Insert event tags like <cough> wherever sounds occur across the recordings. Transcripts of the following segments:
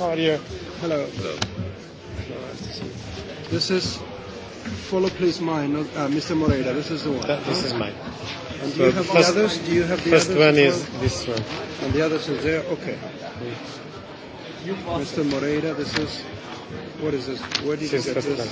How are you? Hello. Hello. Nice to see you. This is, follow please mine, uh, Mr. Moreira. This is the one. That, this huh? is mine. And so you have first, the others? Do you have the first others? First one is this one. And the others are there? Okay. Mr. Moreira, this is, what is this? Where did this you get this? One.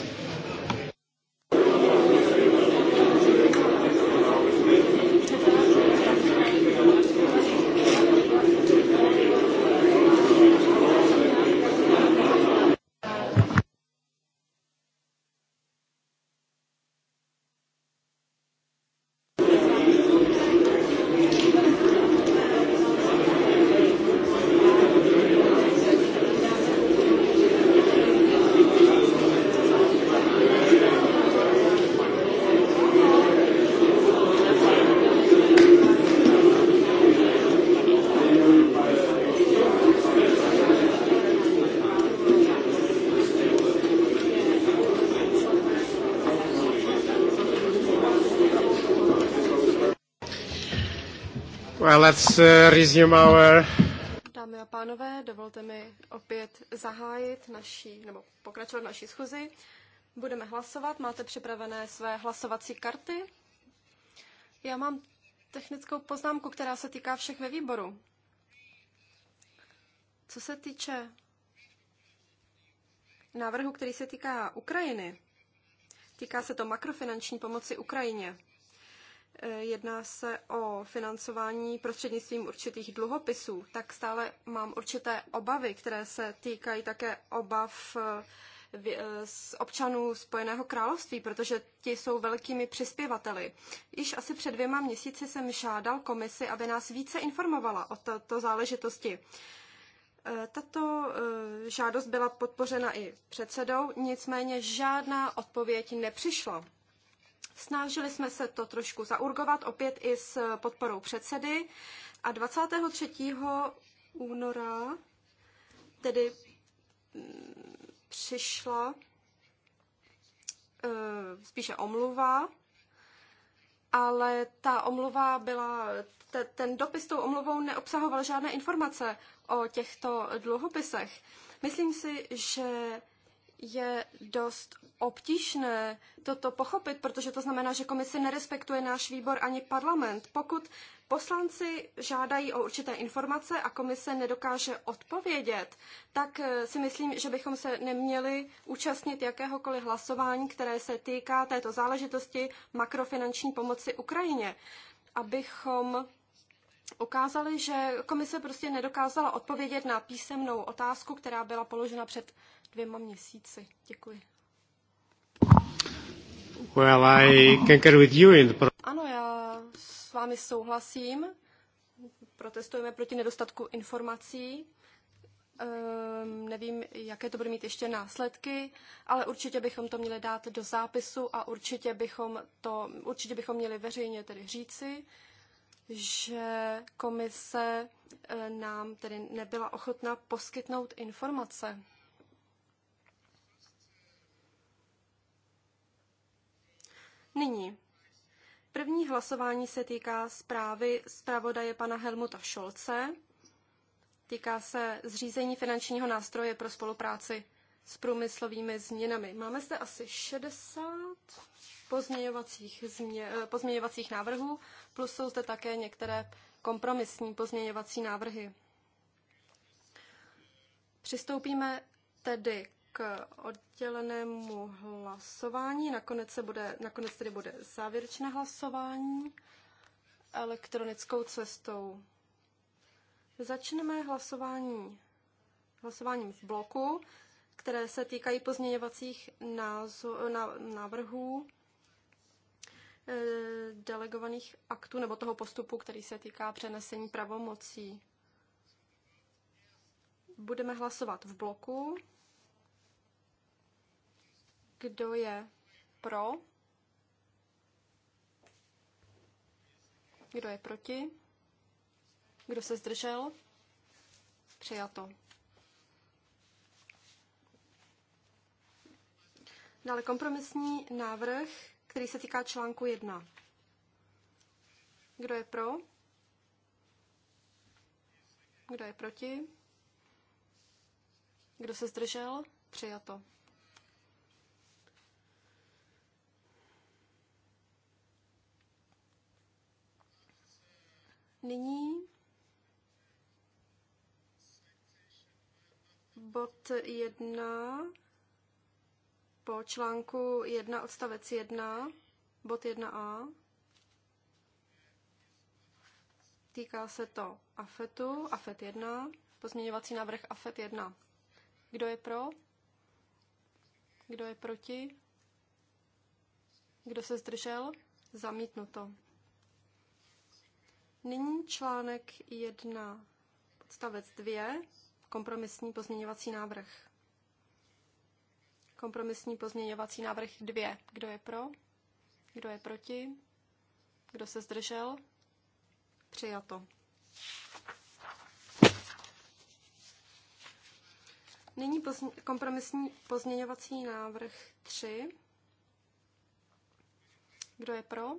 let's uh, resume our... Dámy a pánové, dovolte mi opět zahájit naší, nebo pokračovat naší schůzi. Budeme hlasovat. Máte připravené své hlasovací karty? Já mám technickou poznámku, která se týká všech ve výboru. Co se týče návrhu, který se týká Ukrajiny, týká se to makrofinanční pomoci Ukrajině jedná se o financování prostřednictvím určitých dluhopisů, tak stále mám určité obavy, které se týkají také obav eh, eh, z občanů Spojeného království, protože ti jsou velkými přispěvateli. Již asi před dvěma měsíci jsem žádal komisi, aby nás více informovala o této záležitosti. Eh, tato žádost byla podpořena i předsedou, nicméně žádná odpověď nepřišla. Snažili jsme se to trošku zaurgovat, opět i s podporou předsedy. A 23. února tedy mm, přišla e, spíše omluva, ale ta omluva byla, ten dopis tou omluvou neobsahoval žádné informace o těchto dluhopisech. Myslím si, že je dost obtížné toto pochopit, protože to znamená, že komise nerespektuje náš výbor ani parlament. Pokud poslanci žádají o určité informace a komise nedokáže odpovědět, tak eh, si myslím, že bychom se neměli účastnit jakéhokoliv hlasování, které se týká této záležitosti makrofinanční pomoci Ukrajině, abychom ukázali, že komise prostě nedokázala odpovědět na písemnou otázku, která byla položena před dvěma měsíci. Děkuji. Well, I concur with you in the... Ano, já s vámi souhlasím. Protestujeme proti nedostatku informací. Um, nevím, jaké to bude mít ještě následky, ale určitě bychom to měli dát do zápisu a určitě bychom to, určitě bychom měli veřejně tedy říci, že komise eh, nám tedy nebyla ochotná poskytnout informace. Nyní. První hlasování se týká zprávy zpravodaje pana Helmuta Šolce. Týká se zřízení finančního nástroje pro spolupráci s průmyslovými změnami. Máme zde asi 60 pozměňovacích, změ, eh, pozměňovacích návrhů, plus jsou zde také některé kompromisní pozměňovací návrhy. Přistoupíme tedy oddělenému hlasování. Nakonec, se bude, nakonec tedy bude závěrečné hlasování elektronickou cestou. Začneme hlasování, hlasováním v bloku, které se týkají pozměňovacích názo, na- návrhů eh, delegovaných aktů nebo toho postupu, který se týká přenesení pravomocí. Budeme hlasovat v bloku. Kdo je pro? Kdo je proti? Kdo se zdržel? Přijato. Dále kompromisní návrh, který se týká článku 1. Kdo je pro? Kdo je proti? Kdo se zdržel? Přijato. Nyní bod 1 po článku 1 odstavec 1, bod 1a. Týká se to AFETu, AFET 1, pozměňovací návrh AFET 1. Kdo je pro? Kdo je proti? Kdo se zdržel? Zamítnuto. Nyní článek 1, podstavec 2, kompromisní pozměňovací návrh. Kompromisní pozměňovací návrh 2. Kdo je pro? Kdo je proti? Kdo se zdržel? Přijato. Nyní pozně, kompromisní pozměňovací návrh 3. Kdo je pro?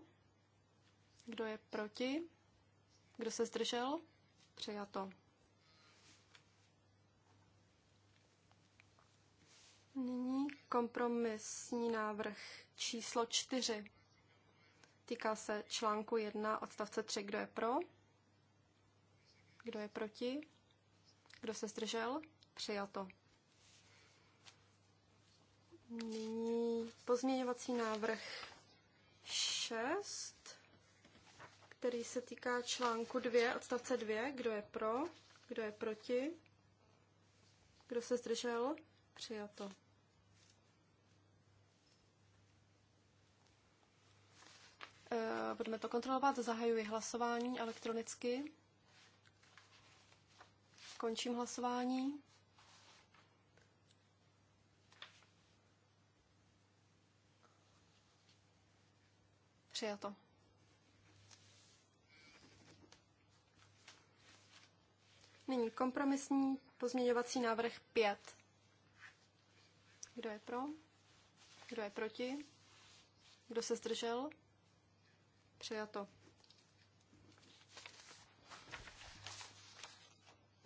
Kdo je proti? Kdo se zdržel? Přijato. Nyní kompromisní návrh číslo čtyři. Týká se článku 1 odstavce 3. Kdo je pro? Kdo je proti? Kdo se zdržel? Přijato. Nyní pozměňovací návrh 6 který se týká článku 2, odstavce 2. Kdo je pro? Kdo je proti? Kdo se zdržel? Přijato. E, budeme to kontrolovat. Zahajuji hlasování elektronicky. Končím hlasování. Přijato. Nyní kompromisní pozměňovací návrh 5. Kdo je pro? Kdo je proti? Kdo se zdržel? Přijato.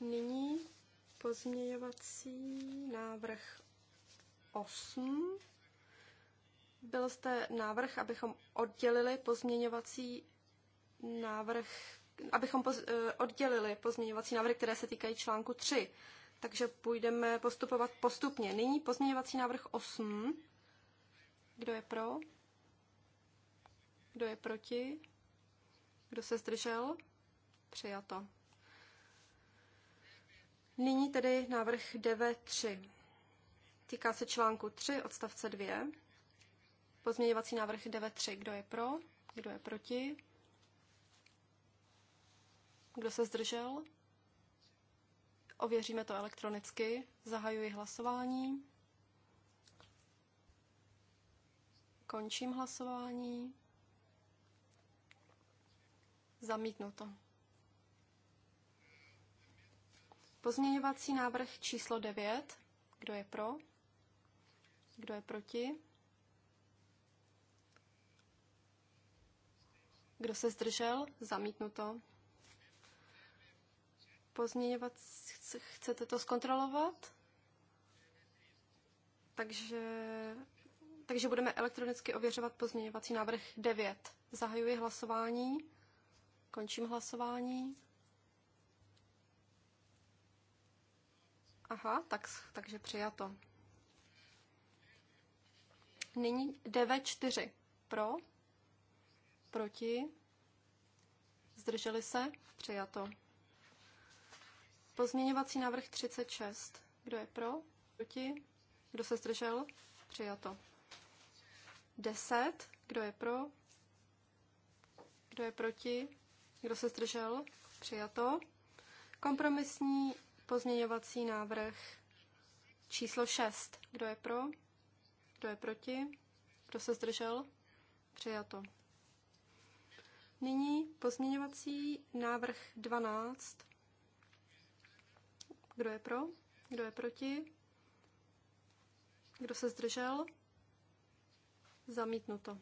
Nyní pozměňovací návrh 8. Byl zde návrh, abychom oddělili pozměňovací návrh abychom poz, eh, oddělili pozměňovací návrhy, které se týkají článku 3. Takže půjdeme postupovat postupně. Nyní pozměňovací návrh 8. Kdo je pro? Kdo je proti? Kdo se zdržel? Přijato. Nyní tedy návrh 9.3. Týká se článku 3 odstavce 2. Pozměňovací návrh 9.3. Kdo je pro? Kdo je proti? Kdo se zdržel? Ověříme to elektronicky. Zahajuji hlasování. Končím hlasování. Zamítnuto. Pozměňovací návrh číslo 9. Kdo je pro? Kdo je proti? Kdo se zdržel? Zamítnuto pozměňovat, chcete to zkontrolovat? Takže, takže budeme elektronicky ověřovat pozměňovací návrh 9. Zahajuji hlasování. Končím hlasování. Aha, tak, takže přijato. Nyní DV4. Pro, proti, zdrželi se, přijato. Pozměňovací návrh 36. Kdo je pro? Proti? Kdo se zdržel? Přijato. 10. Kdo je pro? Kdo je proti? Kdo se zdržel? Přijato. Kompromisní pozměňovací návrh číslo 6. Kdo je pro? Kdo je proti? Kdo se zdržel? Přijato. Nyní pozměňovací návrh 12 kdo je pro? Kdo je proti? Kdo se zdržel? Zamítnuto.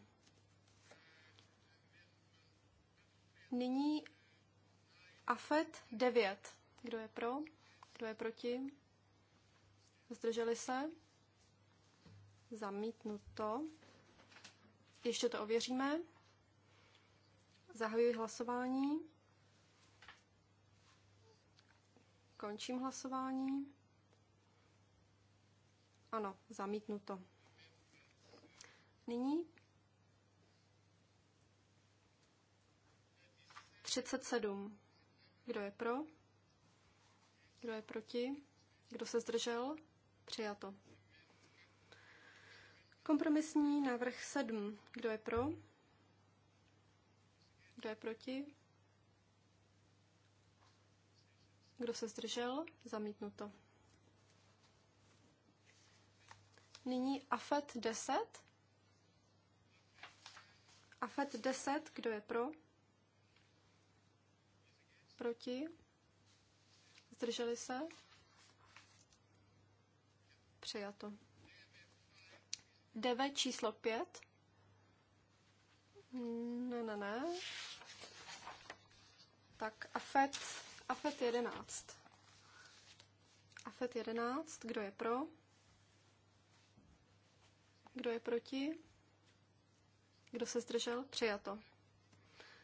Nyní AFET 9. Kdo je pro? Kdo je proti? Zdrželi se? Zamítnuto. Ještě to ověříme. Zahajuji hlasování. Končím hlasování. Ano, zamítnuto. Nyní 37. Kdo je pro? Kdo je proti? Kdo se zdržel? Přijato. Kompromisní návrh 7. Kdo je pro? Kdo je proti? Kdo se zdržel? Zamítnuto. Nyní AFET 10. AFET 10, kdo je pro? Proti? Zdrželi se? Přijato. DV číslo 5. Ne, ne, ne. Tak AFET AFET 11. AFET 11, kdo je pro? Kdo je proti? Kdo se zdržel? Přijato.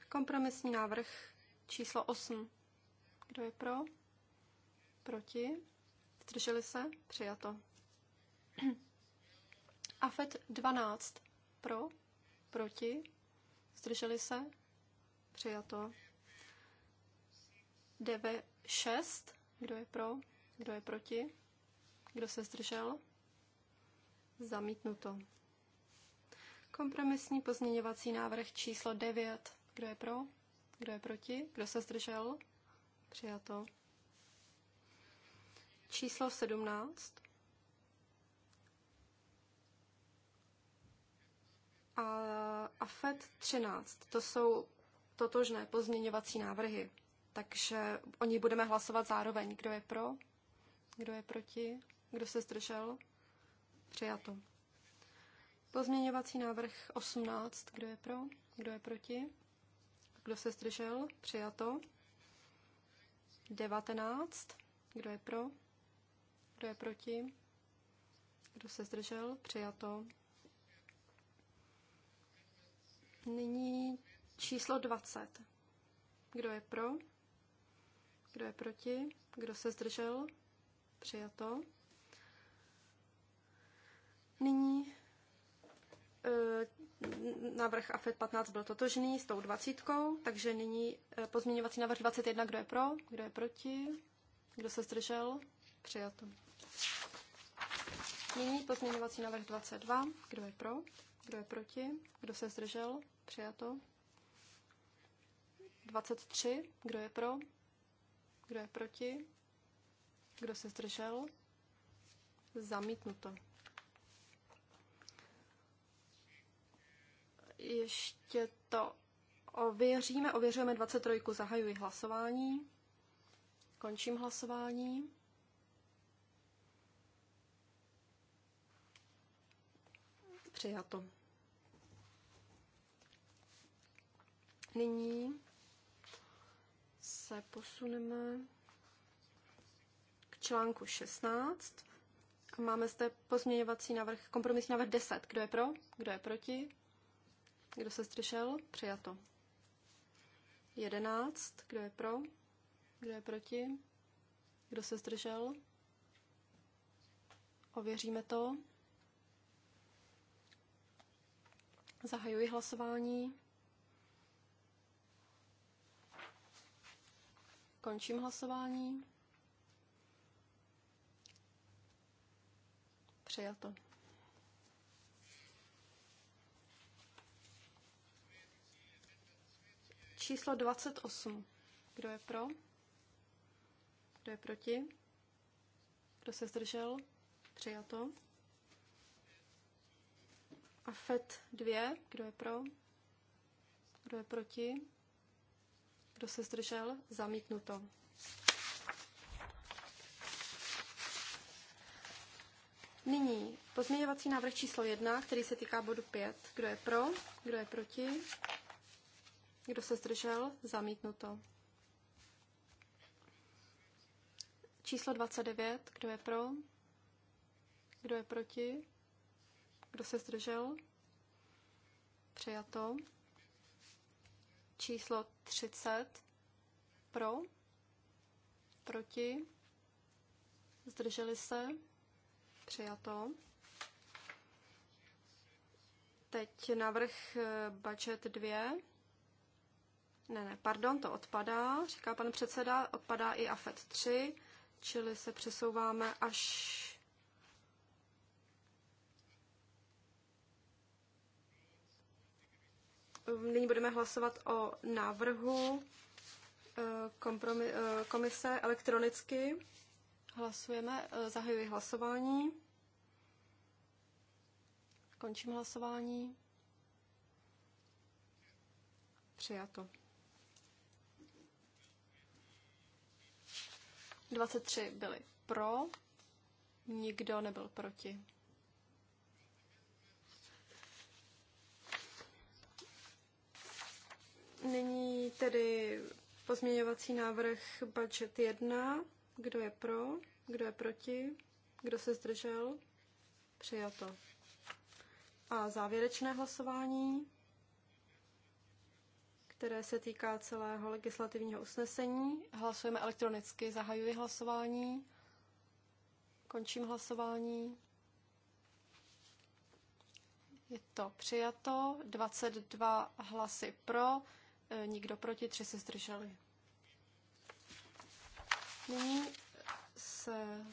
Kompromisní návrh číslo 8. Kdo je pro? Proti? Zdrželi se? Přijato. <clears throat> AFET 12. Pro? Proti? Zdrželi se? Přijato. 6 Kdo je pro? Kdo je proti? Kdo se zdržel? Zamítnuto. Kompromisní pozměňovací návrh číslo 9. Kdo je pro? Kdo je proti? Kdo se zdržel? Přijato. Číslo 17. A, a FED 13. To jsou totožné pozměňovací návrhy takže o ní budeme hlasovat zároveň. Kdo je pro? Kdo je proti? Kdo se zdržel? Přijato. Pozměňovací návrh 18. Kdo je pro? Kdo je proti? Kdo se zdržel? Přijato. 19. Kdo je pro? Kdo je proti? Kdo se zdržel? Přijato. Nyní číslo 20. Kdo je pro? Kdo je proti? Kdo se zdržel? Přijato. Nyní e, návrh AFED 15 byl totožný s tou dvacítkou, takže nyní e, pozměňovací návrh 21, kdo je pro, kdo je proti, kdo se zdržel, přijato. Nyní pozměňovací návrh 22, kdo je pro, kdo je proti, kdo se zdržel, přijato. 23, kdo je pro, kdo je proti? Kdo se zdržel? Zamítnuto. Ještě to ověříme. Ověřujeme 23. Zahajuji hlasování. Končím hlasování. Přijato. Nyní se posuneme k článku 16. A máme zde pozměňovací návrh, kompromisní návrh 10. Kdo je pro? Kdo je proti? Kdo se zdržel? Přijato. 11. Kdo je pro? Kdo je proti? Kdo se zdržel? Ověříme to. Zahajuji hlasování. Končím hlasování. Přijato. Číslo 28. Kdo je pro? Kdo je proti? Kdo se zdržel? Přijato. A FED 2. Kdo je pro? Kdo je proti? Kdo se zdržel? Zamítnuto. Nyní pozměňovací návrh číslo 1, který se týká bodu 5. Kdo je pro? Kdo je proti? Kdo se zdržel? Zamítnuto. Číslo 29. Kdo je pro? Kdo je proti? Kdo se zdržel? Přijato číslo 30 pro, proti, zdrželi se, přijato. Teď navrh eh, budget 2. Ne, ne, pardon, to odpadá, říká pan předseda, odpadá i AFET 3, čili se přesouváme až Nyní budeme hlasovat o návrhu eh, eh, komise elektronicky. Hlasujeme, eh, zahajuji hlasování. Končím hlasování. Přijato. 23 byli pro, nikdo nebyl proti. Nyní tedy pozměňovací návrh budget 1. Kdo je pro? Kdo je proti? Kdo se zdržel? Přijato. A závěrečné hlasování, které se týká celého legislativního usnesení. Hlasujeme elektronicky. Zahajuji hlasování. Končím hlasování. Je to přijato. 22 hlasy pro, E, nikdo proti, tři se zdrželi. Nyní se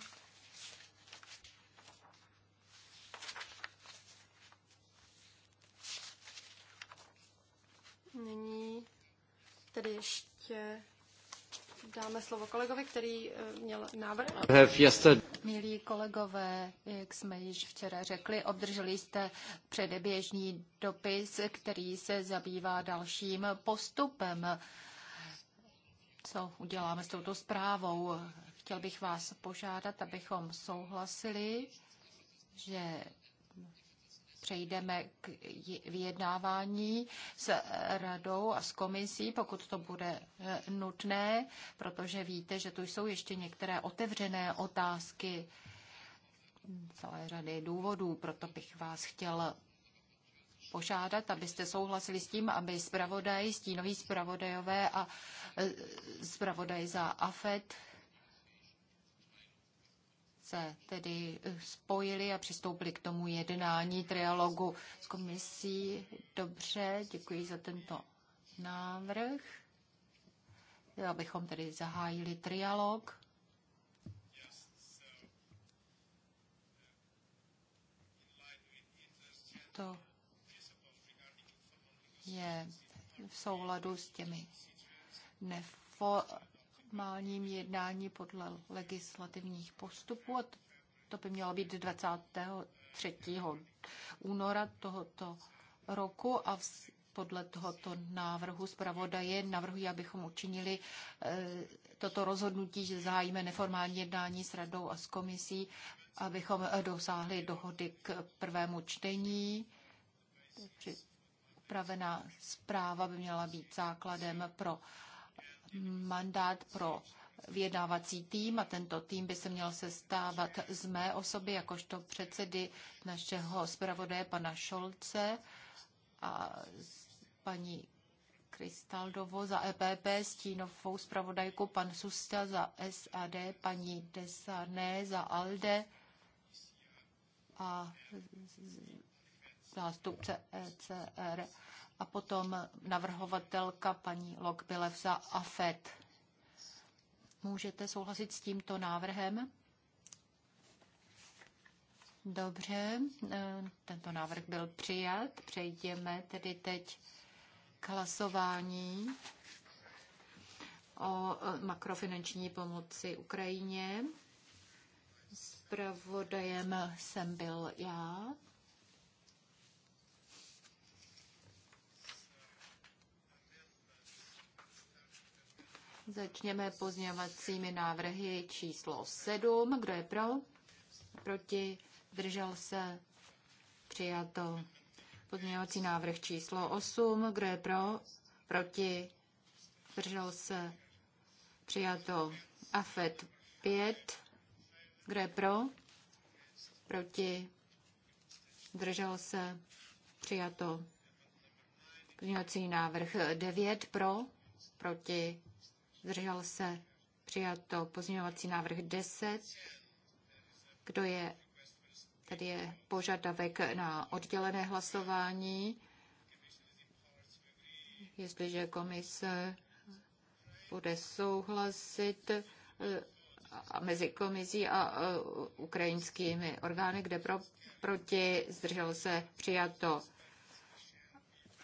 Nyní tedy ještě dáme slovo kolegovi, který eh, měl návrh. Milí kolegové, jak jsme již včera řekli, obdrželi jste předeběžný dopis, který se zabývá dalším postupem. Co uděláme s touto zprávou? Chtěl bych vás požádat, abychom souhlasili, že přejdeme k vyjednávání s radou a s komisí, pokud to bude e, nutné, protože víte, že tu jsou ještě některé otevřené otázky celé řady důvodů, proto bych vás chtěl požádat, abyste souhlasili s tím, aby zpravodaj, stínový zpravodajové a e, zpravodaj za AFET se tedy spojili a přistoupili k tomu jednání trialogu s komisí. Dobře, děkuji za tento návrh. Abychom tedy zahájili trialog. To je v souladu s těmi neformálními normálním jednání podle legislativních postupů a to by mělo být 23. února tohoto roku a podle tohoto návrhu zpravodaje navrhuji, abychom učinili e, toto rozhodnutí, že zahájíme neformální jednání s radou a s komisí, abychom dosáhli dohody k prvému čtení. Upravená zpráva by měla být základem pro mandát pro vyjednávací tým a tento tým by se měl sestávat z mé osoby, jakožto předsedy našeho zpravodaje pana Šolce a paní Kristaldovo za EPP, stínovou zpravodajku pan Susta za SAD, paní Desané za ALDE a zástupce ECR a potom navrhovatelka paní Lokbilev za AFET. Můžete souhlasit s tímto návrhem? Dobře, eh, tento návrh byl přijat. Přejdeme tedy teď k hlasování o eh, makrofinanční pomoci Ukrajině. Zpravodajem jsem byl já. Začněme pozněvacími návrhy číslo 7. Kdo je pro? Proti? Držel se? Přijato. Pozměňovací návrh číslo 8. Kdo je pro? Proti? Držel se? Přijato. AFET 5. Kdo je pro? Proti? Držel se? Přijato. Pozměňovací návrh 9 pro, proti, zdržel se, přijato pozměňovací návrh 10. Kdo je, tady je požadavek na oddělené hlasování. Jestliže komise bude souhlasit eh, mezi komisí a eh, ukrajinskými orgány, kde pro, proti zdržel se přijato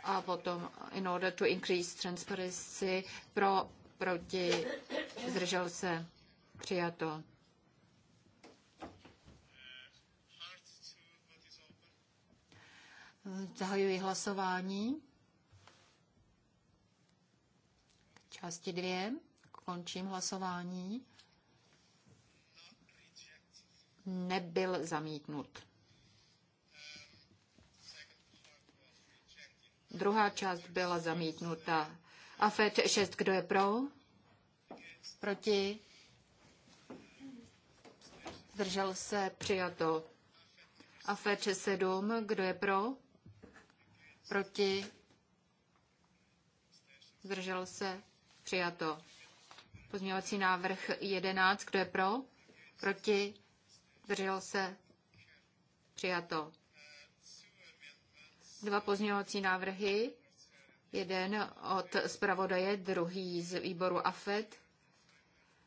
a potom in order to increase transparency pro proti, zdržel se, přijato. Zahajuji hlasování. Části dvě. Končím hlasování. Nebyl zamítnut. Druhá část byla zamítnuta. AFET 6, kdo je pro? Proti? Zdržel se, přijato. AFET 7, kdo je pro? Proti? Zdržel se, přijato. Pozměňovací návrh 11, kdo je pro? Proti? Zdržel se, přijato. Dva pozměňovací návrhy Jeden od zpravodaje, druhý z výboru AFED.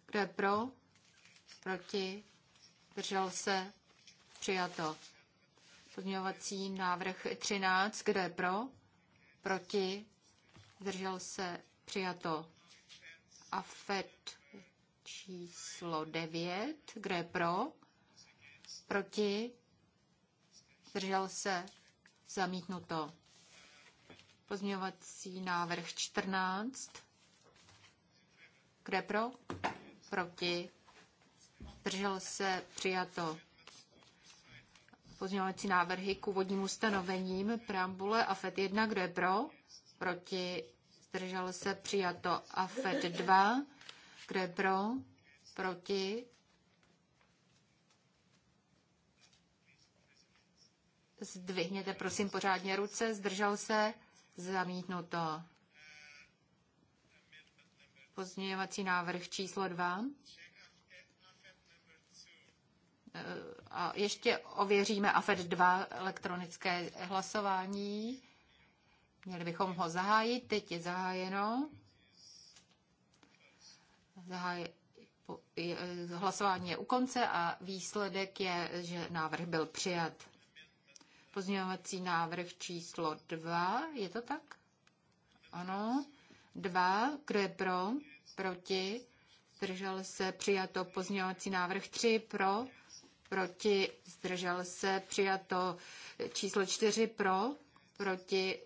Kdo je pro? Proti? Držel se? Přijato. Pozměňovací návrh 13. Kdo je pro? Proti? Držel se? Přijato. AFED číslo 9. Kdo je pro? Proti? Držel se? Zamítnuto. Pozměňovací návrh 14. Kde pro? Proti. Držel se přijato pozměňovací návrhy k úvodním ustanovením preambule a FED 1, kdo je pro? Proti. Zdržel se přijato a FED 2, kdo je pro? Proti. Zdvihněte prosím pořádně ruce, zdržel se. Zamítnuto. Pozměňovací návrh číslo 2. Eh, a ještě ověříme AFED 2 elektronické hlasování. Měli bychom ho zahájit, teď je zahájeno. Zahaj... Eh, hlasování je u konce a výsledek je, že návrh byl přijat. Pozměňovací návrh číslo 2, je to tak? Ano. 2, kdo je pro? Proti? Zdržel se přijato pozměňovací návrh 3 pro, proti, zdržel se přijato číslo 4 pro, proti,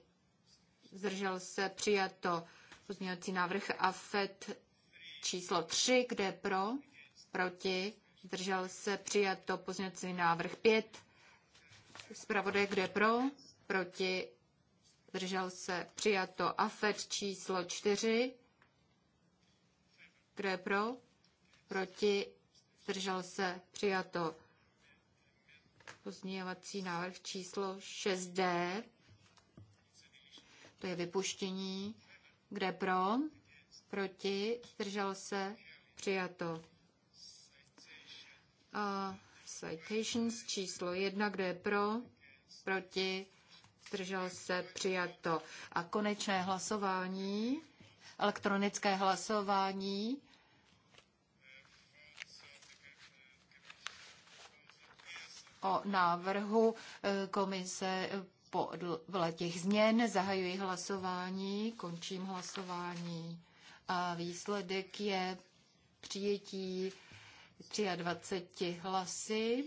zdržel se přijato pozměňovací návrh AFET číslo 3, kde pro, proti, zdržel se přijato pozměňovací návrh 5 Zpravodaj, kde pro, proti, zdržel se, přijato. AFET číslo 4, kde pro, proti, zdržel se, přijato. Pozměňovací návrh číslo 6D, to je vypuštění, kde pro, proti, zdržel se, přijato. A Citations číslo jedna, kdo je pro, proti, zdržel se, přijato. A konečné hlasování, elektronické hlasování. o návrhu eh, komise eh, podle těch změn. Zahajuji hlasování, končím hlasování. A výsledek je přijetí 23 hlasy,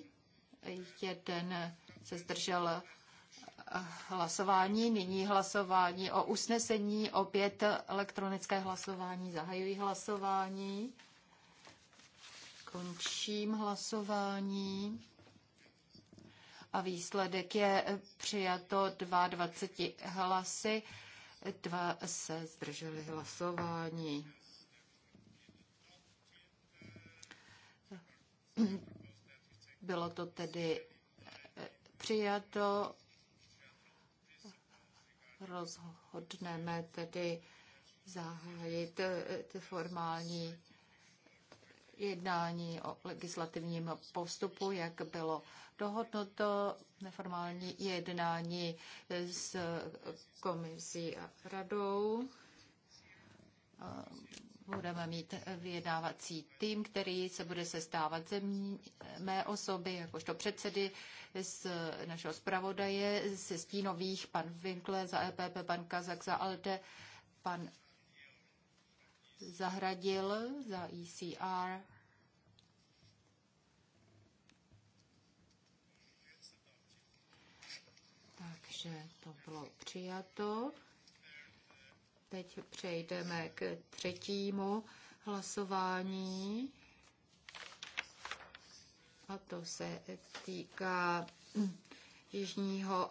jeden se zdržel eh, hlasování. Nyní hlasování o usnesení, opět elektronické hlasování. Zahajuji hlasování. Končím hlasování. A výsledek je přijato 22 hlasy, dva se zdrželi hlasování. Bylo to tedy eh, přijato. Rozhodneme tedy zahájit eh, ty formální jednání o legislativním postupu, jak bylo dohodnuto, neformální jednání s komisí a radou budeme mít vyjednávací tým, který se bude sestávat ze mé osoby, jakožto předsedy z našeho zpravodaje, ze stínových, pan Winkler za EPP, pan Kazak za ALDE, pan Zahradil za ECR, Takže to bylo přijato teď přejdeme k třetímu hlasování. A to se týká Jižního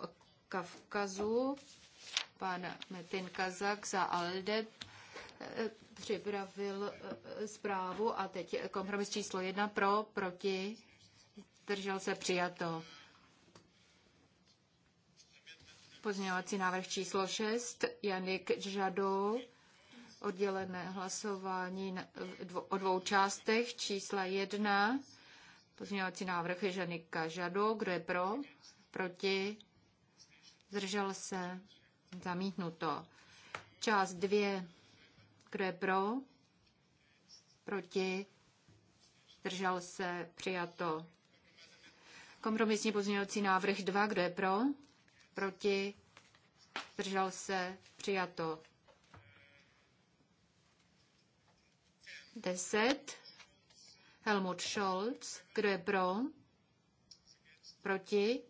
Kavkazu. Pan Metin Kazak za ALDE eh, připravil eh, zprávu a teď kompromis číslo jedna pro, proti, držel se přijato. Pozměňovací návrh číslo 6, Janik Žado, oddělené hlasování o dvou částech, čísla 1, pozměňovací návrh je Janika Žado, kdo je pro, proti, zdržel se, zamítnuto. Část 2, kdo je pro, proti, zdržel se, přijato. Kompromisní pozměňovací návrh 2, kdo je pro, proti, zdržel se, přijato. 10. Helmut Scholz, kdo je pro, proti,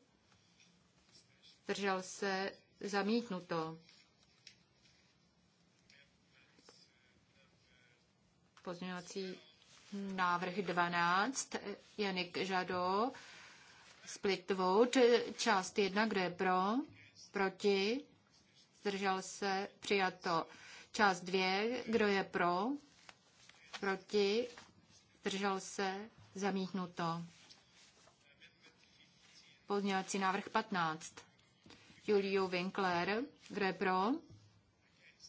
zdržel se, zamítnuto. Pozměňovací návrh 12, Janik Žado, Split vote, část jedna, kdo je pro, proti, zdržel se, přijato. Část dvě, kdo je pro, proti, zdržel se, zamítnuto. Pozměňovací návrh 15. Julio Winkler, kdo je pro,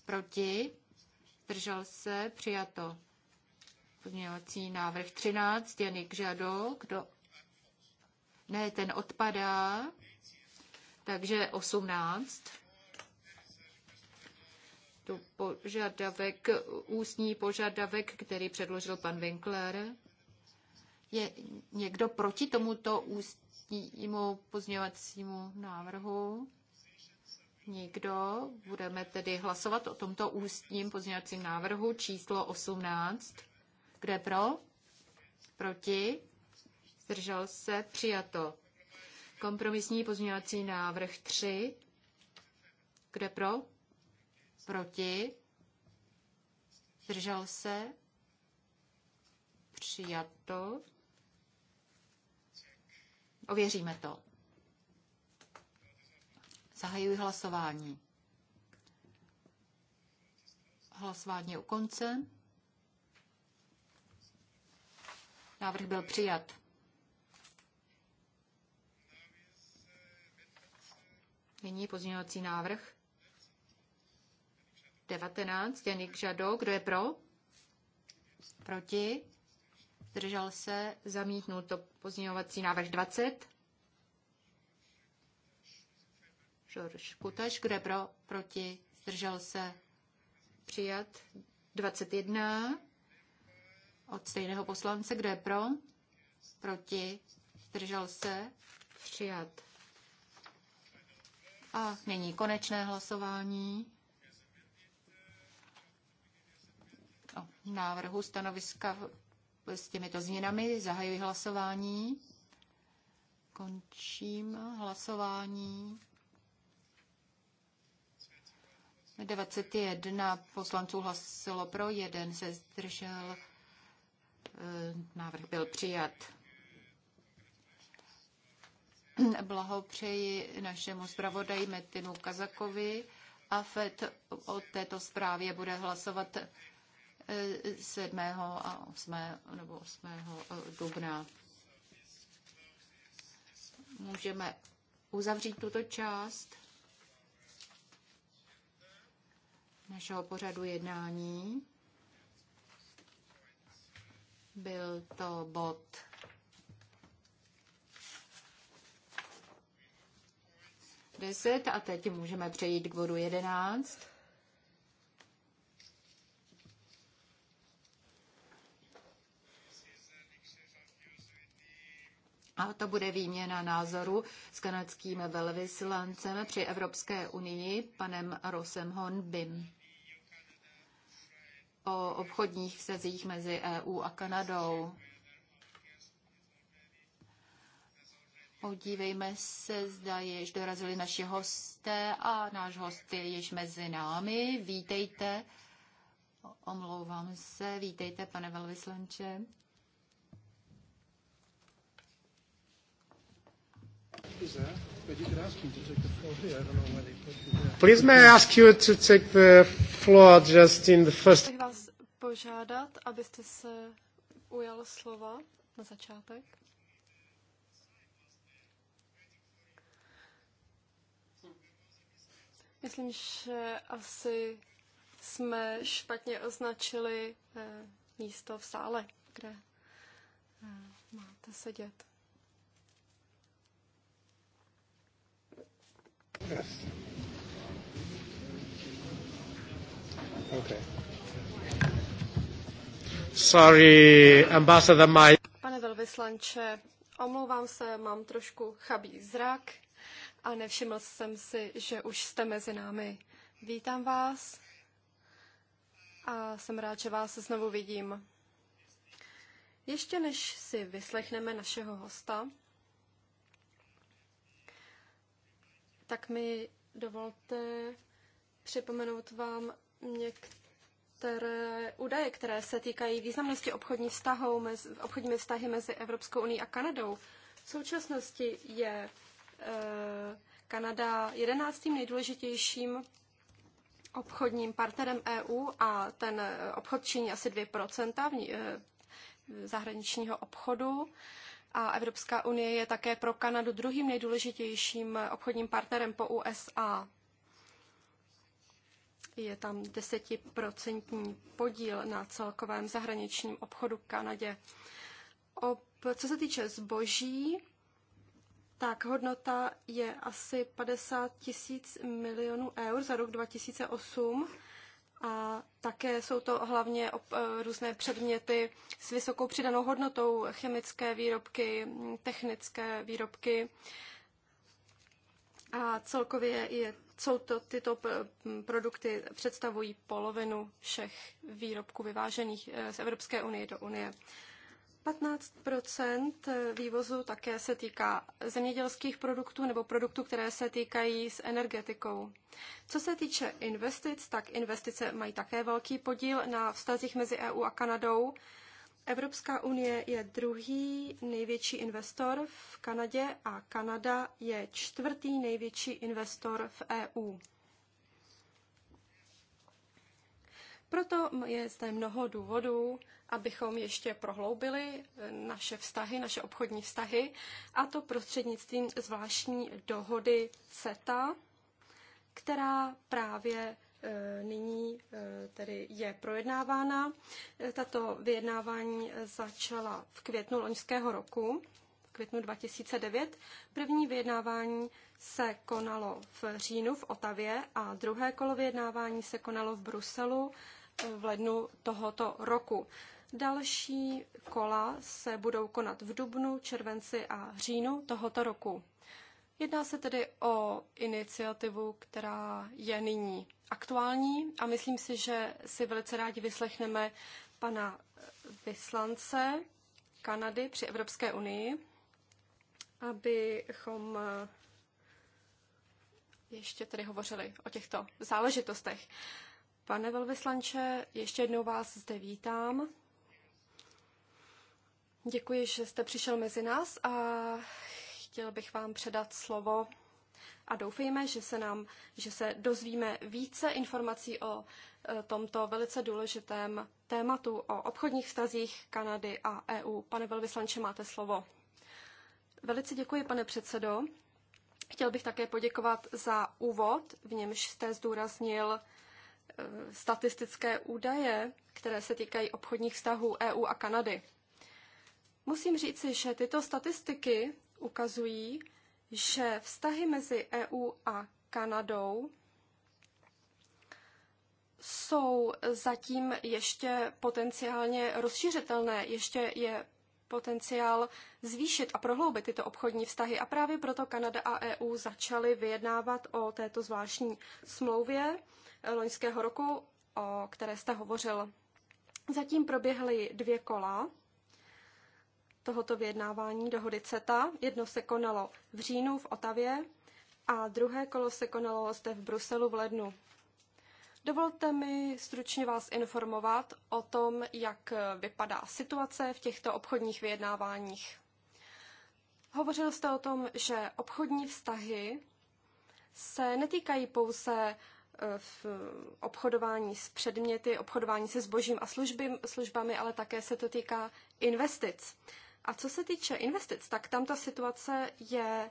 proti, zdržel se, přijato. Pozměňovací návrh 13, Janik Žado, kdo ne, ten odpadá. Takže 18. To požadavek, ústní požadavek, který předložil pan Winkler. Je někdo proti tomuto ústnímu pozměňovacímu návrhu? Nikdo. Budeme tedy hlasovat o tomto ústním pozměňovacím návrhu číslo 18. Kde pro? Proti? zdržel se, přijato. Kompromisní pozměňovací návrh 3. Kde pro? Proti. Zdržel se. Přijato. Ověříme to. Zahajuji hlasování. Hlasování je u konce. Návrh byl přijat. Nyní pozměňovací návrh 19, Janik Žado, kdo je pro? Proti? Zdržel se? Zamítnul to pozměňovací návrh 20. Žorž Kutaš, kdo je pro? Proti? Zdržel se? Přijat 21 od stejného poslance, kdo je pro? Proti? Zdržel se? Přijat a nyní konečné hlasování o návrhu stanoviska s těmito změnami. Zahajuji hlasování. Končím hlasování. 21 poslanců hlasilo pro, jeden se zdržel. E, návrh byl přijat blahopřeji našemu zpravodaji Metinu Kazakovi a FED o této zprávě bude hlasovat 7. Eh, a 8. nebo 8. Eh, dubna. Můžeme uzavřít tuto část našeho pořadu jednání. Byl to bod 10 a teď můžeme přejít k bodu 11. A to bude výměna názoru s kanadským velvyslancem při Evropské unii, panem Rosem Honbim, o obchodních vztazích mezi EU a Kanadou. Podívejme se, zda již dorazili naši hosté a náš host je již mezi námi. Vítejte. Omlouvám se. Vítejte, pane velvyslanče. Please may I ask you to take the floor just in the first... Bych vás požádat, abyste se ujal slova na začátek. Myslím, že asi jsme špatně označili eh, místo v sále, kde eh, máte sedět. Yes. Okay. Sorry, ambassador Mike. Pane velvyslanče, omlouvám se, mám trošku chabý zrak a nevšiml jsem si, že už jste mezi námi. Vítám vás a jsem rád, že vás znovu vidím. Ještě než si vyslechneme našeho hosta, tak mi dovolte připomenout vám některé údaje, které se týkají významnosti obchodní vztahů mezi, obchodními vztahy mezi Evropskou unii a Kanadou. V současnosti je Eh, Kanada jedenáctým nejdůležitějším obchodním partnerem EU a ten eh, obchod činí asi 2% eh, zahraničního obchodu. A Evropská unie je také pro Kanadu druhým nejdůležitějším obchodním partnerem po USA. Je tam desetiprocentní podíl na celkovém zahraničním obchodu v Kanadě. Ob, co se týče zboží, tak hodnota je asi 50 tisíc milionů eur za rok 2008 a také jsou to hlavně eh, různé předměty s vysokou přidanou hodnotou, chemické výrobky, technické výrobky. A celkově je, jsou to, tyto produkty představují polovinu všech výrobků vyvážených eh, z Evropské unie do Unie. 15 vývozu také se týká zemědělských produktů nebo produktů, které se týkají s energetikou. Co se týče investic, tak investice mají také velký podíl na vztazích mezi EU a Kanadou. Evropská unie je druhý největší investor v Kanadě a Kanada je čtvrtý největší investor v EU. Proto je zde mnoho důvodů, abychom ještě prohloubili eh, naše vztahy, naše obchodní vztahy, a to prostřednictvím zvláštní dohody CETA, která právě eh, nyní eh, tedy je projednávána. Tato vyjednávání začala v květnu loňského roku, v květnu 2009. První vyjednávání se konalo v říjnu v Otavě a druhé kolo vyjednávání se konalo v Bruselu v lednu tohoto roku. Další kola se budou konat v dubnu, červenci a říjnu tohoto roku. Jedná se tedy o iniciativu, která je nyní aktuální a myslím si, že si velice rádi vyslechneme pana vyslance Kanady při Evropské unii, abychom ještě tedy hovořili o těchto záležitostech. Pane velvyslanče, ještě jednou vás zde vítám. Děkuji, že jste přišel mezi nás a chtěl bych vám předat slovo a doufejme, že se nám, že se dozvíme více informací o e, tomto velice důležitém tématu o obchodních vztazích Kanady a EU. Pane velvyslanče, máte slovo. Velice děkuji, pane předsedo. Chtěl bych také poděkovat za úvod, v němž jste zdůraznil e, statistické údaje, které se týkají obchodních vztahů EU a Kanady. Musím říci, že tyto statistiky ukazují, že vztahy mezi EU a Kanadou jsou zatím ještě potenciálně rozšířitelné, ještě je potenciál zvýšit a prohloubit tyto obchodní vztahy. A právě proto Kanada a EU začaly vyjednávat o této zvláštní smlouvě loňského roku, o které jste hovořil. Zatím proběhly dvě kola tohoto vyjednávání dohody CETA. Jedno se konalo v říjnu v Otavě a druhé kolo se konalo zde v Bruselu v lednu. Dovolte mi stručně vás informovat o tom, jak vypadá situace v těchto obchodních vyjednáváních. Hovořil jste o tom, že obchodní vztahy se netýkají pouze e, v obchodování s předměty, obchodování se zbožím a služby, službami, ale také se to týká investic. A co se týče investic, tak tam ta situace je e,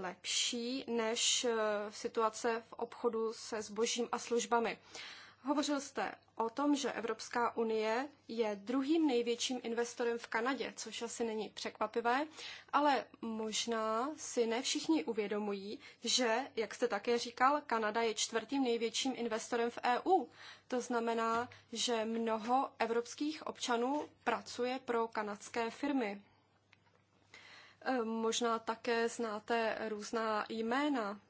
lepší než e, situace v obchodu se zbožím a službami. Hovořil jste o tom, že Evropská unie je druhým největším investorem v Kanadě, což asi není překvapivé, ale možná si ne všichni uvědomují, že, jak jste také říkal, Kanada je čtvrtým největším investorem v EU. To znamená, že mnoho evropských občanů pracuje pro kanadské firmy. E, možná také znáte různá jména,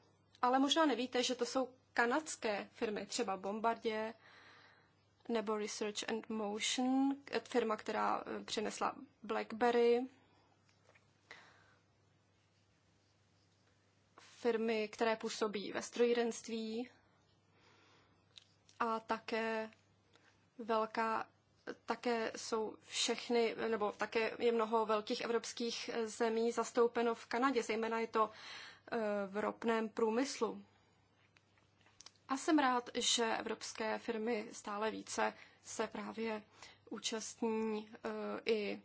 ale možná nevíte, že to jsou kanadské firmy, třeba Bombardier nebo Research and Motion, firma, která eh, přinesla BlackBerry, firmy, které působí ve strojírenství a také velká také jsou všechny, nebo také je mnoho velkých evropských eh, zemí zastoupeno v Kanadě, zejména je to eh, v ropném průmyslu. A jsem rád, že evropské firmy stále více se právě účastní eh, i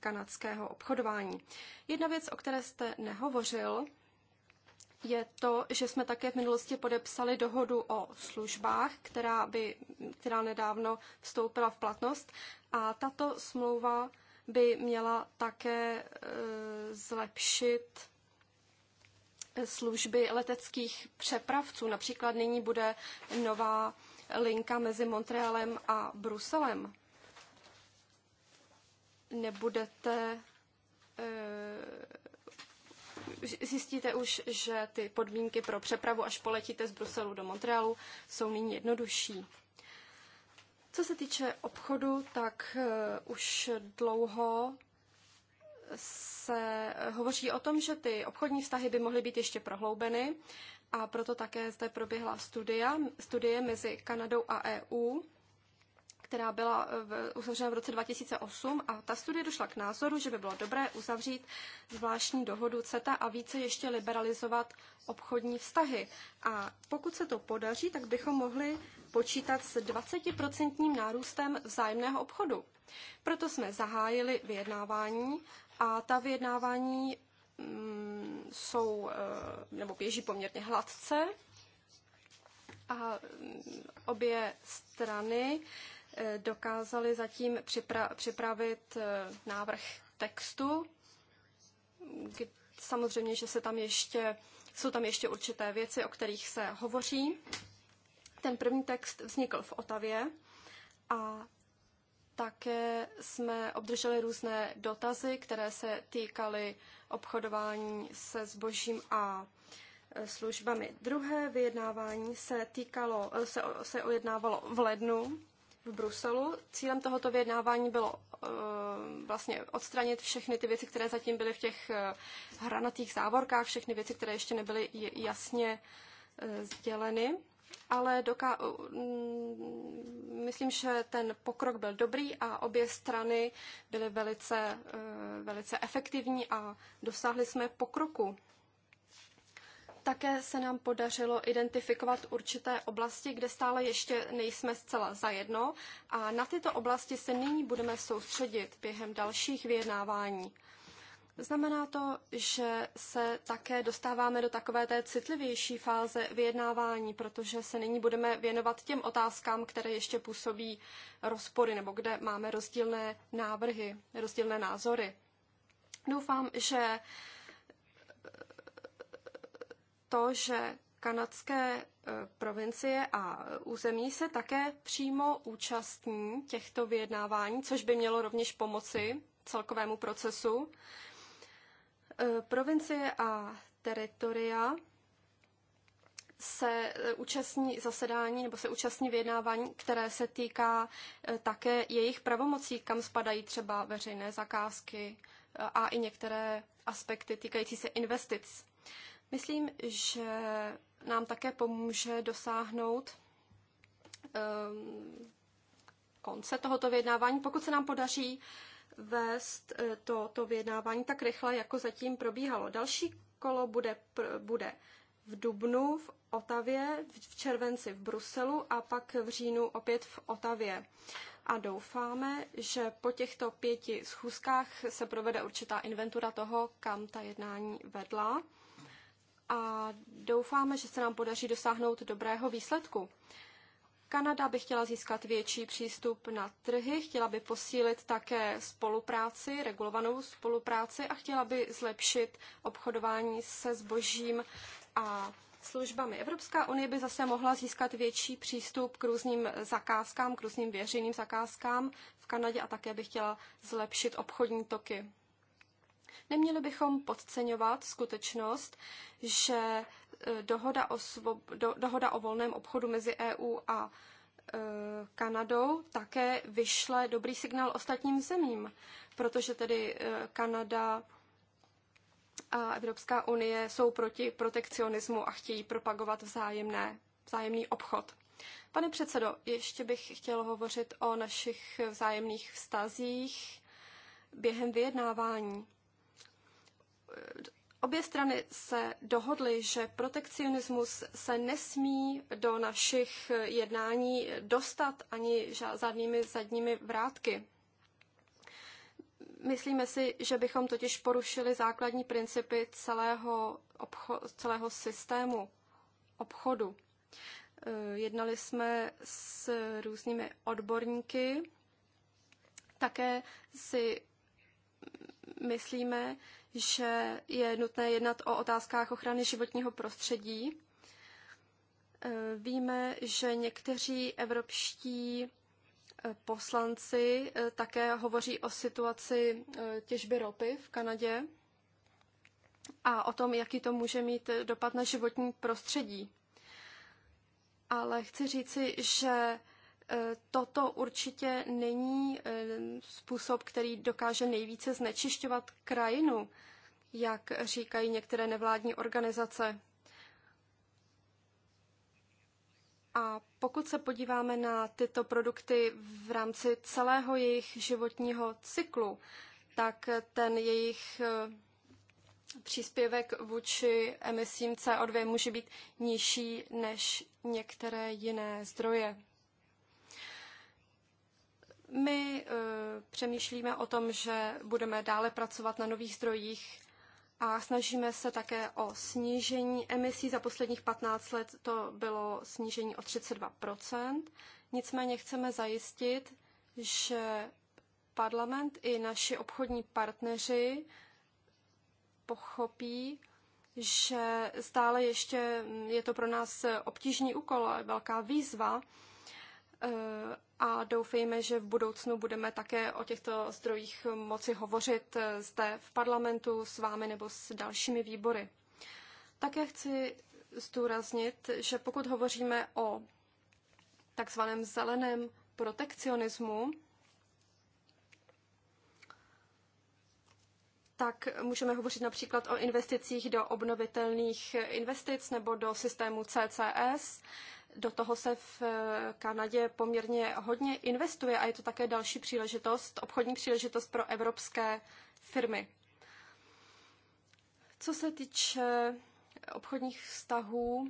kanadského obchodování. Jedna věc, o které jste nehovořil, je to, že jsme také v minulosti podepsali dohodu o službách, která, by, která nedávno vstoupila v platnost. A tato smlouva by měla také e, zlepšit služby leteckých přepravců. Například nyní bude nová linka mezi Montrealem a Bruselem. Nebudete eh, zjistíte už, že ty podmínky pro přepravu, až poletíte z Bruselu do Montrealu, jsou nyní jednodušší. Co se týče obchodu, tak eh, už dlouho se hovoří o tom, že ty obchodní vztahy by mohly být ještě prohloubeny a proto také zde proběhla studia, studie mezi Kanadou a EU, která byla uzavřena v roce 2008 a ta studie došla k názoru, že by bylo dobré uzavřít zvláštní dohodu CETA a více ještě liberalizovat obchodní vztahy. A pokud se to podaří, tak bychom mohli počítat s 20% nárůstem vzájemného obchodu. Proto jsme zahájili vyjednávání a ta vyjednávání mm, jsou, eh, nebo běží poměrně hladce a mm, obě strany eh, dokázaly zatím připra- připravit eh, návrh textu. Samozřejmě, že se tam ještě, jsou tam ještě určité věci, o kterých se hovoří. Ten první text vznikl v Otavě a také jsme obdrželi různé dotazy, které se týkaly obchodování se zbožím a e, službami. Druhé vyjednávání se, týkalo, e, se, se ujednávalo v lednu v Bruselu. Cílem tohoto vyjednávání bylo uh, vlastně odstranit všechny ty věci, které zatím byly v těch uh, hranatých závorkách, všechny věci, které ještě nebyly jasně uh, sděleny ale doká... Mm, myslím, že ten pokrok byl dobrý a obě strany byly velice, eh, velice efektivní a dosáhli jsme pokroku. Také se nám podařilo identifikovat určité oblasti, kde stále ještě nejsme zcela zajedno a na tyto oblasti se nyní budeme soustředit během dalších vyjednávání. Znamená to, že se také dostáváme do takové té citlivější fáze vyjednávání, protože se nyní budeme věnovat těm otázkám, které ještě působí rozpory nebo kde máme rozdílné návrhy, rozdílné názory. Doufám, že to, že kanadské e, provincie a území se také přímo účastní těchto vyjednávání, což by mělo rovněž pomoci celkovému procesu. Eh, provincie a teritoria se eh, účastní zasedání nebo se účastní vyjednávání, které se týká eh, také jejich pravomocí, kam spadají třeba veřejné zakázky a i některé aspekty týkající se investic. Myslím, že nám také pomůže dosáhnout ehm, konce tohoto vyjednávání, pokud se nám podaří vést eh, to, to vyjednávání tak rychle, jako zatím probíhalo. Další kolo bude, pr, bude v Dubnu v Otavě, v červenci v Bruselu a pak v říjnu opět v Otavě. A doufáme, že po těchto pěti schůzkách se provede určitá inventura toho, kam ta jednání vedla. A doufáme, že se nám podaří dosáhnout dobrého výsledku. Kanada by chtěla získat větší přístup na trhy, chtěla by posílit také spolupráci, regulovanou spolupráci a chtěla by zlepšit obchodování se zbožím a službami. Evropská unie by zase mohla získat větší přístup k různým zakázkám, k různým věřejným zakázkám v Kanadě a také by chtěla zlepšit obchodní toky. Neměli bychom podceňovat skutečnost, že Eh, dohoda o, svob, do, dohoda o volném obchodu mezi EU a e, Kanadou také vyšle dobrý signál ostatním zemím, protože tedy e, Kanada a Evropská unie jsou proti protekcionismu a chtějí propagovat vzájemné, vzájemný obchod. Pane předsedo, ještě bych chtěl hovořit o našich vzájemných vztazích během vyjednávání Obě strany se dohodly, že protekcionismus se nesmí do našich jednání dostat ani žádnými zadními vrátky. Myslíme si, že bychom totiž porušili základní principy celého, obcho- celého systému obchodu. Eh, jednali jsme s různými odborníky. Také si myslíme, že je nutné jednat o otázkách ochrany životního prostředí. E, víme, že někteří evropští e, poslanci e, také hovoří o situaci těžby ropy v Kanadě a o tom, jaký to může mít dopad na životní prostředí. Ale chci říci, že Eh, toto určitě není eh, způsob, který dokáže nejvíce znečišťovat krajinu, jak říkají některé nevládní organizace. A pokud se podíváme na tyto produkty v rámci celého jejich životního cyklu, tak ten jejich eh, příspěvek vůči emisím CO2 může být nižší než některé jiné zdroje. My eh, přemýšlíme o tom, že budeme dále pracovat na nových zdrojích a snažíme se také o snížení emisí. Za posledních 15 let to bylo snížení o 32 Nicméně chceme zajistit, že parlament i naši obchodní partneři pochopí, že stále ještě mm, je to pro nás obtížný úkol, a velká výzva, Eh, a doufejme, že v budoucnu budeme také o těchto zdrojích moci hovořit eh, zde v parlamentu s vámi nebo s dalšími výbory. Také chci zdůraznit, že pokud hovoříme o takzvaném zeleném protekcionismu, tak můžeme hovořit například o investicích do obnovitelných investic nebo do systému CCS do toho se v eh, Kanadě poměrně hodně investuje a je to také další příležitost, obchodní příležitost pro evropské firmy. Co se týče obchodních vztahů,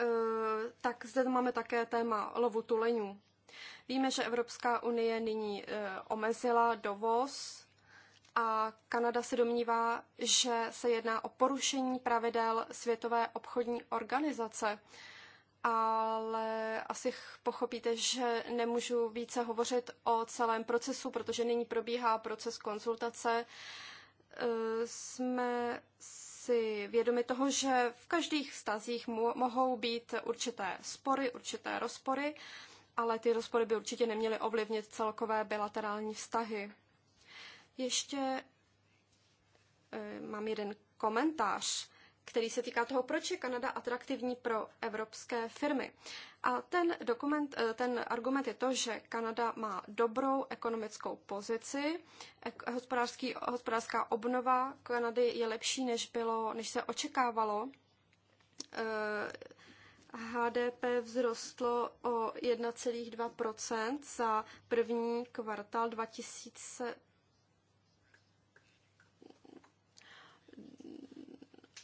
eh, tak zde máme také téma lovu tuleňů. Víme, že Evropská unie nyní eh, omezila dovoz a Kanada se domnívá, že se jedná o porušení pravidel Světové obchodní organizace. Ale asi pochopíte, že nemůžu více hovořit o celém procesu, protože nyní probíhá proces konzultace. E, jsme si vědomi toho, že v každých vztazích mohou být určité spory, určité rozpory, ale ty rozpory by určitě neměly ovlivnit celkové bilaterální vztahy. Ještě eh, mám jeden komentář, který se týká toho, proč je Kanada atraktivní pro evropské firmy. A ten, dokument, eh, ten argument je to, že Kanada má dobrou ekonomickou pozici, hospodářský, hospodářská obnova Kanady je lepší, než, bylo, než se očekávalo. HDP eh, vzrostlo o 1,2 za první kvartál 2000,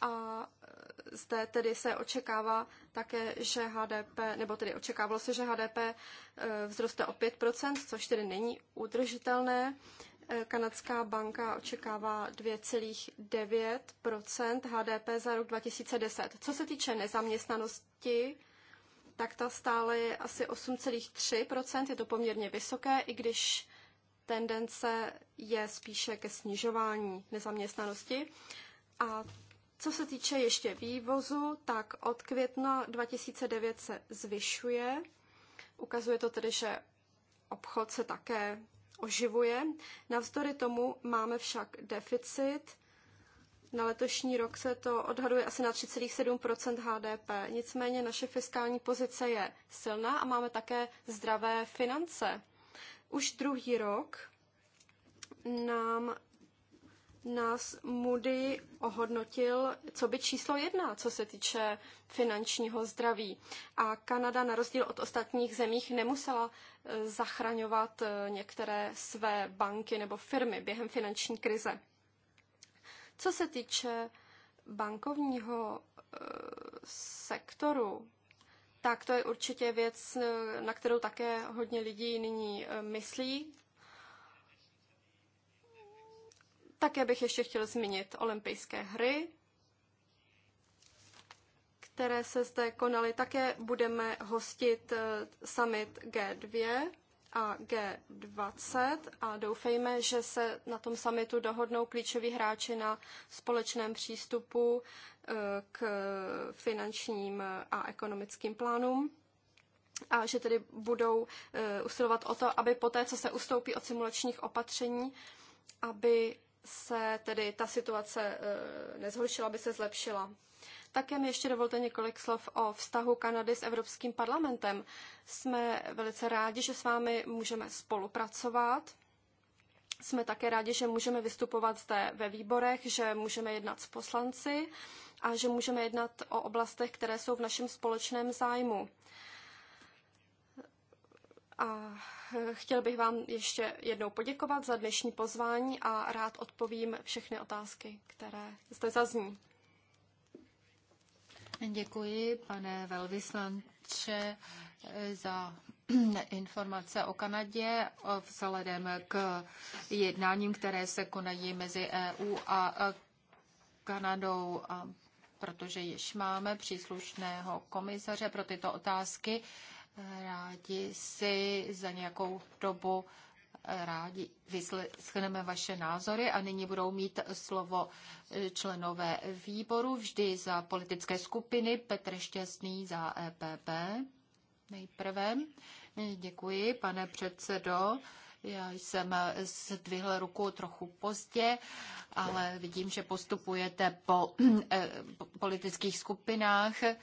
a e, zde tedy se očekává také, že HDP, nebo tedy očekávalo se, že HDP e, vzroste o 5%, což tedy není udržitelné. E, kanadská banka očekává 2,9 HDP za rok 2010. Co se týče nezaměstnanosti, tak ta stále je asi 8,3 je to poměrně vysoké, i když tendence je spíše ke snižování nezaměstnanosti. A co se týče ještě vývozu, tak od května 2009 se zvyšuje. Ukazuje to tedy, že obchod se také oživuje. Navzdory tomu máme však deficit. Na letošní rok se to odhaduje asi na 3,7 HDP. Nicméně naše fiskální pozice je silná a máme také zdravé finance. Už druhý rok nám nás Moody ohodnotil, co by číslo jedna, co se týče finančního zdraví. A Kanada, na rozdíl od ostatních zemích, nemusela e, zachraňovat e, některé své banky nebo firmy během finanční krize. Co se týče bankovního e, sektoru, tak to je určitě věc, na kterou také hodně lidí nyní myslí. Také bych ještě chtěl zmínit olympijské hry, které se zde konaly. Také budeme hostit eh, summit G2 a G20 a doufejme, že se na tom summitu dohodnou klíčoví hráči na společném přístupu eh, k finančním a ekonomickým plánům a že tedy budou eh, usilovat o to, aby poté, co se ustoupí od simulačních opatření, aby se tedy ta situace e, nezhoršila, by se zlepšila. Také mi ještě dovolte několik slov o vztahu Kanady s Evropským parlamentem. Jsme velice rádi, že s vámi můžeme spolupracovat. Jsme také rádi, že můžeme vystupovat zde ve výborech, že můžeme jednat s poslanci a že můžeme jednat o oblastech, které jsou v našem společném zájmu. A eh, chtěl bych vám ještě jednou poděkovat za dnešní pozvání a rád odpovím všechny otázky, které zde zazní. Děkuji, pane velvyslanče, eh, za <clears throat> informace o Kanadě vzhledem k jednáním, které se konají mezi EU a eh, Kanadou, a protože již máme příslušného komisaře pro tyto otázky. Rádi si za nějakou dobu eh, rádi vyslechneme vaše názory a nyní budou mít slovo eh, členové výboru, vždy za politické skupiny, Petr Šťastný za EPP. Nejprve děkuji, pane předsedo. Já jsem zdvihl ruku trochu pozdě, ale vidím, že postupujete po eh, politických skupinách. Eh,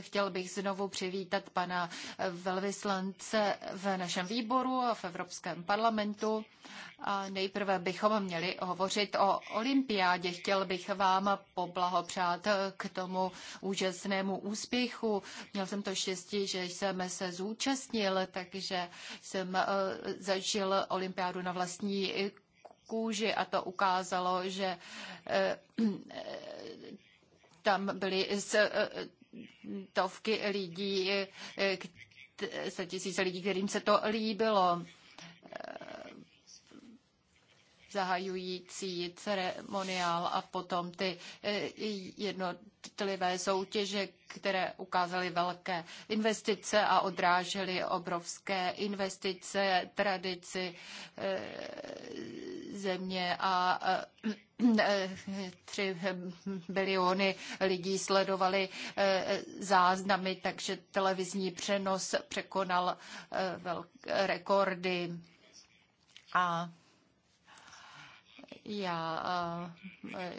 chtěl bych znovu přivítat pana velvyslance v našem výboru a v Evropském parlamentu. A nejprve bychom měli hovořit o olympiádě. Chtěl bych vám poblahopřát k tomu úžasnému úspěchu. Měl jsem to štěstí, že jsem se zúčastnil, takže jsem eh, zažil olympiádu na vlastní kůži a to ukázalo, že eh, tam byly eh, stovky lidí, eh, tisíce lidí, kterým se to líbilo zahajující ceremoniál a potom ty eh, jednotlivé soutěže, které ukázaly velké investice a odrážely obrovské investice, tradici eh, země a eh, tři biliony lidí sledovali záznamy, takže televizní přenos překonal rekordy a já e,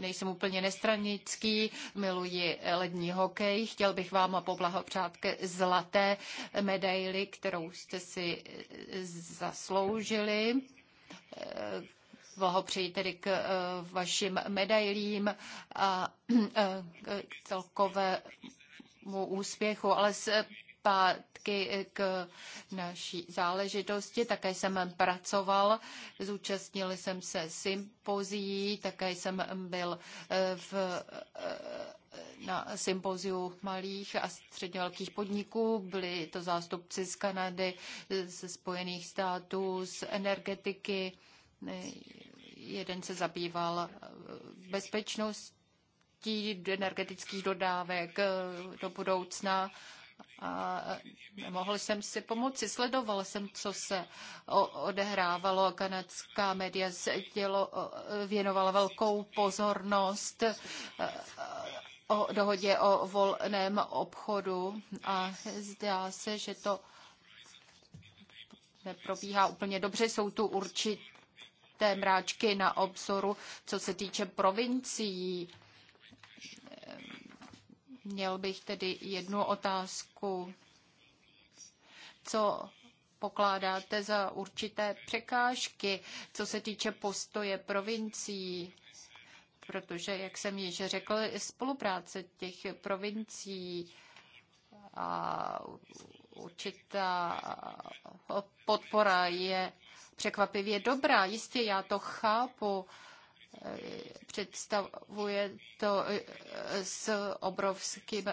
nejsem úplně nestranický, miluji lední hokej. Chtěl bych vám a poblahopřát ke zlaté medaily, kterou jste si e, zasloužili. E, blahopřeji tedy k vašim medailím a k celkovému úspěchu, ale s zpátky k naší záležitosti. Také jsem pracoval, zúčastnil jsem se sympozí, také jsem byl eh, v, eh, na sympoziu malých a středně velkých podniků. Byli to zástupci z Kanady, ze Spojených států, z energetiky. Jeden se zabýval eh, bezpečností energetických dodávek do budoucna a eh, nemohl jsem si pomoci. Sledoval jsem, co se odehrávalo. Kanadská média dělo, věnovala velkou pozornost eh, o dohodě o volném obchodu a zdá se, že to neprobíhá úplně dobře. Jsou tu určité mráčky na obzoru, co se týče provincií Měl bych tedy jednu otázku. Co pokládáte za určité překážky, co se týče postoje provincií? Protože, jak jsem již řekl, spolupráce těch provincií a určitá podpora je překvapivě dobrá. Jistě já to chápu, Představuje to e, s obrovským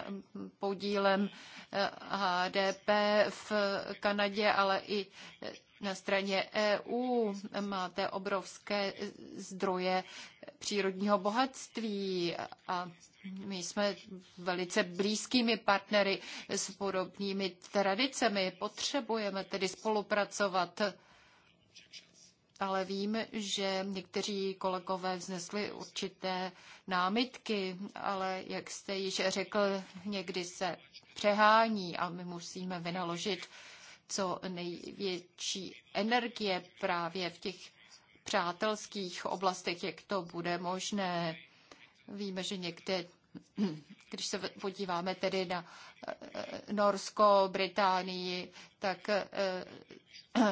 podílem e, HDP v Kanadě, ale i na straně EU máte obrovské zdroje přírodního bohatství a my jsme velice blízkými partnery s podobnými tradicemi. Potřebujeme tedy spolupracovat ale vím, že někteří kolegové vznesli určité námitky, ale jak jste již řekl, někdy se přehání a my musíme vynaložit co největší energie právě v těch přátelských oblastech, jak to bude možné. Víme, že někde, <clears throat> když se podíváme tedy na eh, Norsko, Británii, tak eh, <clears throat>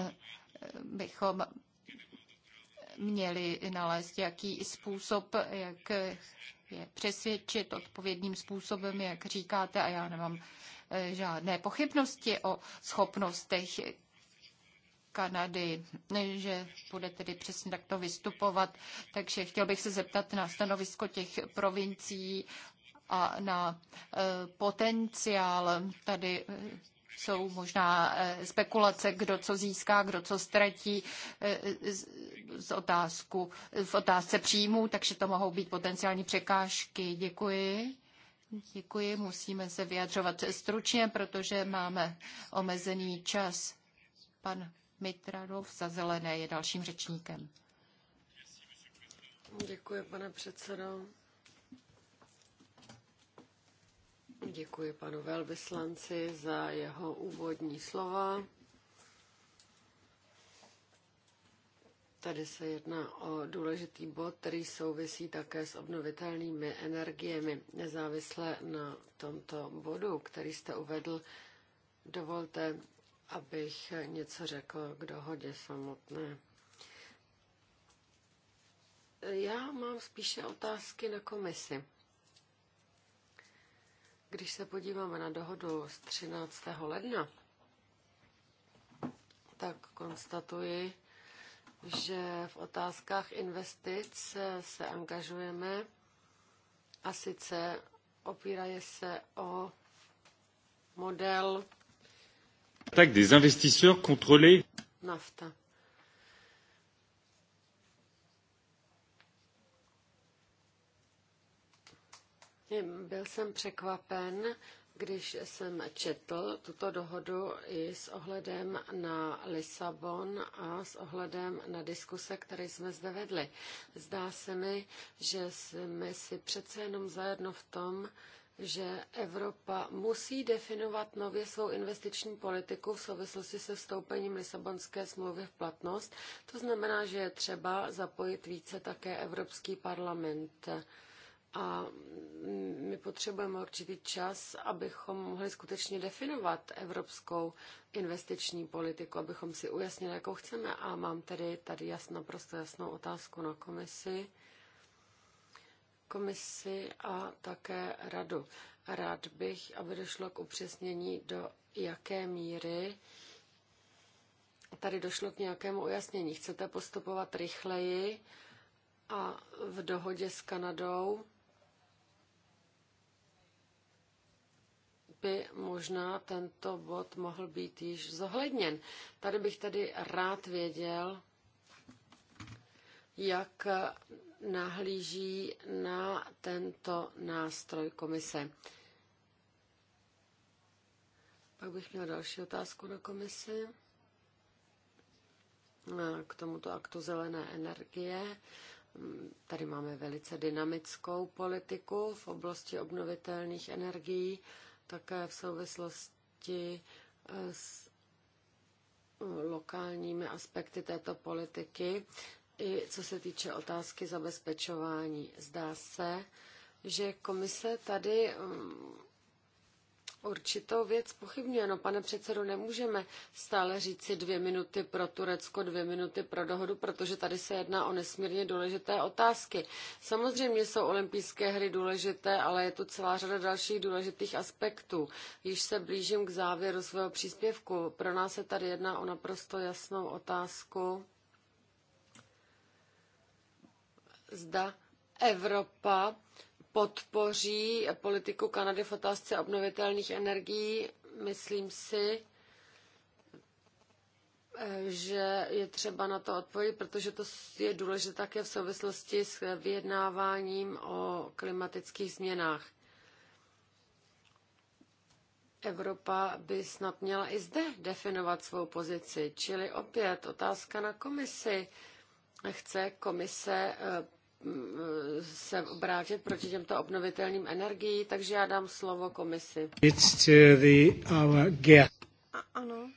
bychom měli nalézt jaký způsob, jak je přesvědčit odpovědným způsobem, jak říkáte, a já nemám e, žádné pochybnosti o schopnostech Kanady, že bude tedy přesně takto vystupovat. Takže chtěl bych se zeptat na stanovisko těch provincií a na e, potenciál. Tady e, jsou možná spekulace, kdo co získá, kdo co ztratí z otázku, v otázce příjmů, takže to mohou být potenciální překážky. Děkuji. Děkuji, musíme se vyjadřovat stručně, protože máme omezený čas. Pan Mitradov za zelené je dalším řečníkem. Děkuji, pane předsedo. Děkuji panu velvyslanci za jeho úvodní slova. Tady se jedná o důležitý bod, který souvisí také s obnovitelnými energiemi. Nezávisle na tomto bodu, který jste uvedl, dovolte, abych něco řekl k dohodě samotné. Já mám spíše otázky na komisi. Když se podíváme na dohodu z 13. ledna, tak konstatuji, že v otázkách investic se angažujeme a sice opíraje se o model des investisseurs contrôlés. Nafta. Byl jsem překvapen, když jsem četl tuto dohodu i s ohledem na Lisabon a s ohledem na diskuse, které jsme zde vedli, zdá se mi, že jsme si přece jenom zajedno v tom, že Evropa musí definovat nově svou investiční politiku v souvislosti se vstoupením Lisabonské smlouvy v platnost. To znamená, že je třeba zapojit více také Evropský parlament. A my potřebujeme určitý čas, abychom mohli skutečně definovat evropskou investiční politiku, abychom si ujasnili, jakou chceme. A mám tedy tady jasno, prostě jasnou otázku na komisi, komisi a také radu. Rád bych, aby došlo k upřesnění, do jaké míry tady došlo k nějakému ujasnění. Chcete postupovat rychleji a v dohodě s Kanadou by možná tento bod mohl být již zohledněn. Tady bych tedy rád věděl, jak nahlíží na tento nástroj komise. Pak bych měl další otázku na komisi k tomuto aktu zelené energie. Tady máme velice dynamickou politiku v oblasti obnovitelných energií také v souvislosti eh, s lokálními aspekty této politiky, i co se týče otázky zabezpečování. Zdá se, že komise tady mm, určitou věc no Pane předsedo, nemůžeme stále říci dvě minuty pro Turecko, dvě minuty pro dohodu, protože tady se jedná o nesmírně důležité otázky. Samozřejmě jsou olympijské hry důležité, ale je tu celá řada dalších důležitých aspektů. Již se blížím k závěru svého příspěvku. Pro nás se tady jedná o naprosto jasnou otázku. Zda Evropa podpoří politiku Kanady v otázce obnovitelných energií. Myslím si, že je třeba na to odpovědět, protože to je důležité také v souvislosti s vyjednáváním o klimatických změnách. Evropa by snad měla i zde definovat svou pozici, čili opět otázka na komisi. Chce komise eh, se obrátit proti těmto obnovitelným energií, takže já dám slovo komisi. It's to the, our guest. A, ano.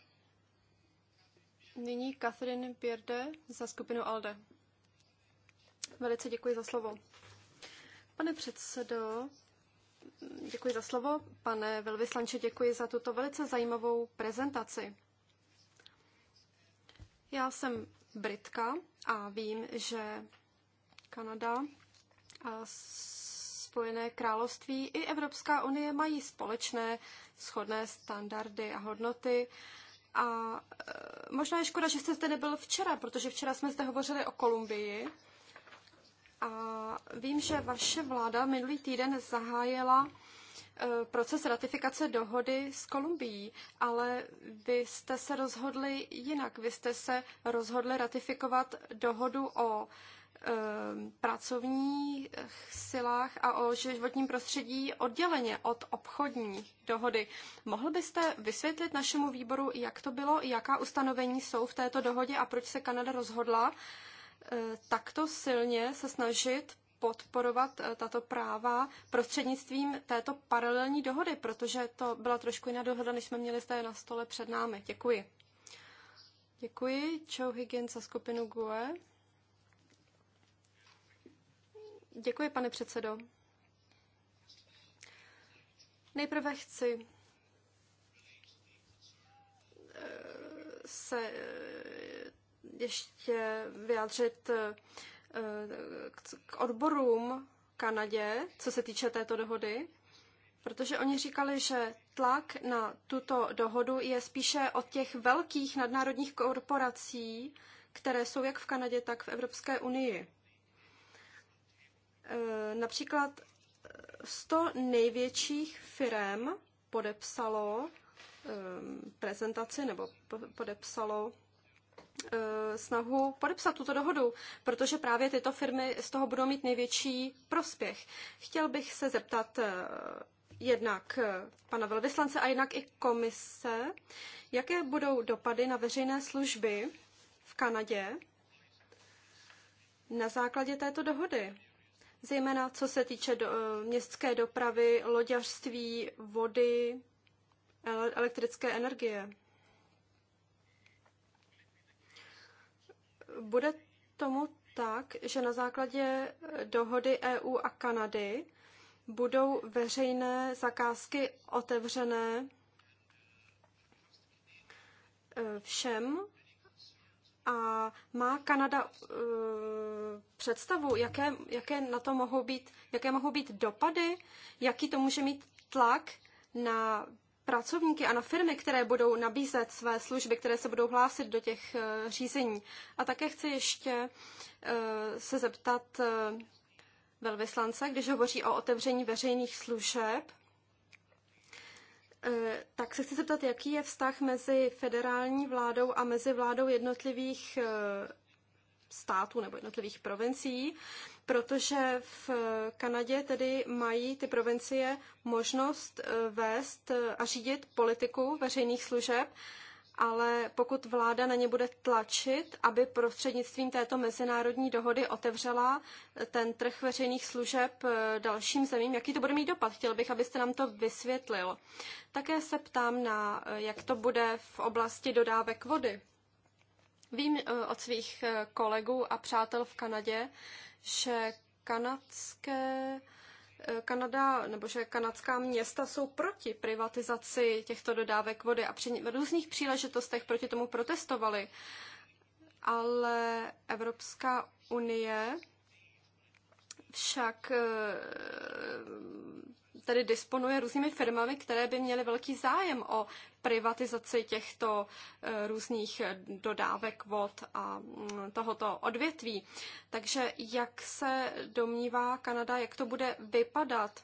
Nyní Catherine Pierde za skupinu ALDE. Velice děkuji za slovo. Pane předsedo, děkuji za slovo. Pane velvyslanče, děkuji za tuto velice zajímavou prezentaci. Já jsem Britka a vím, že Kanada a Spojené království i Evropská unie mají společné shodné standardy a hodnoty. A e, možná je škoda, že jste zde nebyl včera, protože včera jsme zde hovořili o Kolumbii. A vím, že vaše vláda minulý týden zahájila e, proces ratifikace dohody s Kolumbií, ale vy jste se rozhodli jinak. Vy jste se rozhodli ratifikovat dohodu o Ehm, pracovních silách a o životním prostředí odděleně od obchodní dohody. Mohl byste vysvětlit našemu výboru, jak to bylo, jaká ustanovení jsou v této dohodě a proč se Kanada rozhodla eh, takto silně se snažit podporovat eh, tato práva prostřednictvím této paralelní dohody, protože to byla trošku jiná dohoda, než jsme měli zde na stole před námi. Děkuji. Děkuji. Čau Higgins za skupinu GUE. Děkuji, pane předsedo. Nejprve chci eh, se eh, ještě vyjádřit eh, k odborům Kanadě, co se týče této dohody, protože oni říkali, že tlak na tuto dohodu je spíše od těch velkých nadnárodních korporací, které jsou jak v Kanadě, tak v Evropské unii. Eh, například 100 eh, největších firm podepsalo eh, prezentaci nebo podepsalo snahu podepsat tuto dohodu, protože právě tyto firmy z toho budou mít největší prospěch. Chtěl bych se zeptat jednak pana velvyslance a jednak i komise, jaké budou dopady na veřejné služby v Kanadě na základě této dohody zejména co se týče do, eh, městské dopravy, loďařství, vody, elektrické energie. Bude tomu tak, že na základě dohody EU a Kanady budou veřejné zakázky otevřené eh, všem a má Kanada uh, představu, jaké, jaké na to mohou být, jaké mohou být dopady, jaký to může mít tlak na pracovníky a na firmy, které budou nabízet své služby, které se budou hlásit do těch uh, řízení. A také chci ještě uh, se zeptat uh, velvyslance, když hovoří o otevření veřejných služeb, Eh, tak se chci zeptat, jaký je vztah mezi federální vládou a mezi vládou jednotlivých eh, států nebo jednotlivých provincií, protože v eh, Kanadě tedy mají ty provincie možnost vést a řídit politiku veřejných služeb ale pokud vláda na ně bude tlačit, aby prostřednictvím této mezinárodní dohody otevřela ten trh veřejných služeb eh, dalším zemím, jaký to bude mít dopad? Chtěl bych, abyste nám to vysvětlil. Také se ptám na, eh, jak to bude v oblasti dodávek vody. Vím eh, od svých kolegů a přátel v Kanadě, že kanadské Eh, Kanada, nebo že kanadská města jsou proti privatizaci těchto dodávek vody a při různých příležitostech proti tomu protestovali. Ale Evropská unie však eh, tedy disponuje různými firmami, které by měly velký zájem o privatizaci těchto eh, různých eh, dodávek vod a mm, tohoto odvětví. Takže jak se domnívá Kanada, jak to bude vypadat?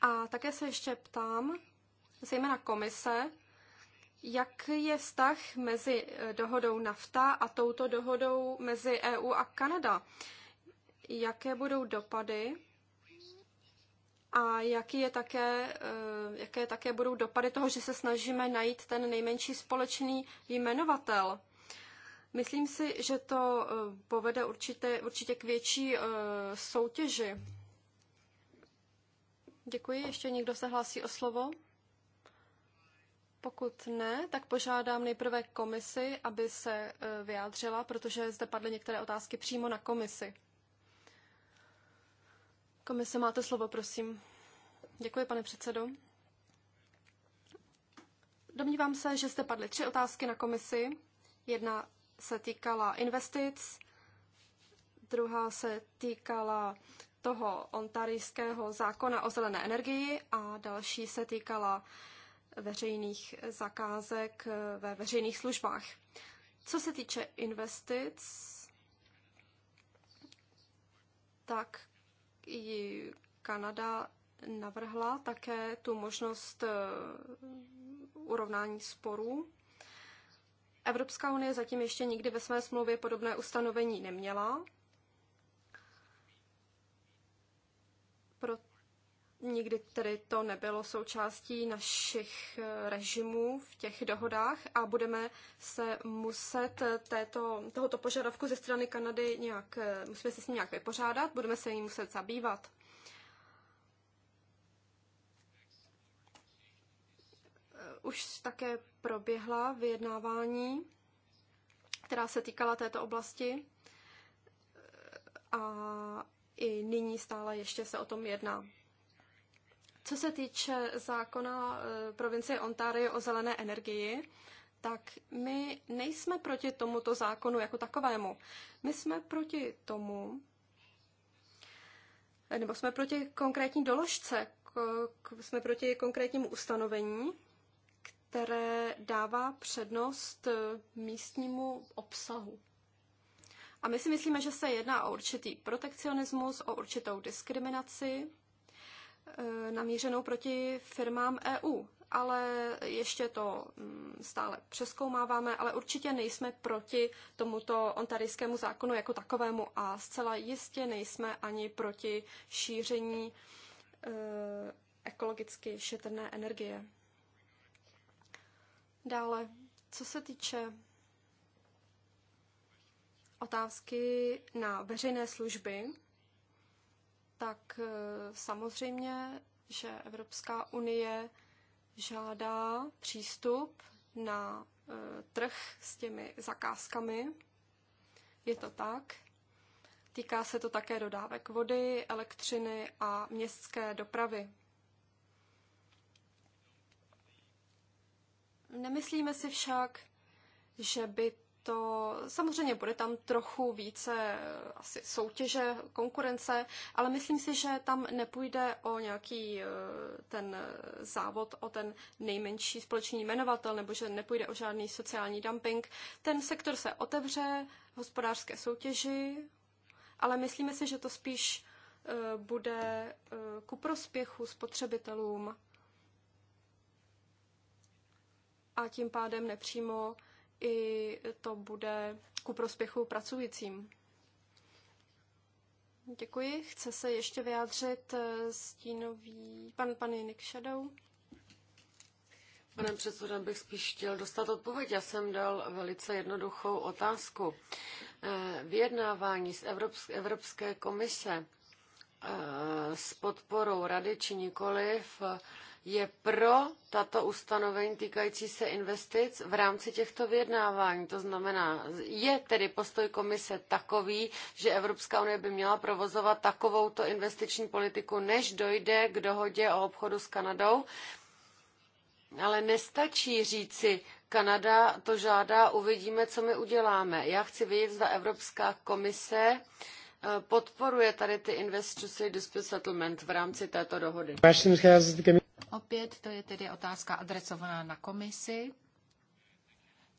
A také se ještě ptám, zejména komise, jak je vztah mezi eh, dohodou NAFTA a touto dohodou mezi EU a Kanada? Jaké budou dopady a jaký je také, eh, jaké také budou dopady toho, že se snažíme najít ten nejmenší společný jmenovatel. Myslím si, že to eh, povede určitě, určitě k větší eh, soutěži. Děkuji. Ještě někdo se hlásí o slovo? Pokud ne, tak požádám nejprve komisi, aby se vyjádřila, protože zde padly některé otázky přímo na komisi. Komise, máte slovo, prosím. Děkuji, pane předsedo. Domnívám se, že jste padly tři otázky na komisi. Jedna se týkala investic, druhá se týkala toho ontarijského zákona o zelené energii a další se týkala veřejných zakázek ve veřejných službách. Co se týče investic, tak i Kanada navrhla také tu možnost e, urovnání sporů. Evropská unie zatím ještě nikdy ve své smlouvě podobné ustanovení neměla, proto Nikdy tedy to nebylo součástí našich eh, režimů v těch dohodách a budeme se muset eh, této, tohoto požadavku ze strany Kanady nějak, eh, musíme se s ním nějak vypořádat, budeme se jim muset zabývat. Už také proběhla vyjednávání, která se týkala této oblasti a i nyní stále ještě se o tom jedná. Co se týče zákona eh, provincie Ontario o zelené energii, tak my nejsme proti tomuto zákonu jako takovému. My jsme proti tomu, eh, nebo jsme proti konkrétní doložce, jsme proti konkrétnímu ustanovení, které dává přednost eh, místnímu obsahu. A my si myslíme, že se jedná o určitý protekcionismus, o určitou diskriminaci Eh, namířenou proti firmám EU, ale ještě to mm, stále přeskoumáváme, ale určitě nejsme proti tomuto ontarijskému zákonu jako takovému a zcela jistě nejsme ani proti šíření eh, ekologicky šetrné energie. Dále, co se týče otázky na veřejné služby, tak e, samozřejmě, že Evropská unie žádá přístup na e, trh s těmi zakázkami. Je to tak. Týká se to také dodávek vody, elektřiny a městské dopravy. Nemyslíme si však, že by to samozřejmě bude tam trochu více eh, asi soutěže, konkurence, ale myslím si, že tam nepůjde o nějaký eh, ten eh, závod, o ten nejmenší společný jmenovatel, nebo že nepůjde o žádný sociální dumping. Ten sektor se otevře hospodářské soutěži, ale myslíme si, že to spíš bude ku prospěchu spotřebitelům a tím pádem nepřímo i to bude ku prospěchu pracujícím. Děkuji. Chce se ještě vyjádřit eh, stínový pan, pan Jinik Shadow. Pane předsedo, bych spíš chtěl dostat odpověď. Já jsem dal velice jednoduchou otázku. Eh, vyjednávání z Evropské komise eh, s podporou rady či nikoliv je pro tato ustanovení týkající se investic v rámci těchto vyjednávání. To znamená, je tedy postoj komise takový, že Evropská unie by měla provozovat takovouto investiční politiku, než dojde k dohodě o obchodu s Kanadou. Ale nestačí říci, Kanada to žádá, uvidíme, co my uděláme. Já chci vědět, zda Evropská komise eh, podporuje tady ty investiční Dispute Settlement v rámci této dohody. Opět to je tedy otázka adresovaná na komisi.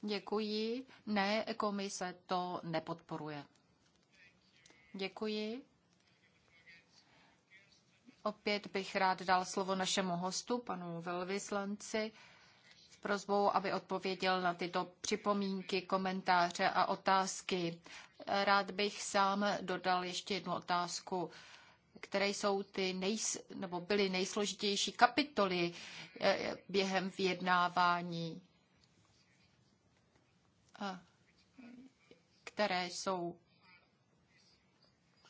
Děkuji. Ne, komise to nepodporuje. Děkuji. Opět bych rád dal slovo našemu hostu, panu velvyslanci, s prozbou, aby odpověděl na tyto připomínky, komentáře a otázky. Rád bych sám dodal ještě jednu otázku které jsou ty nejs, nebo byly nejsložitější kapitoly eh, během vyjednávání, které jsou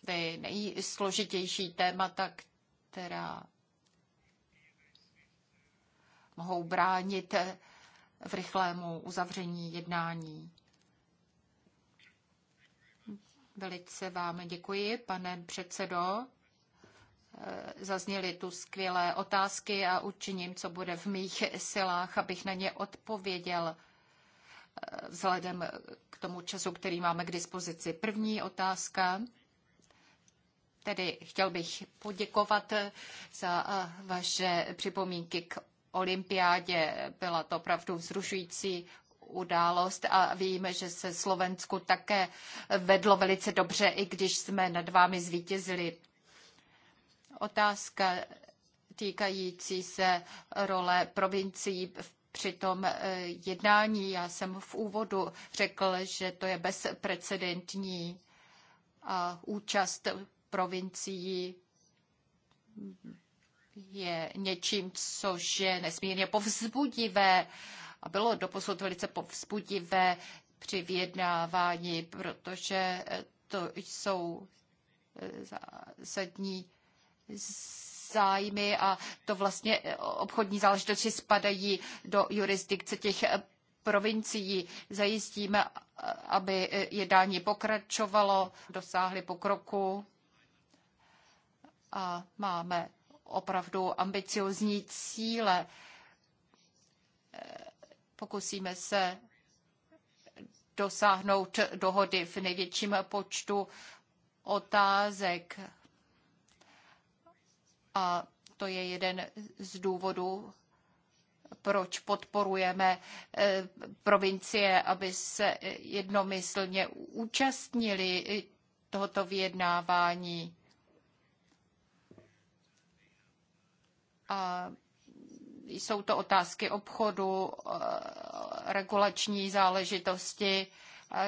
ty nejsložitější témata, která mohou bránit eh, v rychlému uzavření jednání. Velice vám děkuji, pane předsedo. Eh, zazněly tu skvělé otázky a učiním, co bude v mých silách, abych na ně odpověděl eh, vzhledem k tomu času, který máme k dispozici. První otázka. Tedy chtěl bych poděkovat eh, za vaše připomínky k olympiádě. Byla to opravdu vzrušující událost a víme, že se Slovensku také vedlo velice dobře, i když jsme nad vámi zvítězili. Otázka týkající se role provincií v při tom eh, jednání. Já jsem v úvodu řekl, že to je bezprecedentní a účast provincií je něčím, což je nesmírně povzbudivé a bylo doposud velice povzbudivé při vyjednávání, protože to jsou eh, zásadní zájmy a to vlastně e, obchodní záležitosti spadají do jurisdikce těch e, provincií. Zajistíme, aby e, jednání pokračovalo, dosáhli pokroku a máme opravdu ambiciozní cíle. Pokusíme se dosáhnout dohody v největším počtu otázek. A to je jeden z důvodů, proč podporujeme eh, provincie, aby se jednomyslně účastnili eh, tohoto vyjednávání. A jsou to otázky obchodu, eh, regulační záležitosti.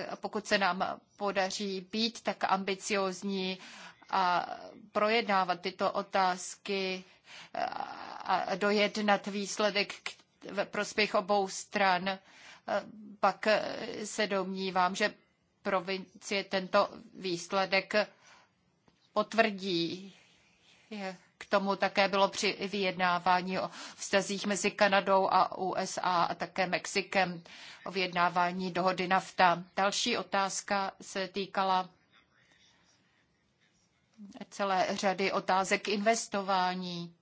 A pokud se nám podaří být tak ambiciozní a projednávat tyto otázky a dojednat výsledek ve prospěch obou stran. Pak se domnívám, že provincie tento výsledek potvrdí. K tomu také bylo při vyjednávání o vztazích mezi Kanadou a USA a také Mexikem o vyjednávání dohody NAFTA. Další otázka se týkala celé řady otázek investování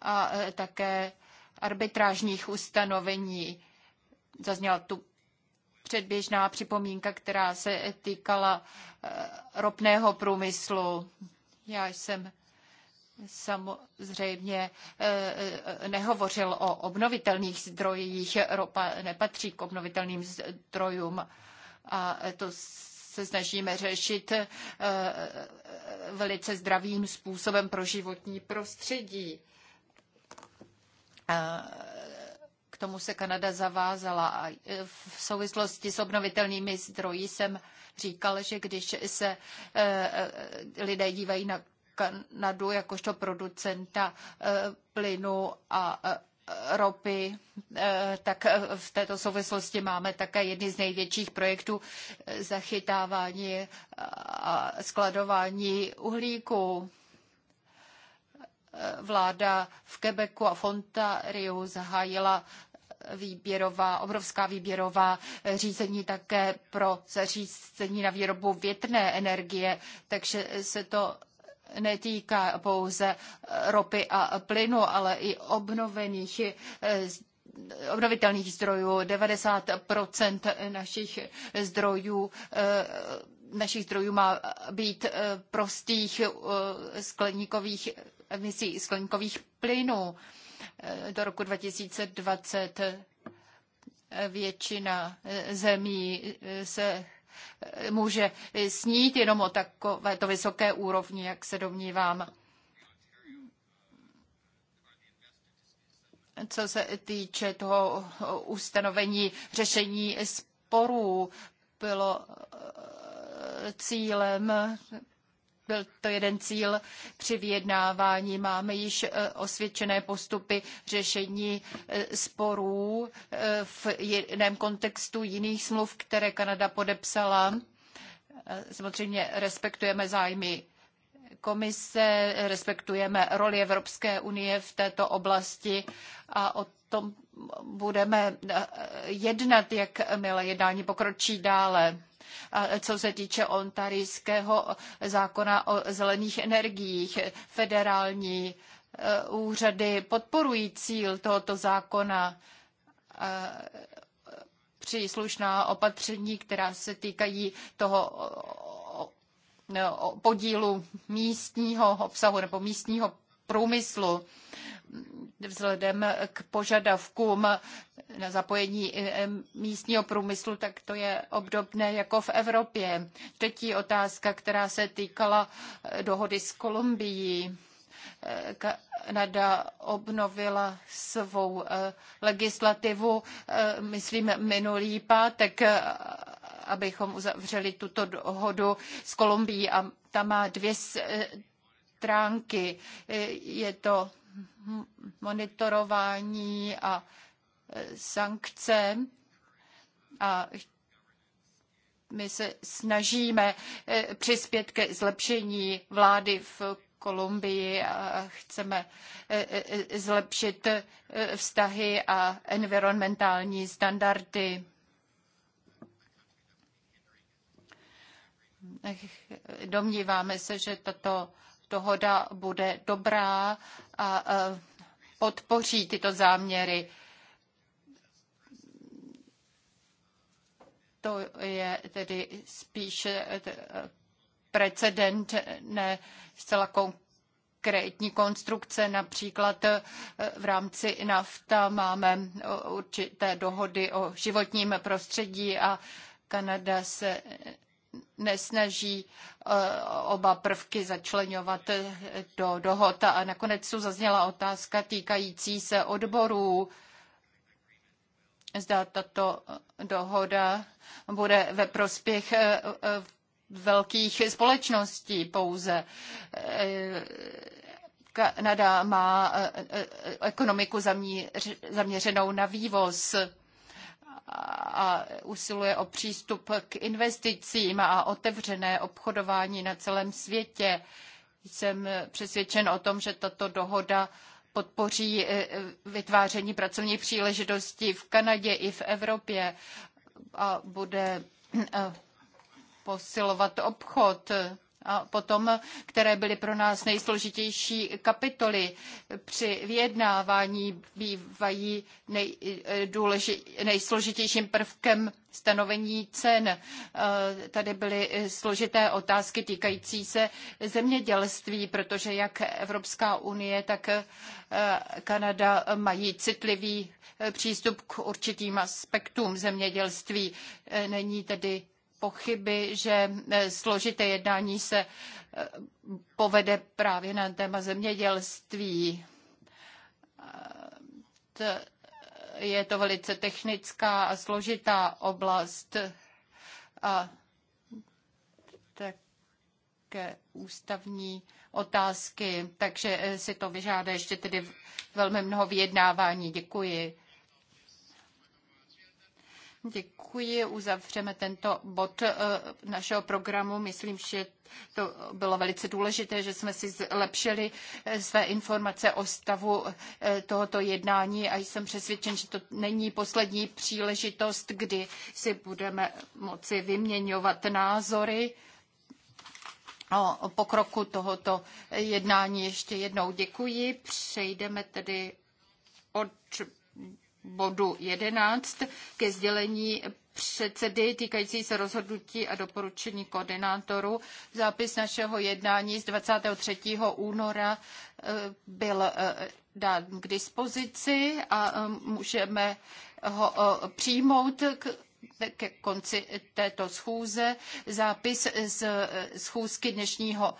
a e, také arbitrážních ustanovení. Zazněla tu předběžná připomínka, která se týkala e, ropného průmyslu. Já jsem samozřejmě e, nehovořil o obnovitelných zdrojích. Ropa nepatří k obnovitelným zdrojům. A to se snažíme řešit eh, velice zdravým způsobem pro životní prostředí. Eh, k tomu se Kanada zavázala a eh, v souvislosti s obnovitelnými zdroji jsem říkal, že když se lidé dívají na Kanadu jakožto producenta plynu a ropy, eh, tak eh, v této souvislosti máme také jedny z největších projektů eh, zachytávání a skladování uhlíku. Vláda v Quebecu a Fontariu zahájila výběrová, obrovská výběrová řízení také pro zařízení na výrobu větrné energie, takže se to netýká pouze ropy a plynu, ale i obnovených eh, obnovitelných zdrojů. 90 našich zdrojů eh, našich zdrojů má být eh, prostých skleníkových emisí skleníkových plynů do roku 2020 většina zemí se Eh, může eh, snít jenom o takové to vysoké úrovni, jak se domnívám. Co se týče toho eh, ustanovení řešení sporů, bylo cílem byl to jeden cíl při vyjednávání. Máme již e, osvědčené postupy řešení e, sporů e, v jiném kontextu jiných smluv, které Kanada podepsala. Samozřejmě respektujeme zájmy komise, respektujeme roli Evropské unie v této oblasti a o tom budeme jednat, jakmile jednání pokročí dále co se týče ontarijského zákona o zelených energiích, federální e, úřady podporují cíl tohoto zákona e, příslušná opatření, která se týkají toho podílu místního obsahu nebo místního průmyslu vzhledem k požadavkům na zapojení e, místního průmyslu, tak to je obdobné jako v Evropě. Třetí otázka, která se týkala e, dohody s Kolumbií. E, Kanada obnovila svou legislativu, myslím, minulý pátek, abychom uzavřeli tuto dohodu s Kolumbií a ta má dvě stránky. Je to monitorování a e, sankce. A my se snažíme e, přispět ke zlepšení vlády v Kolumbii a chceme e, zlepšit vztahy a environmentální standardy. Domníváme se, že tato dohoda bude dobrá a podpoří tyto záměry. To je tedy spíše precedent, ne zcela konkrétní konstrukce. Například e, v rámci NAFTA máme určité dohody o životním prostředí a Kanada se nesnaží eh, oba prvky začlenovat eh, do dohod. A nakonec tu zazněla otázka týkající se odborů. Zda tato eh, dohoda bude ve prospěch velkých společností pouze. Kanada má ekonomiku zaměřenou na vývoz a usiluje o přístup k investicím a otevřené obchodování na celém světě. Jsem přesvědčen o tom, že tato dohoda podpoří e, e, vytváření pracovních příležitostí v Kanadě i v Evropě a bude e, posilovat obchod a potom, které byly pro nás nejsložitější kapitoly při vyjednávání, bývají nej, nejsložitějším prvkem stanovení cen. Tady byly složité otázky týkající se zemědělství, protože jak Evropská unie, tak Kanada mají citlivý e, přístup k určitým aspektům zemědělství. E, není tedy pochyby, že eh, složité jednání se eh, povede právě na téma zemědělství. Eh, je to velice technická a složitá oblast a také ústavní otázky, takže si to vyžádá ještě tedy velmi mnoho vyjednávání. Děkuji. Děkuji, uzavřeme tento bod eh, našeho programu. Myslím, že to bylo velice důležité, že jsme si zlepšili eh, své informace o stavu eh, tohoto jednání a jsem přesvědčen, že to není poslední příležitost, kdy si budeme moci vyměňovat názory o pokroku tohoto jednání. Ještě jednou děkuji. Přejdeme tedy od bodu 11 ke sdělení předsedy týkající se rozhodnutí a doporučení koordinátorů. Zápis našeho jednání z 23. února e, byl e, dán k dispozici a e, můžeme ho přijmout k ke konci této schůze. Zápis z schůzky dnešního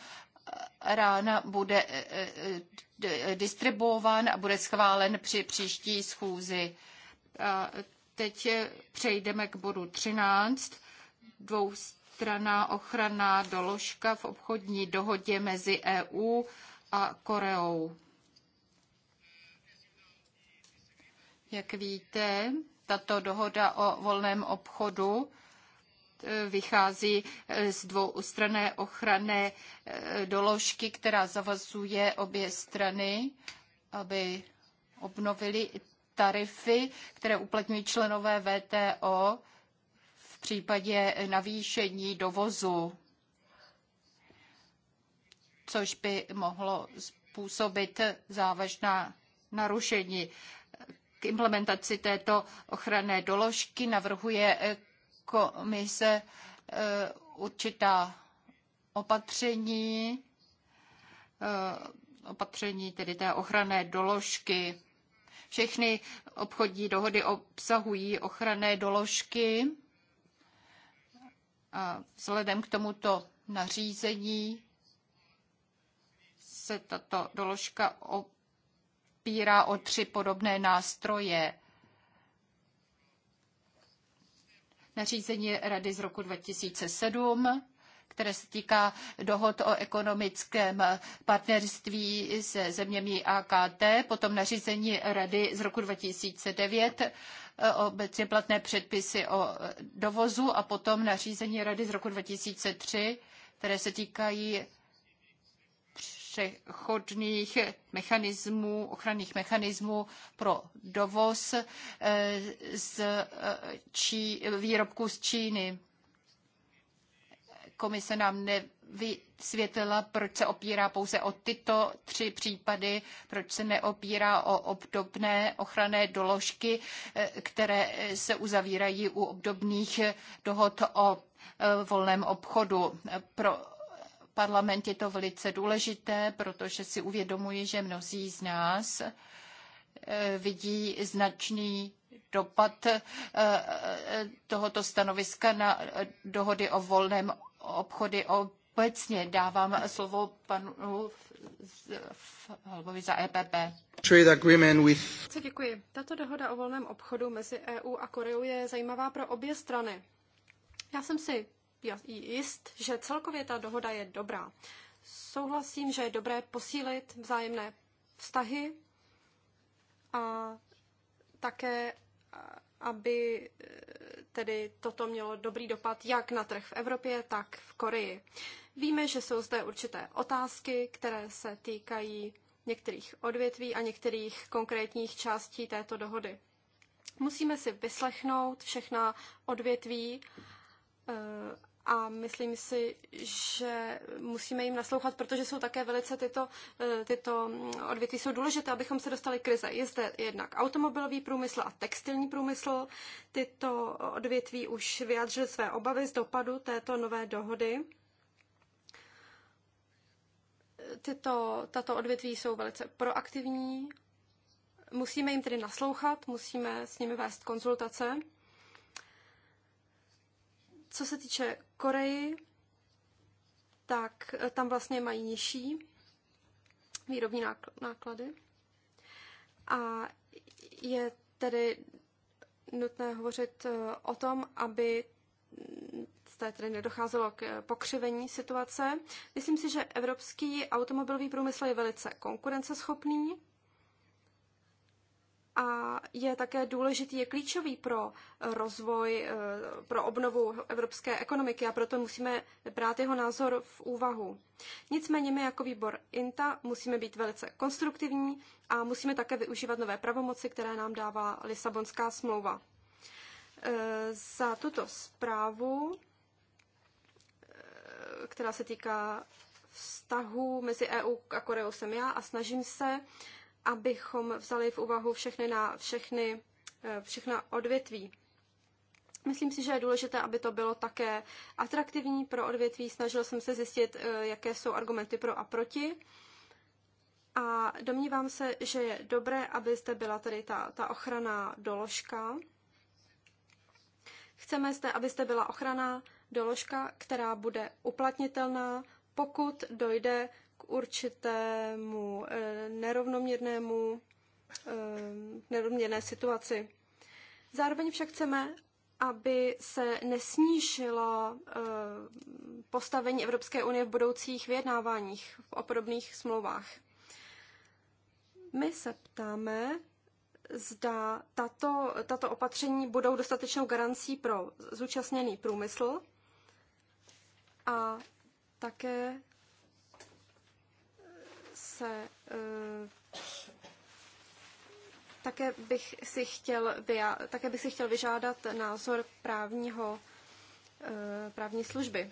rána bude distribuován a bude schválen při příští schůzi. teď přejdeme k bodu 13. Dvoustraná ochranná doložka v obchodní dohodě mezi EU a Koreou. Jak víte, tato dohoda o volném obchodu vychází eh, z dvoustrané ochranné eh, doložky, která zavazuje obě strany, aby obnovili tarify, které uplatňují členové VTO v případě navýšení dovozu, což by mohlo způsobit závažná narušení. K implementaci této ochranné doložky navrhuje eh, komise e, určitá opatření, e, opatření tedy té ochranné doložky. Všechny obchodní dohody obsahují ochranné doložky. A vzhledem k tomuto nařízení se tato doložka opírá o tři podobné nástroje. nařízení Rady z roku 2007, které se týká dohod o ekonomickém partnerství se zeměmi AKT, potom nařízení Rady z roku 2009 obecně platné předpisy o dovozu a potom nařízení Rady z roku 2003, které se týkají přechodných mechanismů, ochranných mechanismů pro dovoz eh, z eh, čí, výrobků z Číny. Komise nám nevysvětlila, proč se opírá pouze o tyto tři případy, proč se neopírá o obdobné ochranné doložky, eh, které se uzavírají u obdobných dohod o volném obchodu. Pro parlament je to velice důležité, protože si uvědomuji, že mnozí z nás eh, vidí značný dopad eh, eh, tohoto stanoviska na dohody o volném obchody obecně. Dávám slovo panu Halbovi za EPP. Trade agreement with... Děkuji. Tato dohoda o volném obchodu mezi EU a Koreou je zajímavá pro obě strany. Já jsem si jist, že celkově ta dohoda je dobrá. Souhlasím, že je dobré posílit vzájemné vztahy a také, aby eh, tedy toto mělo dobrý dopad jak na trh v Evropě, tak v Koreji. Víme, že jsou zde určité otázky, které se týkají některých odvětví a některých konkrétních částí této dohody. Musíme si vyslechnout všechna odvětví eh, a myslím si, že musíme jim naslouchat, protože jsou také velice tyto, eh, tyto odvětví jsou důležité, abychom se dostali krize. Je zde jednak automobilový průmysl a textilní průmysl. Tyto odvětví už vyjádřily své obavy z dopadu této nové dohody. Tyto, tato odvětví jsou velice proaktivní. Musíme jim tedy naslouchat, musíme s nimi vést konzultace. Co se týče Koreji, tak eh, tam vlastně mají nižší výrobní náklady. A je tedy nutné hovořit eh, o tom, aby té mm, tedy nedocházelo k eh, pokřivení situace. Myslím si, že evropský automobilový průmysl je velice konkurenceschopný a je také důležitý, je klíčový pro rozvoj, eh, pro obnovu evropské ekonomiky a proto musíme brát jeho názor v úvahu. Nicméně my jako výbor INTA musíme být velice konstruktivní a musíme také využívat nové pravomoci, které nám dává Lisabonská smlouva. Eh, za tuto zprávu, eh, která se týká vztahu mezi EU a Koreou jsem já a snažím se uh, abychom vzali v úvahu všechny na všechny, eh, všechna odvětví. Myslím si, že je důležité, aby to bylo také atraktivní pro odvětví. Snažil jsem se zjistit, eh, jaké jsou argumenty pro a proti. A domnívám se, že je dobré, aby zde byla tady ta, ta ochrana doložka. Chceme zde, aby zde byla ochrana doložka, která bude uplatnitelná, pokud dojde k určitému eh, nerovnoměrnému, eh, nerovnoměrné situaci. Zároveň však chceme, aby se nesnížilo eh, postavení Evropské unie v budoucích vyjednáváních o podobných smlouvách. My se ptáme, zda tato, tato opatření budou dostatečnou garancí pro zúčastněný průmysl a také se eh, také bych si chtěl, také bych si chtěl vyžádat názor právního, eh, právní služby.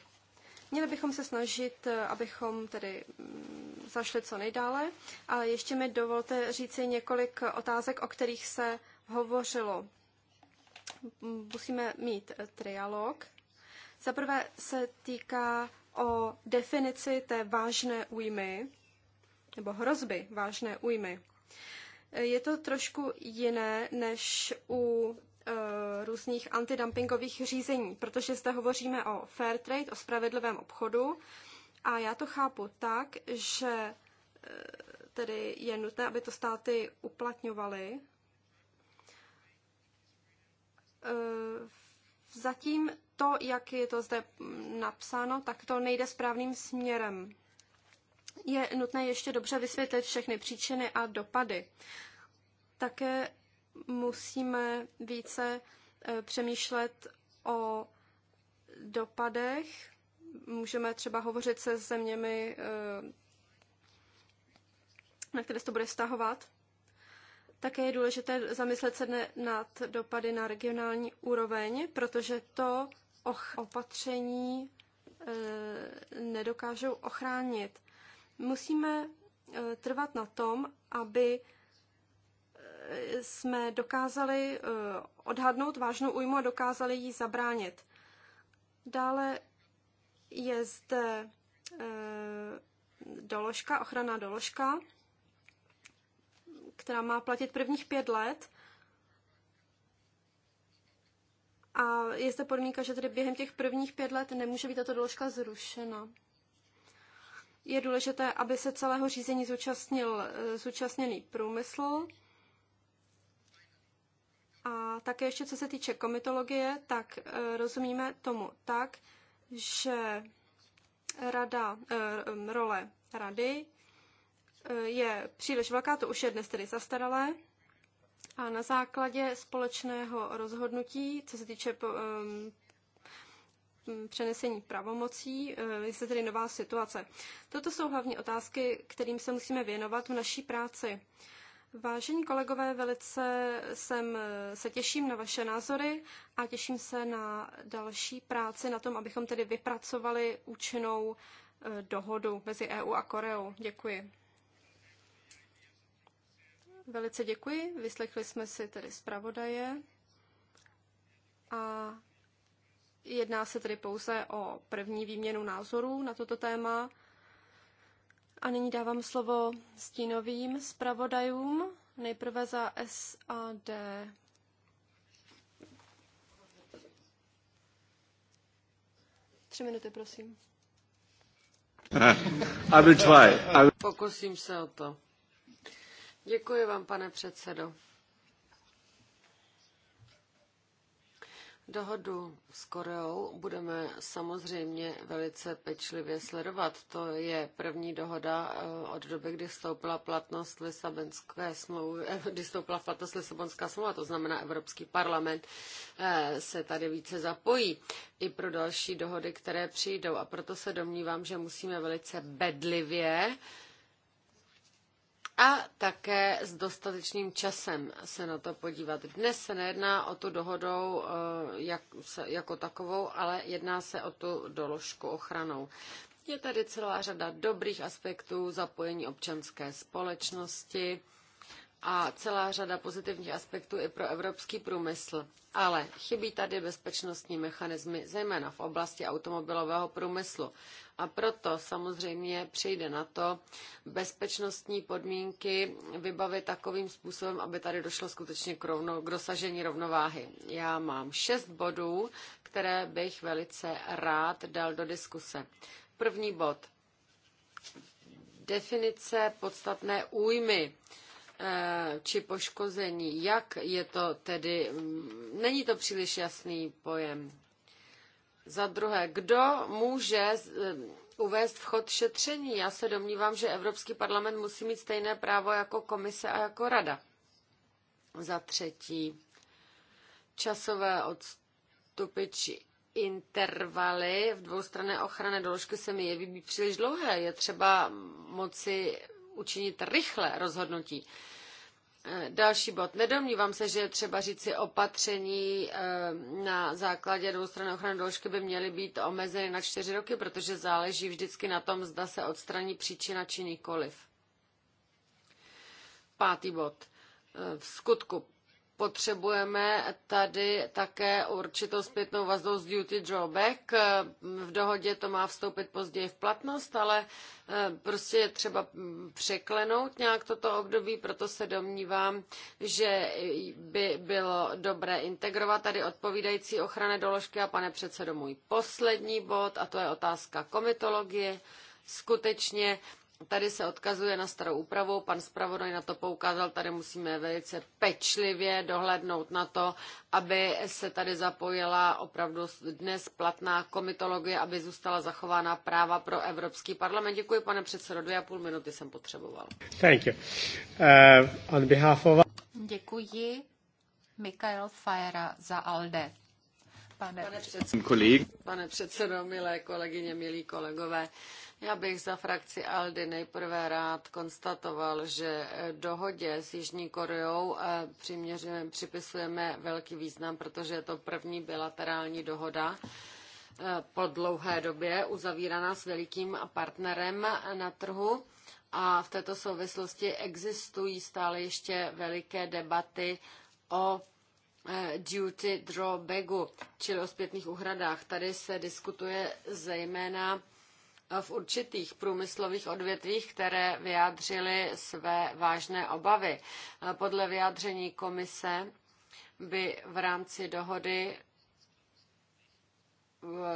Měli bychom se snažit, eh, abychom tedy mm, zašli co nejdále, ale ještě mi dovolte říci několik otázek, o kterých se hovořilo. Musíme mít trialog. Za prvé se týká o definici té vážné újmy, nebo hrozby vážné újmy. Je to trošku jiné než u eh, různých antidumpingových řízení, protože zde hovoříme o fair trade, o spravedlivém obchodu a já to chápu tak, že eh, tedy je nutné, aby to státy uplatňovaly. Eh, zatím to, jak je to zde napsáno, tak to nejde správným směrem je nutné ještě dobře vysvětlit všechny příčiny a dopady. Také musíme více e, přemýšlet o dopadech. Můžeme třeba hovořit se zeměmi, e, na které se to bude vztahovat. Také je důležité zamyslet se nad dopady na regionální úroveň, protože to opatření e, nedokážou ochránit. Musíme eh, trvat na tom, aby eh, jsme dokázali eh, odhadnout vážnou újmu a dokázali jí zabránit. Dále je zde doložka, ochrana doložka, která má platit prvních pět let. A je zde podmínka, že tedy během těch prvních pět let nemůže být tato doložka zrušena. Je důležité, aby se celého řízení zúčastnil eh, zúčastněný průmysl. A také ještě co se týče komitologie, tak eh, rozumíme tomu tak, že rada, eh, role rady je příliš velká, to už je dnes tedy zastaralé. A na základě společného rozhodnutí, co se týče Mm, přenesení pravomocí, eh, je se tedy nová situace. Toto jsou hlavní otázky, kterým se musíme věnovat v naší práci. Vážení kolegové, velice jsem, eh, se těším na vaše názory a těším se na další práci na tom, abychom tedy vypracovali účinnou eh, dohodu mezi EU a Koreou. Děkuji. Velice děkuji. Vyslechli jsme si tedy zpravodaje a Jedná se tedy pouze o první výměnu názorů na toto téma. A nyní dávám slovo stínovým zpravodajům, nejprve za SAD. Tři minuty, prosím. I will try. I will... Pokusím se o to. Děkuji vám, pane předsedo. Dohodu s Koreou budeme samozřejmě velice pečlivě sledovat. To je první dohoda eh, od doby, kdy vstoupila platnost Lisabonské smlouvy, eh, kdy vstoupila platnost Lisabonská smlouva, to znamená Evropský parlament eh, se tady více zapojí i pro další dohody, které přijdou. A proto se domnívám, že musíme velice bedlivě a také s dostatečným časem se na to podívat. Dnes se nejedná o tu dohodou eh, jak, jako takovou, ale jedná se o tu doložku ochranou. Je tady celá řada dobrých aspektů zapojení občanské společnosti, a celá řada pozitivních aspektů i pro evropský průmysl. Ale chybí tady bezpečnostní mechanismy, zejména v oblasti automobilového průmyslu. A proto samozřejmě přijde na to bezpečnostní podmínky vybavit takovým způsobem, aby tady došlo skutečně k, rovno, k dosažení rovnováhy. Já mám šest bodů, které bych velice rád dal do diskuse. První bod. Definice podstatné újmy Eh, či poškození. Jak je to tedy, mm, není to příliš jasný pojem. Za druhé, kdo může eh, uvést vchod šetření? Já se domnívám, že Evropský parlament musí mít stejné právo jako komise a jako rada. Za třetí, časové odstupy či intervaly v dvoustranné ochranné doložky se mi jeví být příliš dlouhé. Je třeba moci učinit rychle rozhodnutí. Eh, další bod. Nedomnívám se, že třeba říci opatření eh, na základě dvoustranné ochrany doložky by měly být omezeny na čtyři roky, protože záleží vždycky na tom, zda se odstraní příčina či nikoliv. Pátý bod. Eh, v skutku Potřebujeme tady také určitou zpětnou vazbu z duty drawback. V dohodě to má vstoupit později v platnost, ale eh, prostě je třeba mm, překlenout nějak toto období, proto se domnívám, že by bylo dobré integrovat tady odpovídající ochranné doložky. A pane předsedo, můj poslední bod, a to je otázka komitologie skutečně Tady se odkazuje na starou úpravu, pan zpravodaj na to poukázal, tady musíme velice pečlivě dohlednout na to, aby se tady zapojila opravdu dnes platná komitologie, aby zůstala zachována práva pro Evropský parlament. Děkuji, pane předsedo, dvě a půl minuty jsem potřeboval. Thank you. Uh, on behalf of... Děkuji. Mikael Fajera za ALDE. Pane, pane, předsedo, pane předsedo, milé kolegyně, milí kolegové, já bych za frakci Aldy nejprve rád konstatoval, že dohodě s Jižní Koreou eh, připisujeme velký význam, protože je to první bilaterální dohoda eh, po dlouhé době uzavíraná s velikým partnerem na trhu. A v této souvislosti existují stále ještě veliké debaty o eh, duty drawbacku, čili o zpětných úhradách. Tady se diskutuje zejména v určitých průmyslových odvětvích, které vyjádřily své vážné obavy. Eh, podle vyjádření komise by v rámci dohody eh,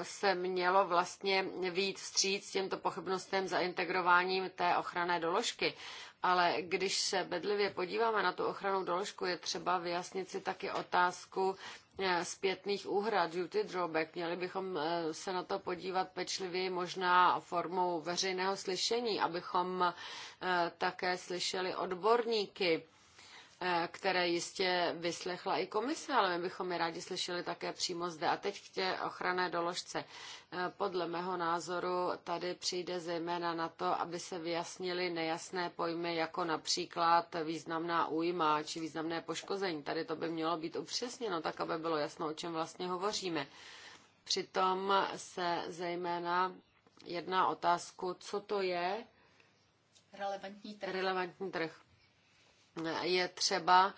se mělo vlastně výjít vstříc těmto pochybnostem za integrováním té ochranné doložky. Ale když se bedlivě podíváme na tu ochranu doložku, je třeba vyjasnit si taky otázku E, zpětných úhrad, duty drawback. Měli bychom e, se na to podívat pečlivě možná formou veřejného slyšení, abychom e, také slyšeli odborníky Eh, které jistě vyslechla i komise, ale my bychom je rádi slyšeli také přímo zde. A teď k tě ochranné doložce. Eh, podle mého názoru tady přijde zejména na to, aby se vyjasnily nejasné pojmy, jako například významná újma či významné poškození. Tady to by mělo být upřesněno, tak aby bylo jasno, o čem vlastně hovoříme. Přitom se zejména jedná otázku, co to je relevantní trh. Relevantní trh je třeba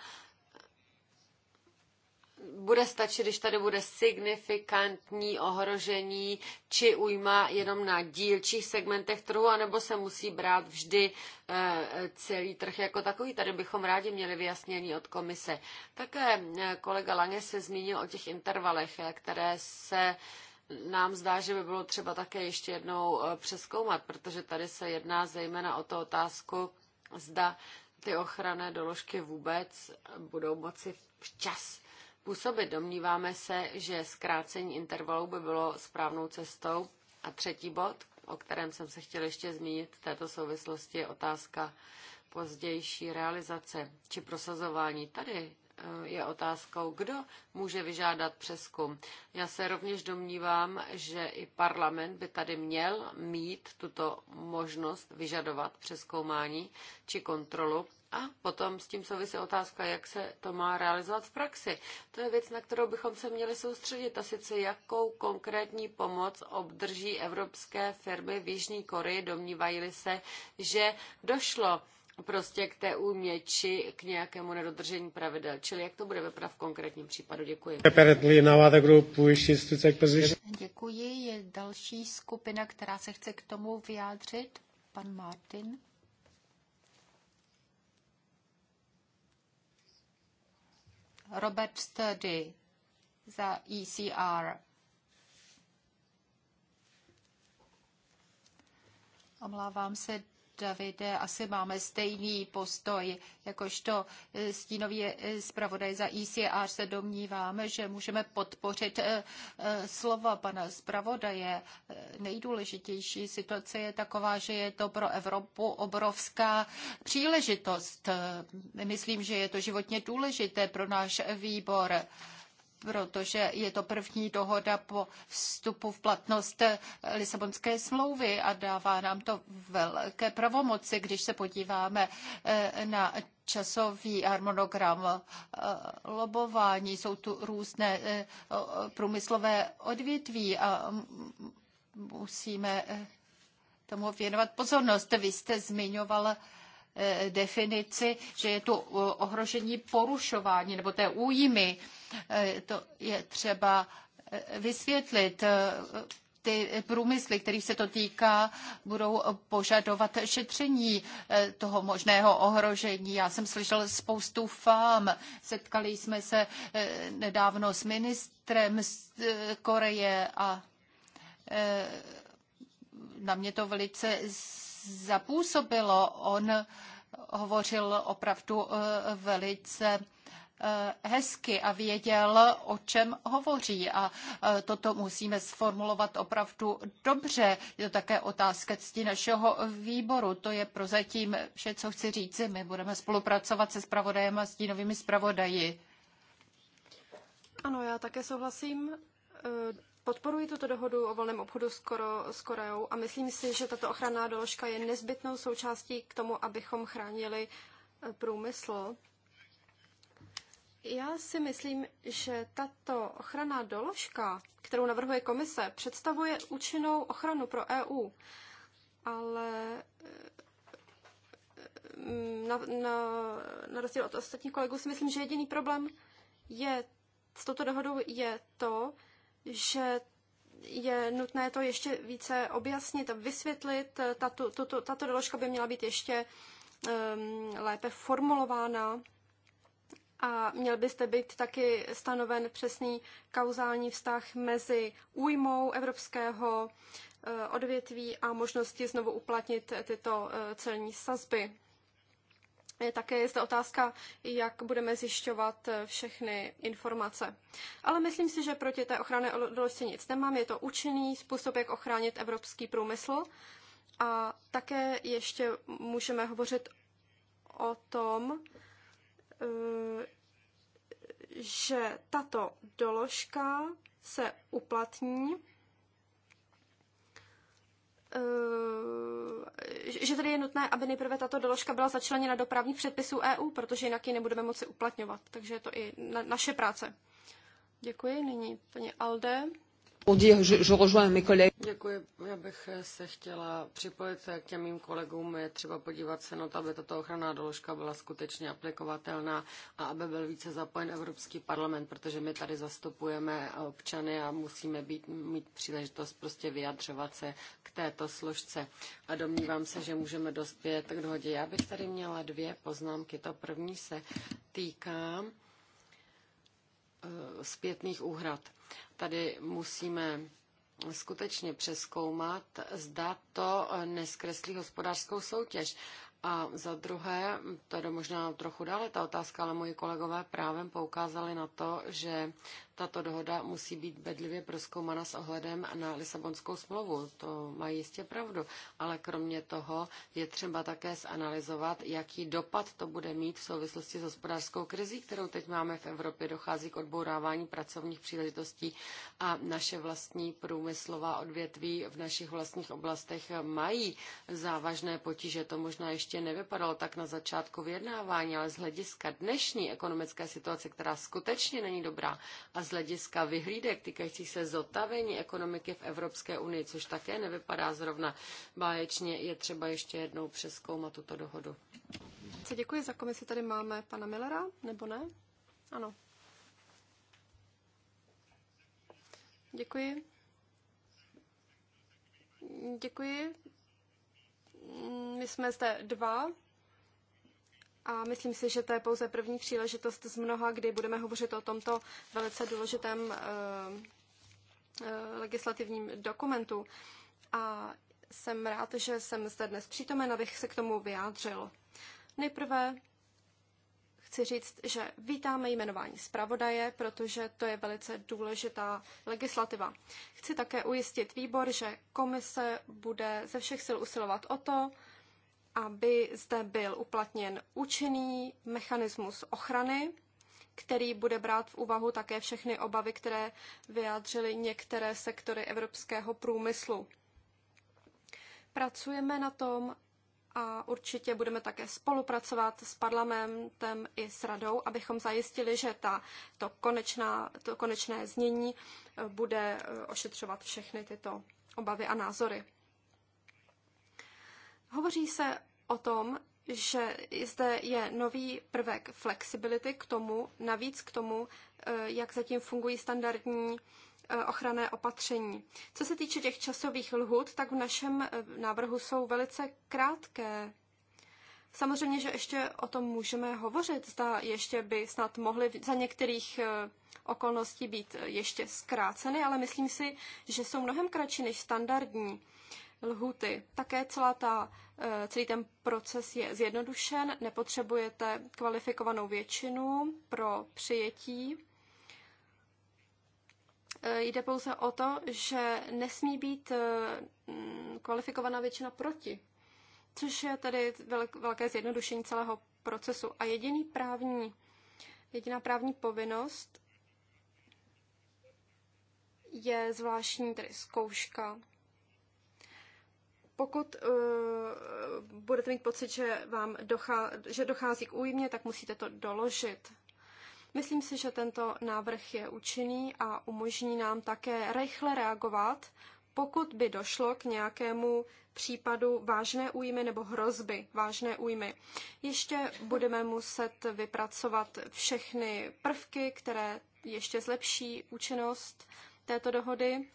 bude stačit, když tady bude signifikantní ohrožení či újma jenom na dílčích segmentech trhu, anebo se musí brát vždy eh, celý trh jako takový. Tady bychom rádi měli vyjasnění od komise. Také eh, kolega Lange se zmínil o těch intervalech, eh, které se nám zdá, že by bylo třeba také ještě jednou přeskoumat, protože tady se jedná zejména o to otázku, zda ty ochranné doložky vůbec budou moci včas působit. Domníváme se, že zkrácení intervalu by bylo správnou cestou. A třetí bod, o kterém jsem se chtěl ještě zmínit v této souvislosti, je otázka pozdější realizace či prosazování. Tady je otázkou, kdo může vyžádat přeskum. Já se rovněž domnívám, že i parlament by tady měl mít tuto možnost vyžadovat přeskoumání či kontrolu. A potom s tím souvisí otázka, jak se to má realizovat v praxi. To je věc, na kterou bychom se měli soustředit, a sice jakou konkrétní pomoc obdrží evropské firmy v Jižní Koreji, domnívají se, že došlo prostě k té újmě či k nějakému nedodržení pravidel. Čili jak to bude vypadat v konkrétním případu? Děkuji. Děkuji. Je další skupina, která se chce k tomu vyjádřit? Pan Martin. Robert Sturdy za ECR. Omlávám se, Davide, asi máme stejný postoj, jakožto eh, stínový eh, zpravodaj za ECR se domníváme, že můžeme podpořit eh, slova pana zpravodaje. Nejdůležitější situace je taková, že je to pro Evropu obrovská příležitost. Myslím, že je to životně důležité pro náš výbor protože je to první dohoda po vstupu v platnost Lisabonské smlouvy a dává nám to velké pravomoci, když se podíváme eh, na časový harmonogram eh, lobování. Jsou tu různé eh, průmyslové odvětví a musíme tomu věnovat pozornost. Vy jste zmiňoval Eh, definici, že je to eh, ohrožení porušování nebo té újmy. Eh, to je třeba vysvětlit ty průmysly, kterých se to týká, budou požadovat šetření toho možného ohrožení. Já jsem slyšel spoustu fám. Setkali jsme se nedávno s ministrem z Koreje a na mě to velice zapůsobilo. On hovořil opravdu eh, velice eh, hezky a věděl, o čem hovoří. A eh, toto musíme sformulovat opravdu dobře. Je to také otázka cti našeho výboru. To je prozatím vše, co chci říct. My budeme spolupracovat se spravodajem a stínovými spravodaji. Ano, já také souhlasím. Podporuji tuto dohodu o volném obchodu s, Koro, s Koreou a myslím si, že tato ochranná doložka je nezbytnou součástí k tomu, abychom chránili eh, průmysl. Já si myslím, že tato ochranná doložka, kterou navrhuje komise, představuje účinnou ochranu pro EU, ale eh, na, na, na rozdíl od ostatních kolegů si myslím, že jediný problém je s touto dohodou je to, že je nutné to ještě více objasnit a vysvětlit. Tato, tato, tato doložka by měla být ještě um, lépe formulována a měl byste být taky stanoven přesný kauzální vztah mezi újmou evropského eh, odvětví a možností znovu uplatnit tyto eh, celní sazby. Eh, také je zde otázka, jak budeme zjišťovat eh, všechny informace. Ale myslím si, že proti té ochranné odolnosti nic nemám. Je to účinný způsob, jak ochránit evropský průmysl. A také ještě můžeme hovořit o tom, eh, že tato doložka se uplatní Eh, že tedy je nutné, aby nejprve tato doložka byla začleněna do právních předpisů EU, protože jinak ji nebudeme moci uplatňovat. Takže je to i na, naše práce. Děkuji. Nyní paní Alde. Děkuji, já bych se chtěla připojit k těm mým kolegům. Je třeba podívat se na no to, aby tato ochranná doložka byla skutečně aplikovatelná a aby byl více zapojen Evropský parlament, protože my tady zastupujeme občany a musíme být, mít příležitost prostě vyjadřovat se k této složce. A domnívám se, že můžeme dospět k dohodě. Já bych tady měla dvě poznámky. To první se týká eh, zpětných úhrad Tady musíme skutečně přeskoumat, zda to neskreslí hospodářskou soutěž. A za druhé, to je možná trochu dále ta otázka, ale moji kolegové právem poukázali na to, že tato dohoda musí být bedlivě proskoumana s ohledem na Lisabonskou smlouvu. To má jistě pravdu. Ale kromě toho je třeba také zanalizovat, jaký dopad to bude mít v souvislosti s hospodářskou krizí, kterou teď máme v Evropě. Dochází k odbourávání pracovních příležitostí a naše vlastní průmyslová odvětví v našich vlastních oblastech mají závažné potíže. To možná ještě nevypadalo tak na začátku vyjednávání, ale z hlediska dnešní ekonomické situace, která skutečně není dobrá a z hlediska vyhlídek týkajících se zotavení ekonomiky v Evropské unii, což také nevypadá zrovna báječně, je třeba ještě jednou přeskoumat tuto dohodu. Co děkuji za komisi. Tady máme pana Millera, nebo ne? Ano. Děkuji. Děkuji. My jsme zde dva a myslím si, že to je pouze první příležitost z mnoha, kdy budeme hovořit o tomto velice důležitém eh, eh, legislativním dokumentu. A jsem rád, že jsem zde dnes přítomen, abych se k tomu vyjádřil. Nejprve chci říct, že vítáme jmenování zpravodaje, protože to je velice důležitá legislativa. Chci také ujistit výbor, že komise bude ze všech sil usilovat o to, aby zde byl uplatněn účinný mechanismus ochrany, který bude brát v úvahu také všechny obavy, které vyjádřily některé sektory evropského průmyslu. Pracujeme na tom a určitě budeme také spolupracovat s parlamentem i s radou, abychom zajistili, že ta, to, konečná, to konečné znění bude eh, ošetřovat všechny tyto obavy a názory. Hovoří se o tom, že zde je nový prvek flexibility k tomu, navíc k tomu, eh, jak zatím fungují standardní eh, ochranné opatření. Co se týče těch časových lhut, tak v našem eh, návrhu jsou velice krátké. Samozřejmě, že ještě o tom můžeme hovořit, zda ještě by snad mohly za některých okolností být ještě zkráceny, ale myslím si, že jsou mnohem kratší než standardní lhuty. Také celá ta, eh, celý ten proces je zjednodušen, nepotřebujete kvalifikovanou většinu pro přijetí. Eh, jde pouze o to, že nesmí být eh, kvalifikovaná většina proti, což je tedy velké zjednodušení celého procesu. A jediný právní, jediná právní povinnost je zvláštní tedy zkouška pokud uh, budete mít pocit, že, vám dochá, že dochází k újmě, tak musíte to doložit. Myslím si, že tento návrh je účinný a umožní nám také rychle reagovat, pokud by došlo k nějakému případu vážné újmy nebo hrozby vážné újmy. Ještě budeme muset vypracovat všechny prvky, které ještě zlepší účinnost této dohody.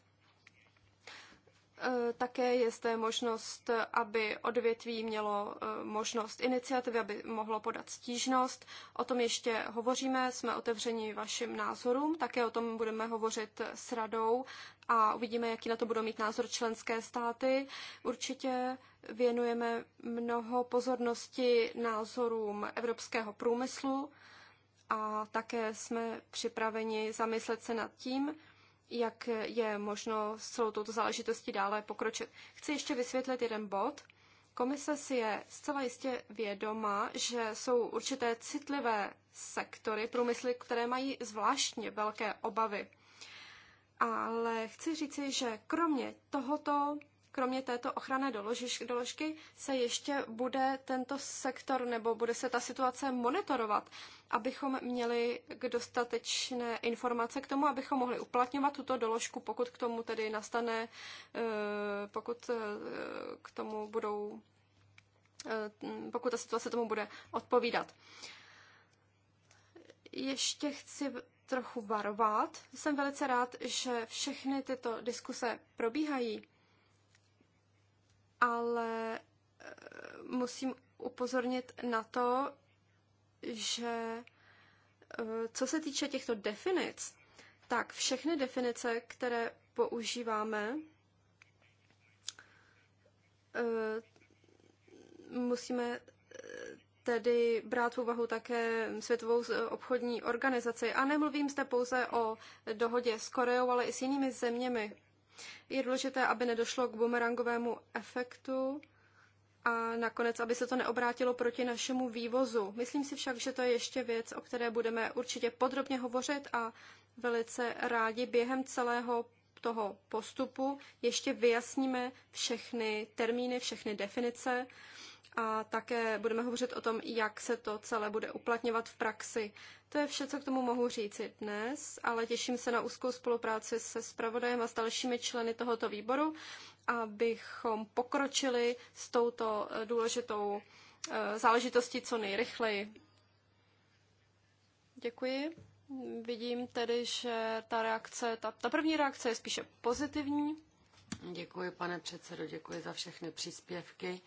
E, také je zde možnost, aby odvětví mělo e, možnost iniciativy, aby mohlo podat stížnost. O tom ještě hovoříme, jsme otevřeni vašim názorům, také o tom budeme hovořit s radou a uvidíme, jaký na to budou mít názor členské státy. Určitě věnujeme mnoho pozornosti názorům evropského průmyslu a také jsme připraveni zamyslet se nad tím, jak je možno s celou touto záležitostí dále pokročit. Chci ještě vysvětlit jeden bod. Komise si je zcela jistě vědoma, že jsou určité citlivé sektory průmysly, které mají zvláštně velké obavy. Ale chci říci, že kromě tohoto kromě této ochranné doložky se ještě bude tento sektor nebo bude se ta situace monitorovat, abychom měli dostatečné informace k tomu, abychom mohli uplatňovat tuto doložku, pokud k tomu tedy nastane, eh, pokud eh, k tomu budou, eh, pokud ta situace tomu bude odpovídat. Ještě chci trochu varovat. Jsem velice rád, že všechny tyto diskuse probíhají ale eh, musím upozornit na to, že eh, co se týče těchto definic, tak všechny definice, které používáme, eh, musíme tedy brát v úvahu také Světovou obchodní organizaci. A nemluvím zde pouze o dohodě s Koreou, ale i s jinými zeměmi. Je důležité, aby nedošlo k bumerangovému efektu a nakonec, aby se to neobrátilo proti našemu vývozu. Myslím si však, že to je ještě věc, o které budeme určitě podrobně hovořit a velice rádi během celého toho postupu ještě vyjasníme všechny termíny, všechny definice a také budeme hovořit o tom, jak se to celé bude uplatňovat v praxi. To je vše, co k tomu mohu říci dnes, ale těším se na úzkou spolupráci se spravodajem a s dalšími členy tohoto výboru, abychom pokročili s touto eh, důležitou eh, záležitostí co nejrychleji. Děkuji. Vidím tedy, že ta reakce, ta, ta první reakce je spíše pozitivní. Děkuji, pane předsedo, děkuji za všechny příspěvky.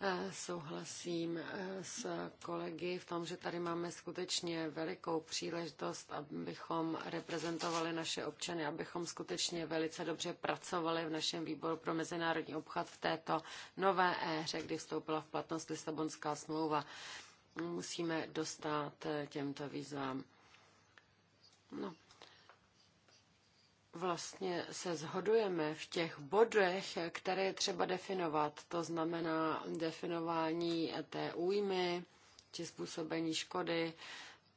Eh, souhlasím eh, s kolegy v tom, že tady máme skutečně velikou příležitost, abychom reprezentovali naše občany, abychom skutečně velice dobře pracovali v našem výboru pro mezinárodní obchod v této nové éře, kdy vstoupila v platnost Lisabonská smlouva. Musíme dostat eh, těmto výzvám. No, vlastně se zhodujeme v těch bodech, které je třeba definovat. To znamená definování té újmy či způsobení škody,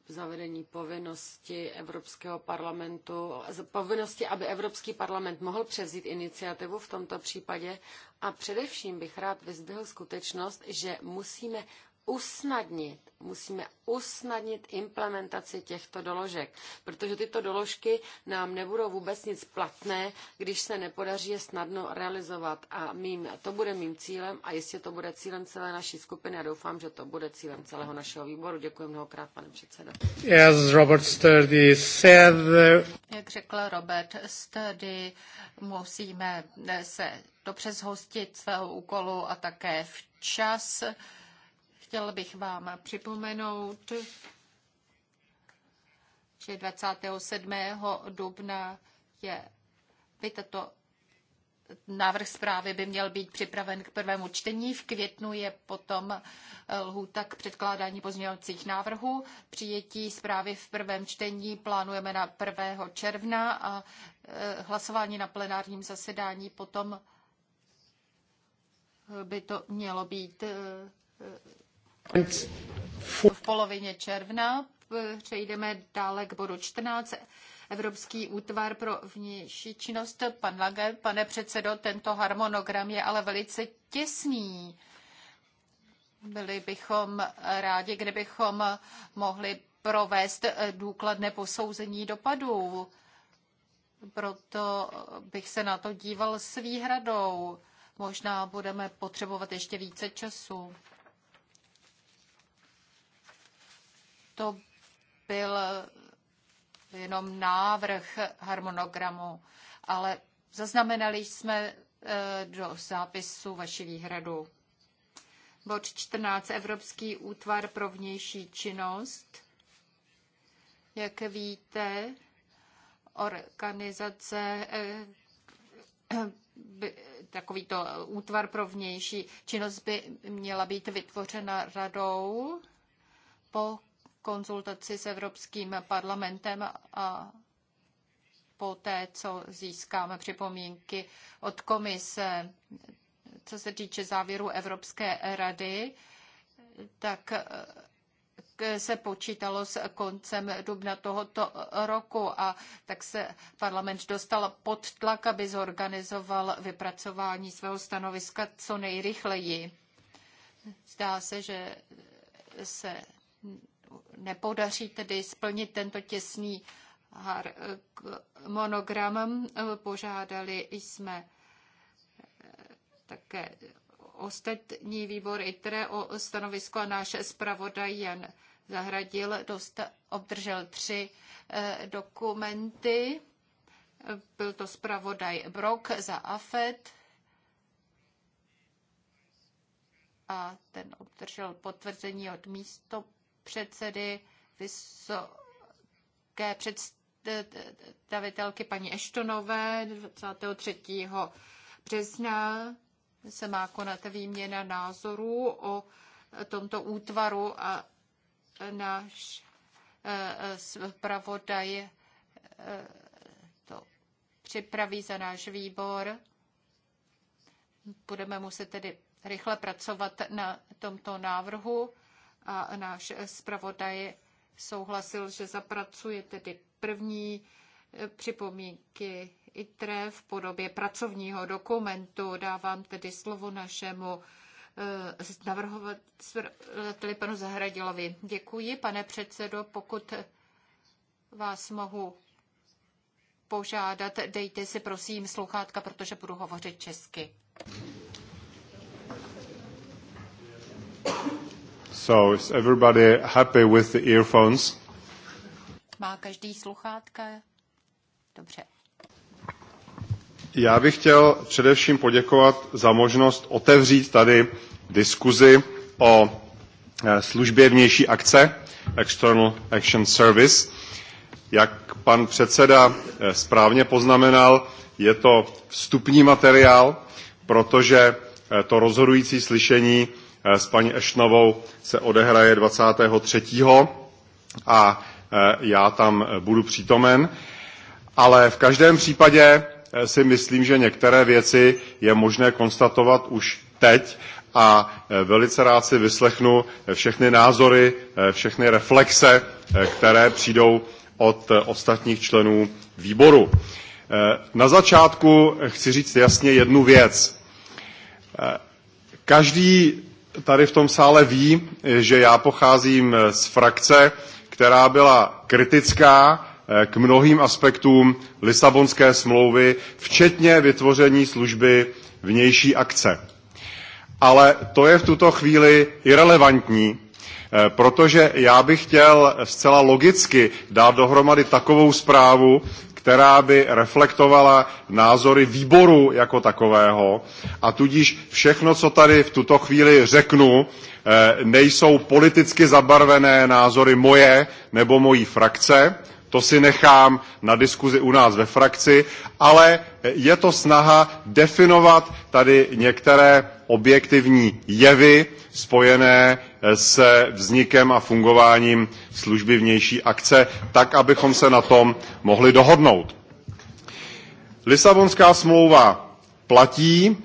zavedení povinnosti Evropského parlamentu, povinnosti, aby Evropský parlament mohl převzít iniciativu v tomto případě. A především bych rád vyzdvihl skutečnost, že musíme usnadnit, musíme usnadnit implementaci těchto doložek, protože tyto doložky nám nebudou vůbec nic platné, když se nepodaří je snadno realizovat. A mým, to bude mým cílem a jistě to bude cílem celé naší skupiny a doufám, že to bude cílem celého našeho výboru. Děkuji mnohokrát, pane předsedo. Yes, Robert Sturdy said... Jak řekl Robert Sturdy, musíme se dobře zhostit svého úkolu a také včas. čas Chtěl bych vám připomenout, že 27. dubna je by tato návrh zprávy by měl být připraven k prvému čtení. V květnu je potom eh, lhůta k předkládání pozměňovacích návrhů. Přijetí zprávy v prvém čtení plánujeme na 1. června a eh, hlasování na plenárním zasedání potom eh, by to mělo být v polovině června eh, přejdeme dále k bodu 14. Evropský útvar pro vnější činnost. Pan Lange, pane předsedo, tento harmonogram je ale velice těsný. Byli bychom rádi, kdybychom mohli provést eh, důkladné posouzení dopadů. Proto bych se na to díval s výhradou. Možná budeme potřebovat ještě více času. to byl jenom návrh harmonogramu, ale zaznamenali jsme eh, do zápisu vaši výhradu. Bod 14. Evropský útvar pro vnější činnost. Jak víte, organizace eh, takovýto útvar pro vnější činnost by měla být vytvořena radou po konzultaci s Evropským parlamentem a poté, co získáme připomínky od komise. Co se týče závěru Evropské rady, tak eh, se počítalo s koncem dubna tohoto roku a tak se parlament dostal pod tlak, aby zorganizoval vypracování svého stanoviska co nejrychleji. Zdá se, že se nepodaří tedy splnit tento těsný monogram. Požádali jsme eh, také ostatní výbor ITRE o stanovisko a náš zpravodaj Jan Zahradil dost, obdržel tři eh, dokumenty. Byl to zpravodaj Brok za AFED a ten obdržel potvrzení od místo předsedy vysoké představitelky paní Eštonové 23. března se má konat výměna názorů o tomto útvaru a náš e, e, zpravodaj e, to připraví za náš výbor. Budeme muset tedy rychle pracovat na tomto návrhu a náš zpravodaj souhlasil, že zapracuje tedy první eh, připomínky ITRE v podobě pracovního dokumentu. Dávám tedy slovo našemu eh, navrhovateli panu Zahradilovi. Děkuji, pane předsedo, pokud vás mohu požádat, dejte si prosím sluchátka, protože budu hovořit česky. So is everybody happy with the earphones? Má každý sluchátka? Dobře. Já bych chtěl především poděkovat za možnost otevřít tady diskuzi o eh, službě vnější akce, External Action Service. Jak pan předseda eh, správně poznamenal, je to vstupní materiál, protože eh, to rozhodující slyšení Eh, s paní Ešnovou se odehraje 23. a eh, já tam eh, budu přítomen. Ale v každém případě si myslím, že některé věci je možné konstatovat už teď a velice rád si vyslechnu všechny názory, všechny reflexe, které přijdou od ostatních členů výboru. Na začátku chci říct jasně jednu věc. Každý tady v tom sále ví, že já pocházím z frakce, která byla kritická eh, k mnohým aspektům Lisabonské smlouvy, včetně vytvoření služby vnější akce. Ale to je v tuto chvíli irrelevantní, eh, protože já bych chtěl zcela logicky dát dohromady takovou zprávu, která by reflektovala názory výboru jako takového a tudíž všechno, co tady v tuto chvíli řeknu, eh, nejsou politicky zabarvené názory moje nebo mojí frakce, to si nechám na diskuzi u nás ve frakci, ale je to snaha definovat tady některé objektivní jevy spojené se vznikem a fungováním služby vnější akce, tak, abychom se na tom mohli dohodnout. Lisabonská smlouva platí,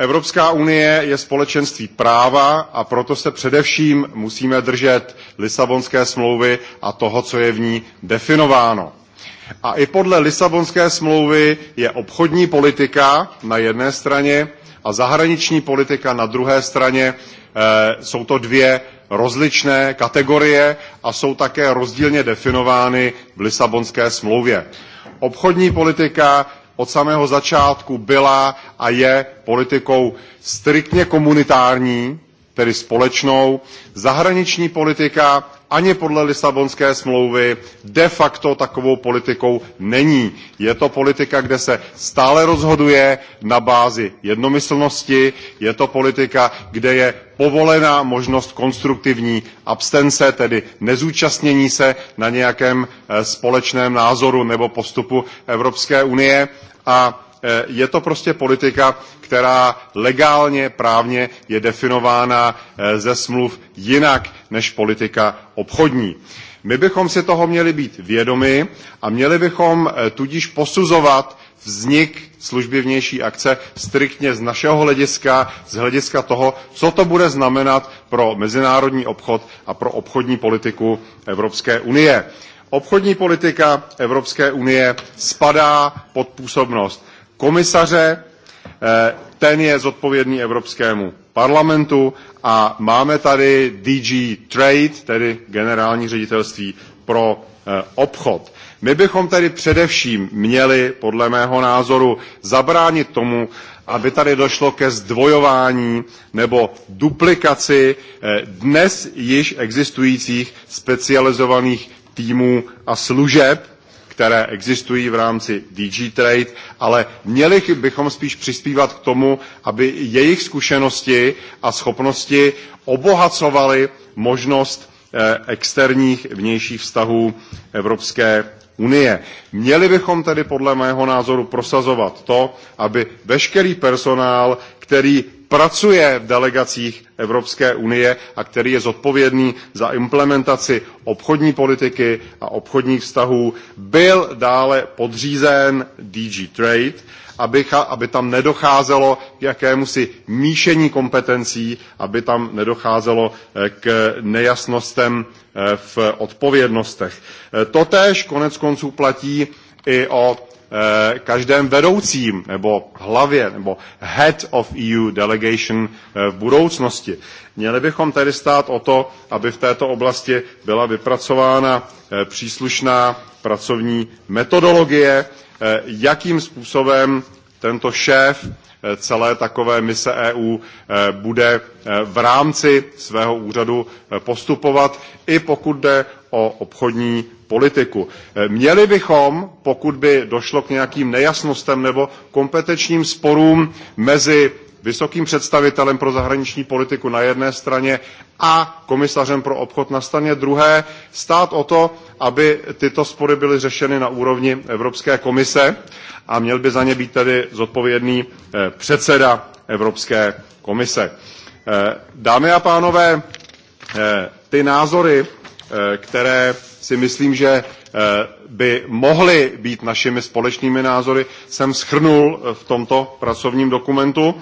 Evropská unie je společenství práva a proto se především musíme držet Lisabonské smlouvy a toho, co je v ní definováno. A i podle Lisabonské smlouvy je obchodní politika na jedné straně a zahraniční politika na druhé straně. E, jsou to dvě rozličné kategorie a jsou také rozdílně definovány v Lisabonské smlouvě. Obchodní politika od samého začátku byla a je politikou striktně komunitární, tedy společnou. Zahraniční politika ani podle Lisabonské smlouvy de facto takovou politikou není. Je to politika, kde se stále rozhoduje na bázi jednomyslnosti, je to politika, kde je povolena možnost konstruktivní abstence, tedy nezúčastnění se na nějakém eh, společném názoru nebo postupu Evropské unie a Eh, je to prostě politika, která legálně, právně je definována eh, ze smluv jinak než politika obchodní. My bychom si toho měli být vědomi a měli bychom eh, tudíž posuzovat vznik služby vnější akce striktně z našeho hlediska, z hlediska toho, co to bude znamenat pro mezinárodní obchod a pro obchodní politiku Evropské unie. Obchodní politika Evropské unie spadá pod působnost komisaře, eh, ten je zodpovědný Evropskému parlamentu a máme tady DG Trade, tedy generální ředitelství pro eh, obchod. My bychom tedy především měli, podle mého názoru, zabránit tomu, aby tady došlo ke zdvojování nebo duplikaci eh, dnes již existujících specializovaných týmů a služeb, které existují v rámci DG Trade, ale měli bychom spíš přispívat k tomu, aby jejich zkušenosti a schopnosti obohacovaly možnost eh, externích vnějších vztahů Evropské unie. Měli bychom tedy podle mého názoru prosazovat to, aby veškerý personál, který pracuje v delegacích Evropské unie a který je zodpovědný za implementaci obchodní politiky a obchodních vztahů, byl dále podřízen DG Trade, aby, aby tam nedocházelo k jakémusi míšení kompetencí, aby tam nedocházelo eh, k nejasnostem eh, v odpovědnostech. Eh, totéž konec konců platí i o Eh, každém vedoucím nebo hlavě nebo head of EU delegation eh, v budoucnosti. Měli bychom tedy stát o to, aby v této oblasti byla vypracována eh, příslušná pracovní metodologie, jakým způsobem tento šéf celé takové mise EU bude v rámci svého úřadu postupovat, i pokud jde o obchodní politiku. Eh, měli bychom, pokud by došlo k nějakým nejasnostem nebo kompetenčním sporům mezi vysokým představitelem pro zahraniční politiku na jedné straně a komisařem pro obchod na straně druhé, stát o to, aby tyto spory byly řešeny na úrovni Evropské komise a měl by za ně být tedy zodpovědný eh, předseda Evropské komise. Eh, dámy a pánové, ty názory, Eh, které si myslím, že eh, by mohly být našimi společnými názory, jsem schrnul eh, v tomto pracovním dokumentu.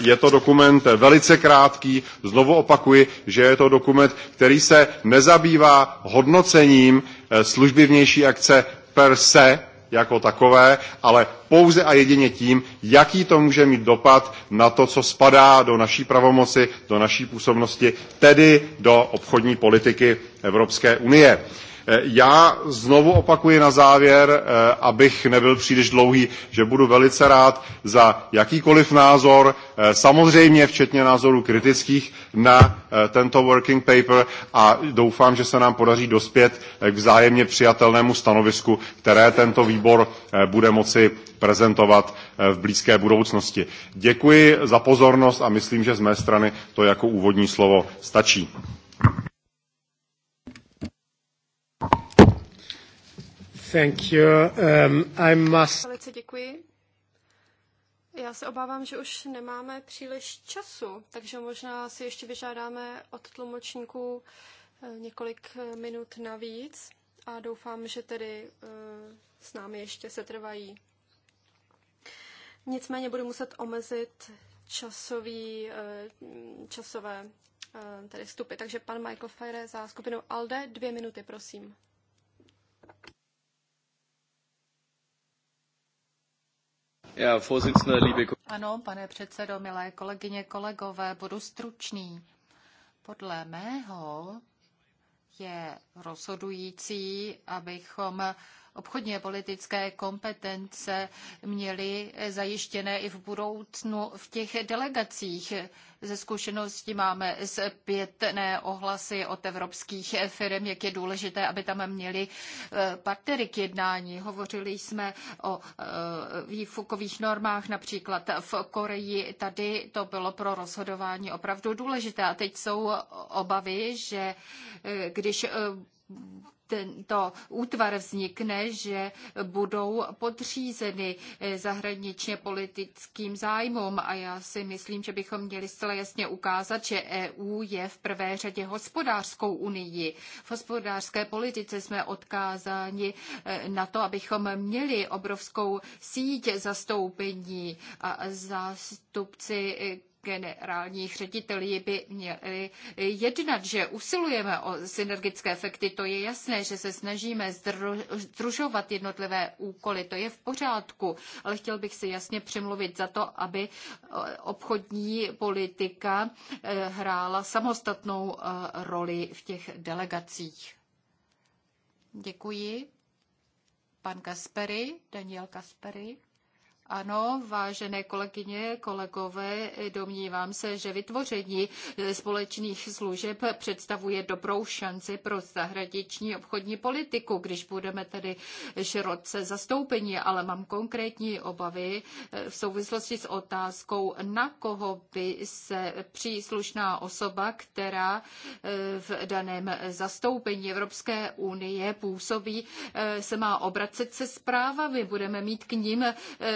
Je to dokument velice krátký, znovu opakuji, že je to dokument, který se nezabývá hodnocením služby vnější akce per se, jako takové, ale pouze a jedině tím, jaký to může mít dopad na to, co spadá do naší pravomoci, do naší působnosti, tedy do obchodní politiky Evropské unie. Eh, já znovu opakuji na závěr, eh, abych nebyl příliš dlouhý, že budu velice rád za jakýkoliv názor, eh, samozřejmě včetně názorů kritických na tento working paper a doufám, že se nám podaří dospět k vzájemně přijatelnému stanovisku, které tento výbor bude moci prezentovat v blízké budoucnosti. Děkuji za pozornost a myslím, že z mé strany to jako úvodní slovo stačí. Thank you. Um, I must... Velice děkuji. Já se obávám, že už nemáme příliš času, takže možná si ještě vyžádáme od tlumočníků eh, několik eh, minut navíc a doufám, že tedy eh, s námi ještě se trvají. Nicméně budu muset omezit časový, časové tedy vstupy. Takže pan Michael Fire za skupinu ALDE, dvě minuty, prosím. Ano, pane předsedo, milé kolegyně, kolegové, budu stručný. Podle mého je rozhodující, abychom obchodně politické kompetence měli zajištěné i v budoucnu v těch delegacích. Ze zkušenosti máme zpětné ohlasy od evropských firm, jak je důležité, aby tam měli eh, partnery k jednání. Hovořili jsme o eh, výfukových normách například v Koreji. Tady to bylo pro rozhodování opravdu důležité. A teď jsou obavy, že eh, když tento útvar vznikne, že budou podřízeny eh, zahraničně politickým zájmům. A já si myslím, že bychom měli zcela jasně ukázat, že EU je v prvé řadě hospodářskou unii. V hospodářské politice jsme odkázáni eh, na to, abychom měli obrovskou síť zastoupení a zástupci eh, generálních ředitelí by měli jednat, že usilujeme o synergické efekty. To je jasné, že se snažíme združovat jednotlivé úkoly, to je v pořádku, ale chtěl bych se jasně přemluvit za to, aby obchodní politika eh, hrála samostatnou eh, roli v těch delegacích. Děkuji. Pan Kaspery, Daniel Kaspery. Ano, vážené kolegyně, kolegové, domnívám se, že vytvoření e, společných služeb představuje dobrou šanci pro zahraniční obchodní politiku, když budeme tedy široce zastoupeni, ale mám konkrétní obavy e, v souvislosti s otázkou, na koho by se příslušná osoba, která e, v daném zastoupení Evropské unie působí, se má obracet se zprávami. Budeme mít k ním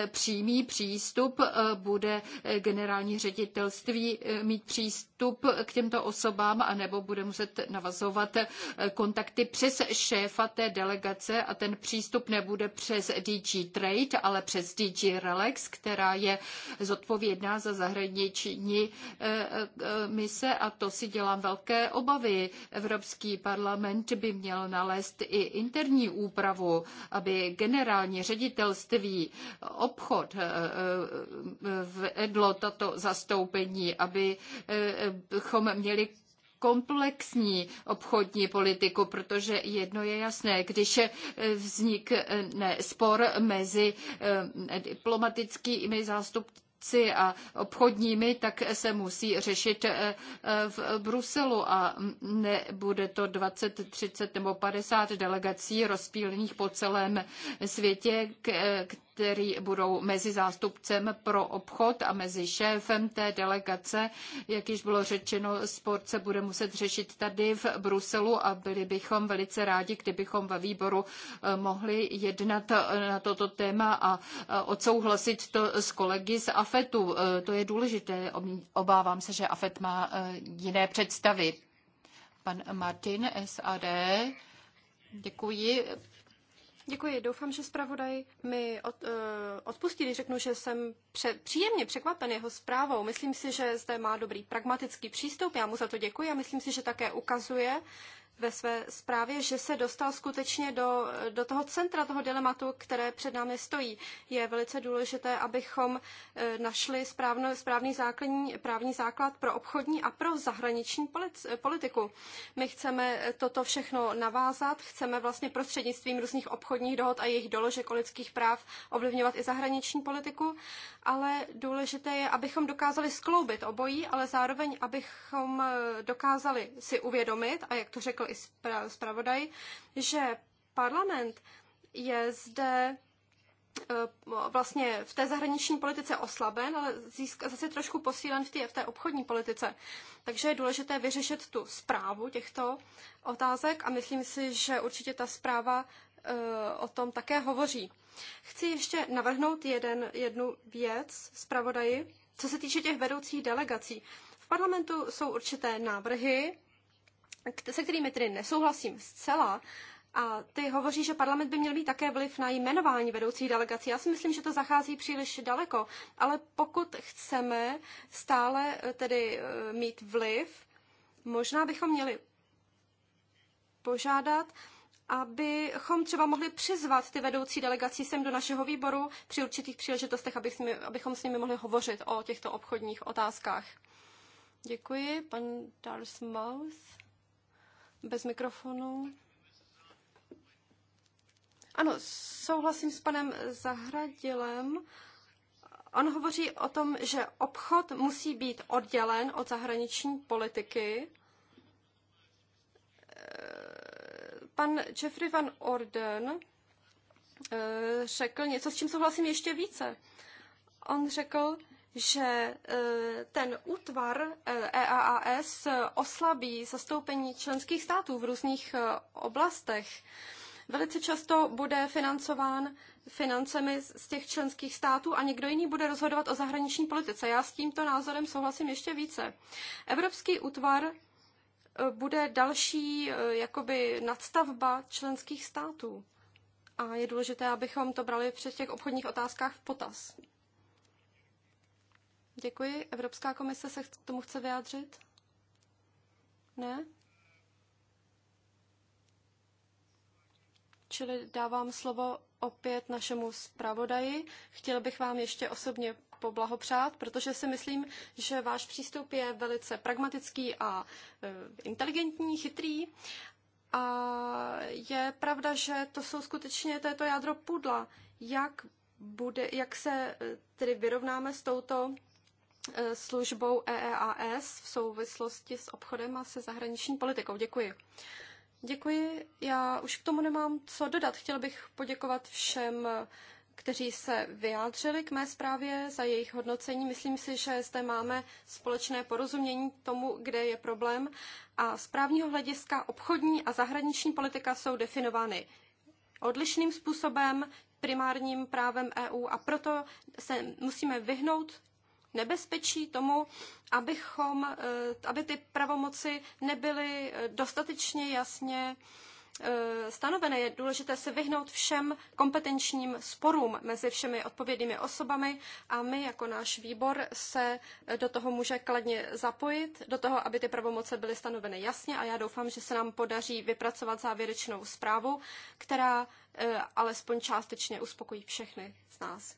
při přímý přístup, eh, bude generální ředitelství eh, mít přístup k těmto osobám, anebo bude muset navazovat eh, kontakty přes šéfa té delegace a ten přístup nebude přes DG Trade, ale přes DG Relax, která je zodpovědná za zahraniční mise a to si dělám velké obavy. Evropský parlament by měl nalézt i interní úpravu, aby generální ředitelství obchod obchod eh, eh, vedlo tato zastoupení, abychom eh, měli komplexní obchodní politiku, protože jedno je jasné, když vznikne spor mezi diplomatickými zástupci a obchodními, tak se musí řešit v Bruselu a nebude to 20, 30 nebo 50 delegací rozpílených po celém světě, kteří budou mezi zástupcem pro obchod a mezi šéfem té delegace. Jak již bylo řečeno, sport se bude muset řešit tady v Bruselu a byli bychom velice rádi, kdybychom ve výboru eh, mohli jednat eh, na toto téma a eh, odsouhlasit to s kolegy z AFETu. To je důležité. Obávám se, že AFET má jiné představy. Pan Martin, SAD. Děkuji, Děkuji. Doufám, že zpravodaj mi od, uh, odpustí, když řeknu, že jsem pře- příjemně překvapen jeho zprávou. Myslím si, že zde má dobrý pragmatický přístup. Já mu za to děkuji a myslím si, že také ukazuje, ve své zprávě, že se dostal skutečně do, do toho centra toho dilematu, které před námi stojí. Je velice důležité, abychom eh, našli správno, správný základní, právní základ pro obchodní a pro zahraniční eh, politiku. My chceme eh, toto všechno navázat, chceme vlastně prostřednictvím různých obchodních dohod a jejich doložek o lidských práv ovlivňovat i zahraniční politiku, ale důležité je, abychom dokázali skloubit obojí, ale zároveň, abychom dokázali si uvědomit, a jak to řekl řekl i zpravodaj, že parlament je zde eh, vlastně v té zahraniční politice oslaben, ale získá zase trošku posílen v té, v té obchodní politice. Takže je důležité vyřešit tu zprávu těchto otázek a myslím si, že určitě ta zpráva eh, o tom také hovoří. Chci ještě navrhnout jeden, jednu věc zpravodaji, co se týče těch vedoucích delegací. V parlamentu jsou určité návrhy, se kterými tedy nesouhlasím zcela, a ty hovoří, že parlament by měl mít také vliv na jmenování vedoucích delegací. Já si myslím, že to zachází příliš daleko, ale pokud chceme stále eh, tedy eh, mít vliv, možná bychom měli požádat, abychom třeba mohli přizvat ty vedoucí delegací sem do našeho výboru při určitých příležitostech, abych s nimi, abychom s nimi mohli hovořit o těchto obchodních otázkách. Děkuji, pan Darsmouth bez mikrofonu. Ano, souhlasím s panem Zahradilem. On hovoří o tom, že obchod musí být oddělen od zahraniční politiky. Eh, pan Jeffrey van Orden eh, řekl něco, s čím souhlasím ještě více. On řekl, že eh, ten útvar EAAS eh, e oslabí zastoupení členských států v různých eh, oblastech. Velice často bude financován financemi z těch členských států a někdo jiný bude rozhodovat o zahraniční politice. Já s tímto názorem souhlasím ještě více. Evropský útvar bude další jakoby nadstavba členských států. A je důležité, abychom to brali při těch obchodních otázkách v potaz. Děkuji. Evropská komise se k tomu chce vyjádřit? Ne? Čili dávám slovo opět našemu zpravodaji. Chtěl bych vám ještě osobně poblahopřát, protože si myslím, že váš přístup je velice pragmatický a e, inteligentní, chytrý. A je pravda, že to jsou skutečně, to je to jádro pudla. Jak, bude, jak se e, tedy vyrovnáme s touto E, službou EEAS v souvislosti s obchodem a se zahraniční politikou. Děkuji. Děkuji. Já už k tomu nemám co dodat. Chtěl bych poděkovat všem, kteří se vyjádřili k mé zprávě za jejich hodnocení. Myslím si, že zde máme společné porozumění tomu, kde je problém. A z právního hlediska obchodní a zahraniční politika jsou definovány odlišným způsobem, primárním právem EU a proto se musíme vyhnout nebezpečí tomu, abychom, eh, aby ty pravomoci nebyly eh, dostatečně jasně eh, stanovené. Je důležité se vyhnout všem kompetenčním sporům mezi všemi odpovědnými osobami a my jako náš výbor se do toho může kladně zapojit, do toho, aby ty pravomoce byly stanoveny jasně a já doufám, že se nám podaří vypracovat závěrečnou zprávu, která alespoň částečně uspokojí všechny z nás.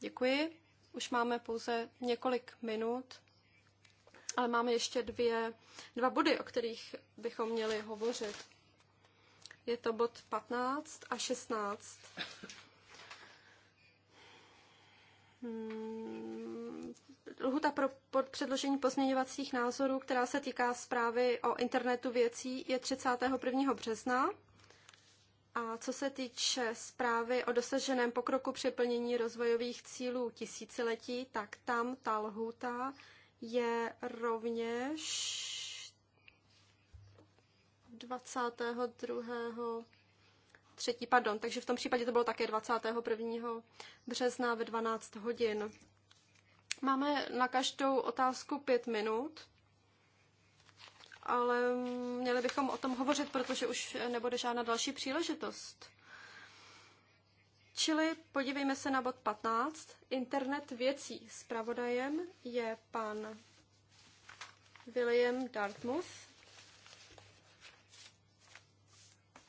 Děkuji. Už máme pouze několik minut, ale máme ještě dvě, dva body, o kterých bychom měli hovořit. Je to bod 15 a 16. Hmm, lhuta pro předložení pozměňovacích názorů, která se týká zprávy o internetu věcí, je 31. března a co se týče zprávy o dosaženém pokroku při plnění rozvojových cílů tisíciletí, tak tam ta lhůta je rovněž 22. 3. pardon, takže v tom případě to bylo také 21. března ve 12 hodin. Máme na každou otázku pět minut ale měli bychom o tom hovořit, protože už nebude žádná další příležitost. Čili podívejme se na bod 15. Internet věcí. Spravodajem je pan William Dartmouth.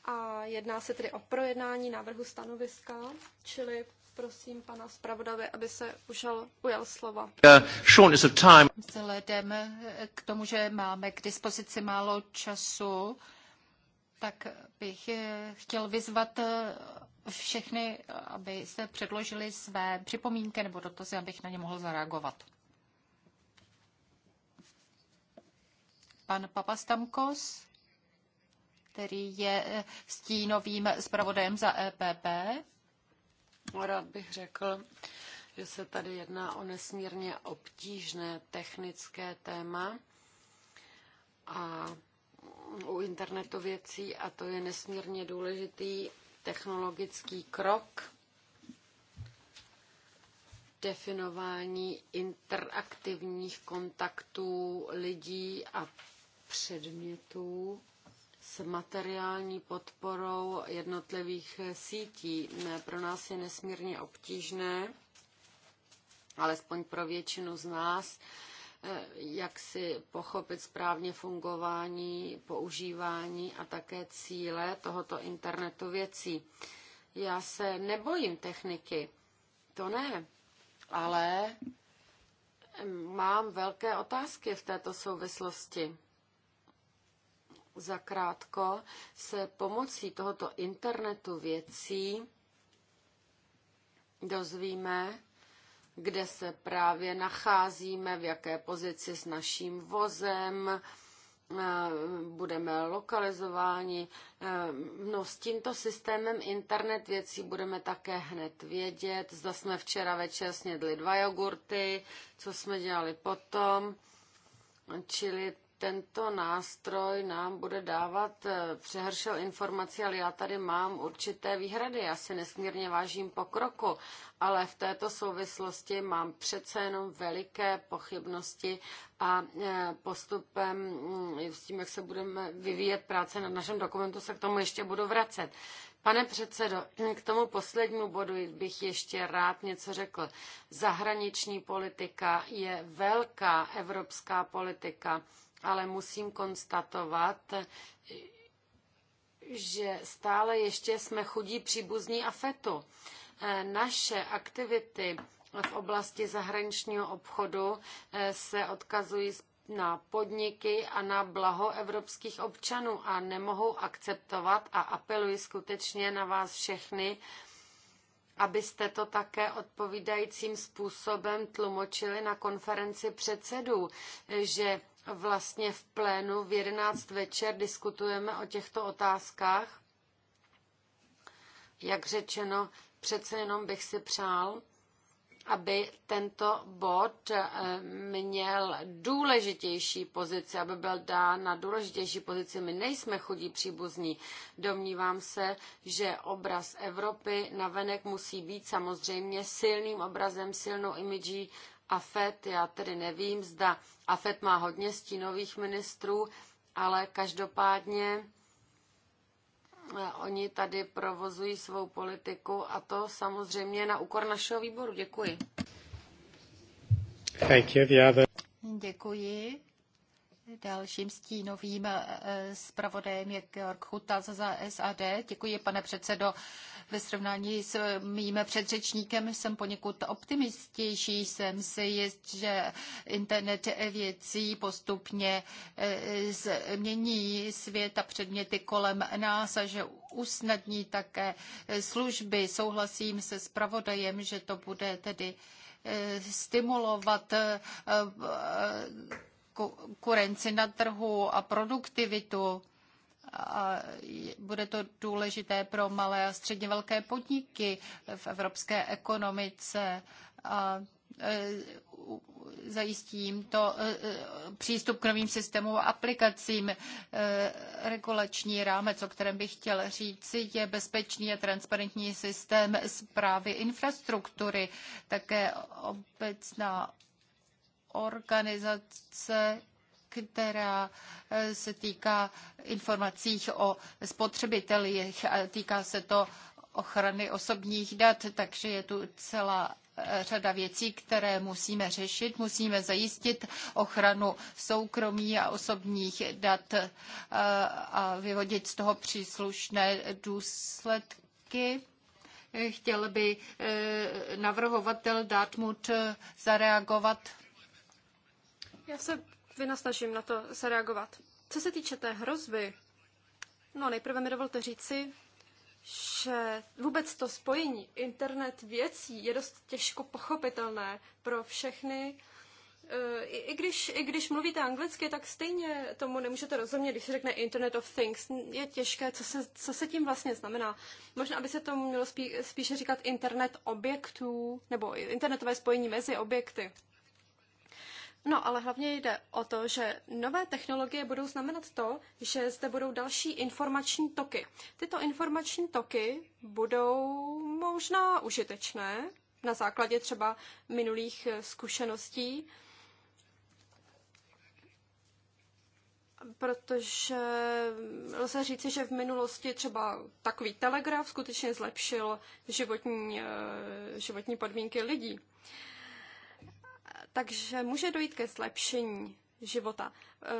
A jedná se tedy o projednání návrhu stanoviska, čili prosím pana zpravodaje, aby se užel, ujal slova. Uh, Vzhledem eh, k tomu, že máme k dispozici málo času, tak bych eh, chtěl vyzvat eh, všechny, aby se předložili své připomínky nebo dotazy, abych na ně mohl zareagovat. Pan Papastamkos, který je stínovým zpravodajem za EPP, Rád bych řekl, že se tady jedná o nesmírně obtížné technické téma a u internetu věcí a to je nesmírně důležitý technologický krok definování interaktivních kontaktů lidí a předmětů s materiální podporou jednotlivých sítí. Pro nás je nesmírně obtížné, alespoň pro většinu z nás, eh, jak si pochopit správně fungování, používání a také cíle tohoto internetu věcí. Já se nebojím techniky, to ne, ale mám velké otázky v této souvislosti zakrátko se pomocí tohoto internetu věcí dozvíme, kde se právě nacházíme, v jaké pozici s naším vozem, eh, budeme lokalizováni. Eh, no s tímto systémem internet věcí budeme také hned vědět. Zda jsme včera večer snědli dva jogurty, co jsme dělali potom. Čili tento nástroj nám bude dávat eh, přehršel informací, ale já tady mám určité výhrady. Já si nesmírně vážím pokroku, ale v této souvislosti mám přece jenom veliké pochybnosti a eh, postupem mm, s tím, jak se budeme vyvíjet práce na našem dokumentu, se k tomu ještě budu vracet. Pane předsedo, k tomu poslednímu bodu bych ještě rád něco řekl. Zahraniční politika je velká evropská politika ale musím konstatovat, že stále ještě jsme chudí příbuzní afetu. Eh, naše aktivity v oblasti zahraničního obchodu eh, se odkazují na podniky a na blaho evropských občanů a nemohu akceptovat a apeluji skutečně na vás všechny, abyste to také odpovídajícím způsobem tlumočili na konferenci předsedů, eh, že vlastně v plénu v 11 večer diskutujeme o těchto otázkách. Jak řečeno, přece jenom bych si přál, aby tento bod eh, měl důležitější pozici, aby byl dán na důležitější pozici. My nejsme chudí příbuzní. Domnívám se, že obraz Evropy navenek musí být samozřejmě silným obrazem, silnou imidží AFET. Já tedy nevím, zda AFET má hodně stínových ministrů, ale každopádně eh, oni tady provozují svou politiku a to samozřejmě na úkor našeho výboru. Děkuji. Thank you, the other... Děkuji. Dalším stínovým eh, eh, zpravodajem je Georg Chuta za SAD. Děkuji, pane předsedo. Ve srovnání s mým předřečníkem jsem poněkud optimističtější. Jsem si jist, že internet věcí postupně e, změní svět a předměty kolem nás a že usnadní také služby. Souhlasím se zpravodajem, že to bude tedy e, stimulovat e, konkurenci na trhu a produktivitu a bude to důležité pro malé a středně velké podniky v evropské ekonomice. A e, zajistí jim to e, e, přístup k novým systémům a aplikacím. Regulační rámec, o kterém bych chtěl říct, je bezpečný a transparentní systém zprávy infrastruktury, také obecná organizace která eh, se týká informací o spotřebitelích. Týká se to ochrany osobních dat, takže je tu celá eh, řada věcí, které musíme řešit. Musíme zajistit ochranu soukromí a osobních dat eh, a vyvodit z toho příslušné důsledky. Chtěl by navrhovatel Dartmouth zareagovat? Já se vynasnažím na to zareagovat. Co se týče té hrozby, no nejprve mi dovolte říci, že vůbec to spojení internet věcí je dost těžko pochopitelné pro všechny. E, I, i, když, I když mluvíte anglicky, tak stejně tomu nemůžete rozumět, když se řekne Internet of Things. Je těžké, co se, co se tím vlastně znamená. Možná by se to mělo spí, spíše říkat Internet objektů, nebo internetové spojení mezi objekty. No, ale hlavně jde o to, že nové technologie budou znamenat to, že zde budou další informační toky. Tyto informační toky budou možná užitečné na základě třeba minulých eh, zkušeností, protože lze říci, že v minulosti třeba takový telegraf skutečně zlepšil životní, eh, životní podmínky lidí. Takže může dojít ke zlepšení života. E,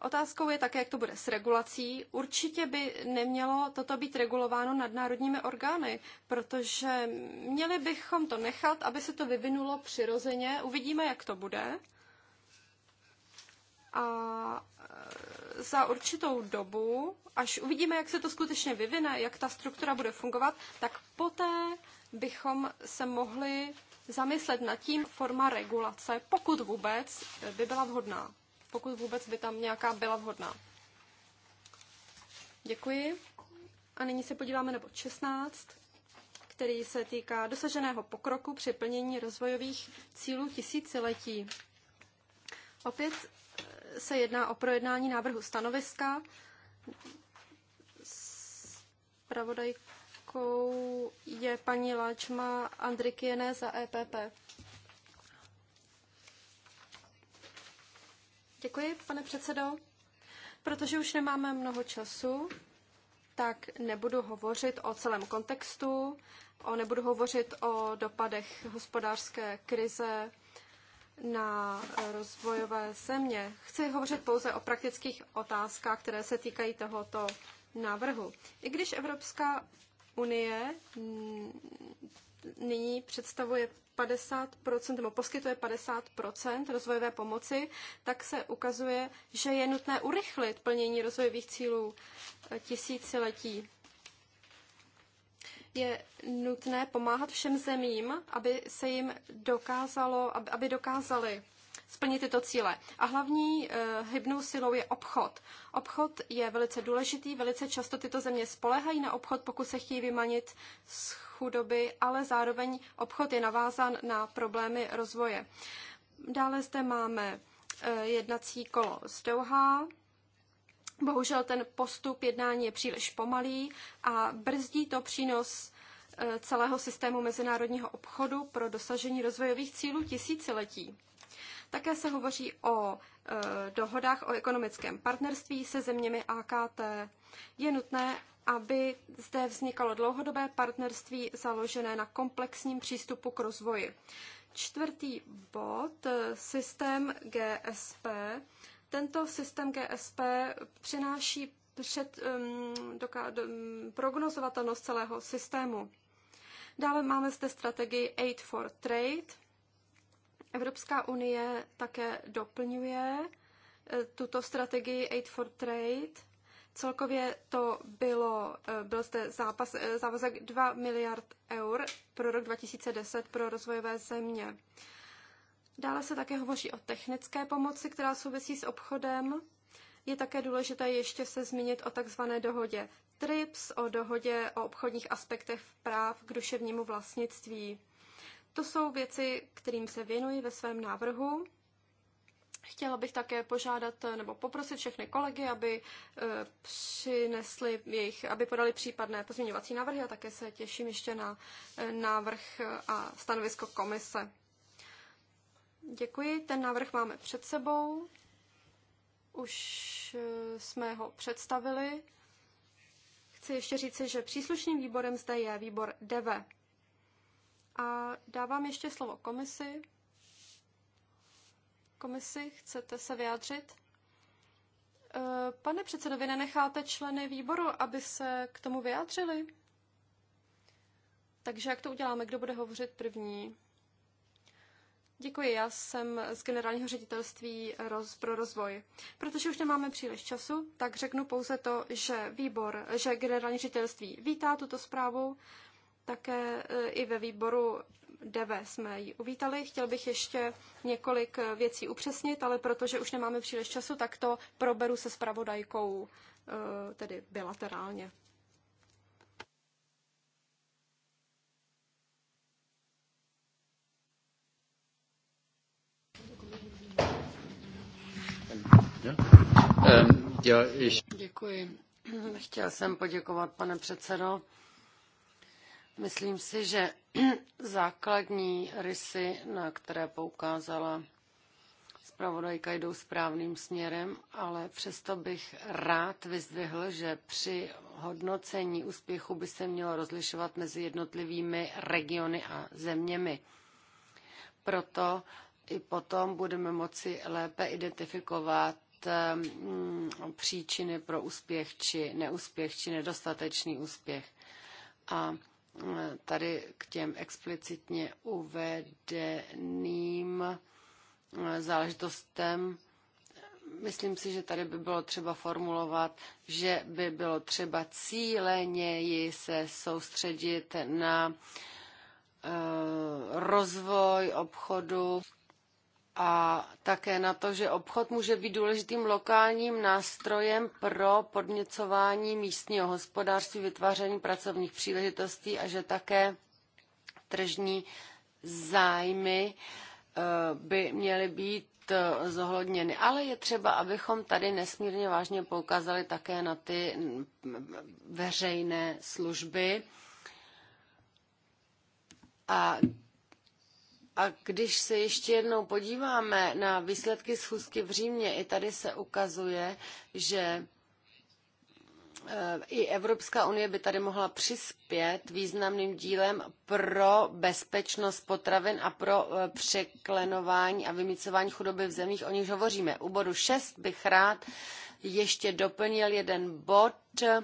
otázkou je také, jak to bude s regulací. Určitě by nemělo toto být regulováno nadnárodními orgány, protože měli bychom to nechat, aby se to vyvinulo přirozeně. Uvidíme, jak to bude. A e, za určitou dobu, až uvidíme, jak se to skutečně vyvine, jak ta struktura bude fungovat, tak poté bychom se mohli zamyslet nad tím forma regulace, pokud vůbec by byla vhodná. Pokud vůbec by tam nějaká byla vhodná. Děkuji. A nyní se podíváme na bod 16, který se týká dosaženého pokroku při plnění rozvojových cílů tisíciletí. Opět eh, se jedná o projednání návrhu stanoviska. Pravodajka poslankou je paní Láčma Andrikiené za EPP. Děkuji, pane předsedo. Protože už nemáme mnoho času, tak nebudu hovořit o celém kontextu, o, nebudu hovořit o dopadech hospodářské krize na rozvojové země. Chci hovořit pouze o praktických otázkách, které se týkají tohoto návrhu. I když Evropská unie mm, nyní představuje 50 nebo poskytuje 50 rozvojové pomoci, tak se ukazuje, že je nutné urychlit plnění rozvojových cílů eh, tisíciletí. Je nutné pomáhat všem zemím, aby se jim dokázalo, aby, aby dokázali splnit tyto cíle. A hlavní eh, hybnou silou je obchod. Obchod je velice důležitý, velice často tyto země spolehají na obchod, pokud se chtějí vymanit z chudoby, ale zároveň obchod je navázán na problémy rozvoje. Dále zde máme eh, jednací kolo z Doha. Bohužel ten postup jednání je příliš pomalý a brzdí to přínos eh, celého systému mezinárodního obchodu pro dosažení rozvojových cílů tisíciletí. Také se hovoří o e, dohodách o ekonomickém partnerství se zeměmi AKT. Je nutné, aby zde vznikalo dlouhodobé partnerství založené na komplexním přístupu k rozvoji. Čtvrtý bod, e, systém GSP. Tento systém GSP přináší před, um, doká, um, prognozovatelnost celého systému. Dále máme zde strategii Aid for Trade, Evropská unie také doplňuje eh, tuto strategii Aid for Trade. Celkově to bylo, eh, byl zde zápas, eh, závazek 2 miliard eur pro rok 2010 pro rozvojové země. Dále se také hovoří o technické pomoci, která souvisí s obchodem. Je také důležité ještě se zmínit o takzvané dohodě TRIPS, o dohodě o obchodních aspektech práv k duševnímu vlastnictví. To jsou věci, kterým se věnuji ve svém návrhu. Chtěla bych také požádat eh, nebo poprosit všechny kolegy, aby eh, přinesli jejich, aby podali případné pozměňovací návrhy a také se těším ještě na eh, návrh a stanovisko komise. Děkuji, ten návrh máme před sebou. Už jsme ho představili. Chci ještě říci, že příslušným výborem zde je výbor DEVE. A dávám ještě slovo komisi. Komisi, chcete se vyjádřit? Eh, pane předsedo, vy nenecháte členy výboru, aby se k tomu vyjádřili? Takže jak to uděláme? Kdo bude hovořit první? Děkuji, já jsem z generálního ředitelství roz, pro rozvoj. Protože už nemáme příliš času, tak řeknu pouze to, že výbor, že generální ředitelství vítá tuto zprávu také e, i ve výboru DEVE jsme ji uvítali. Chtěl bych ještě několik e, věcí upřesnit, ale protože už nemáme příliš času, tak to proberu se spravodajkou, e, tedy bilaterálně. Děkuji. Chtěl jsem poděkovat, pane předsedo. Myslím si, že <clears throat> základní rysy, na které poukázala zpravodajka, jdou správným směrem, ale přesto bych rád vyzdvihl, že při hodnocení úspěchu by se mělo rozlišovat mezi jednotlivými regiony a zeměmi. Proto i potom budeme moci lépe identifikovat ehm, příčiny pro úspěch či neúspěch či nedostatečný úspěch. A tady k těm explicitně uvedeným eh, záležitostem. Myslím si, že tady by bylo třeba formulovat, že by bylo třeba cíleněji se soustředit na eh, rozvoj obchodu a také na to, že obchod může být důležitým lokálním nástrojem pro podněcování místního hospodářství, vytváření pracovních příležitostí a že také tržní zájmy eh, by měly být eh, zohledněny. Ale je třeba, abychom tady nesmírně vážně poukázali také na ty mm, veřejné služby. A a když se ještě jednou podíváme na výsledky schůzky v Římě, i tady se ukazuje, že eh, i Evropská unie by tady mohla přispět významným dílem pro bezpečnost potravin a pro eh, překlenování a vymicování chudoby v zemích, o nichž hovoříme. U bodu 6 bych rád ještě doplnil jeden bod, eh,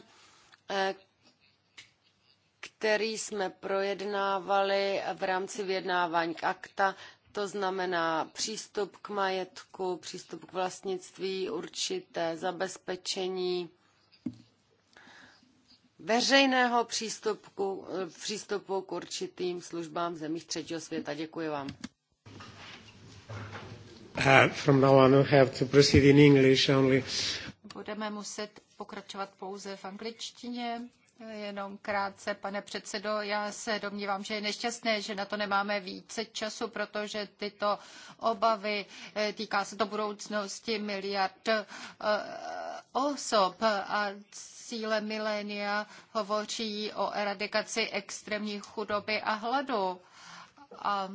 který jsme projednávali v rámci vyjednávání k akta, to znamená přístup k majetku, přístup k vlastnictví, určité zabezpečení veřejného přístupu, přístupu k určitým službám v zemích třetího světa. Děkuji vám. Uh, from now on, have to proceed in English only. Budeme muset pokračovat pouze v angličtině. Jenom krátce, pane předsedo, já se domnívám, že je nešťastné, že na to nemáme více času, protože tyto obavy, eh, týká se to budoucnosti miliard eh, osob a cíle milénia hovoří o eradikaci extrémní chudoby a hladu. A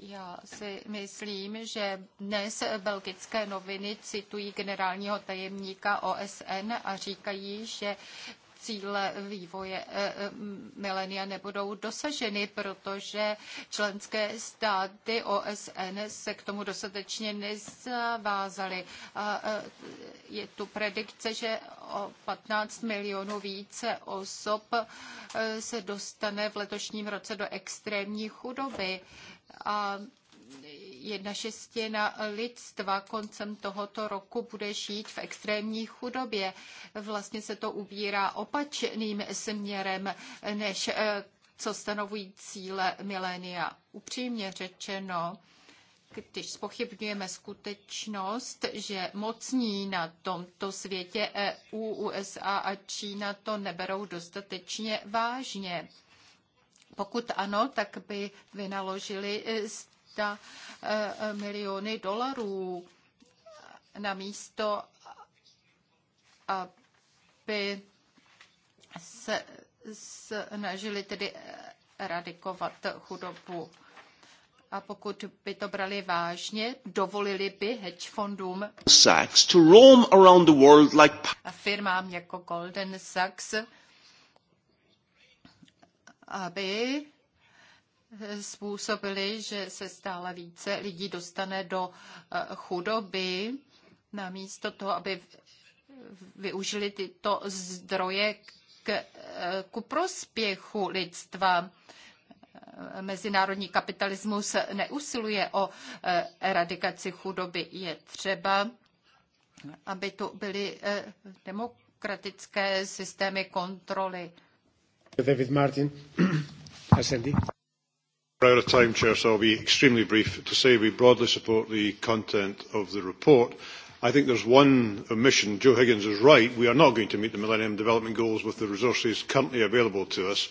já si myslím, že dnes belgické noviny citují generálního tajemníka OSN a říkají, že cíle vývoje eh, eh, milenia nebudou dosaženy, protože členské státy OSN se k tomu dostatečně nezavázaly. Eh, je tu predikce, že o 15 milionů více osob se dostane v letošním roce do extrémní chudoby. A jedna šestina lidstva koncem tohoto roku bude žít v extrémní chudobě. Vlastně se to ubírá opačným směrem, než eh, co stanovují cíle milénia. Upřímně řečeno, když spochybňujeme skutečnost, že mocní na tomto světě EU, USA a Čína to neberou dostatečně vážně. Pokud ano, tak by vynaložili eh, 300 eh, eh, miliony dolarů na místo, aby se snažili tedy eradikovat chudobu. A pokud by to brali vážně, dovolili by hedge fondům Sachs to roam around the world like... a firmám jako Golden Sachs, aby způsobily, že se stále více lidí dostane do eh, chudoby, namísto toho, aby využili tyto zdroje k, eh, ku prospěchu lidstva. Eh, mezinárodní kapitalismus neusiluje o eradikaci chudoby. Je třeba, aby tu byly demokratické systémy kontroly. David Martin, <clears throat> We're out of time, Chair, so I'll be extremely brief to say we broadly support the content of the report. I think there's one omission. Joe Higgins is right. We are not going to meet the Millennium Development Goals with the resources currently available to us.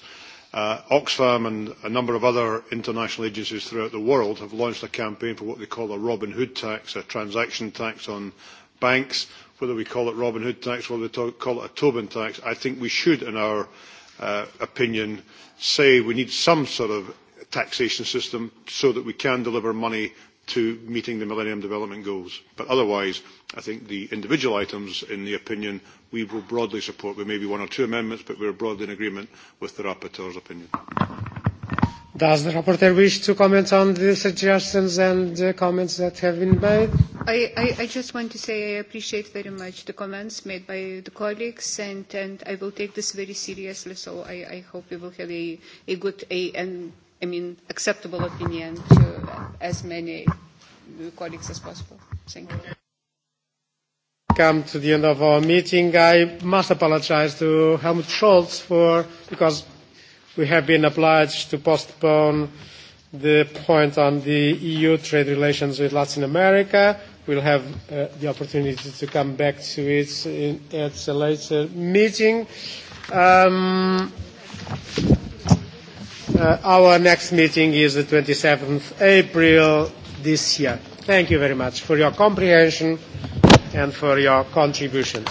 Uh, Oxfam and a number of other international agencies throughout the world have launched a campaign for what they call a Robin Hood tax, a transaction tax on banks. Whether we call it Robin Hood tax, whether we talk, call it a Tobin tax, I think we should, in our uh, opinion, say we need some sort of taxation system so that we can deliver money to meeting the Millennium Development Goals. But otherwise, I think the individual items in the opinion we will broadly support. There may be one or two amendments, but we are broadly in agreement with the rapporteur's opinion. Does the rapporteur wish to comment on the suggestions and the comments that have been made? I, I, I just want to say I appreciate very much the comments made by the colleagues, and, and I will take this very seriously. So I, I hope we will have a, a good a, and i mean, acceptable opinion to as many colleagues as possible. Thank you. Come to the end of our meeting. I must apologize to Helmut Scholz for because we have been obliged to postpone the point on the EU trade relations with Latin America. We'll have uh, the opportunity to come back to it in, at a later meeting. Um, Uh, our next meeting is the 27th April this year. Thank you very much for your comprehension and for your contributions.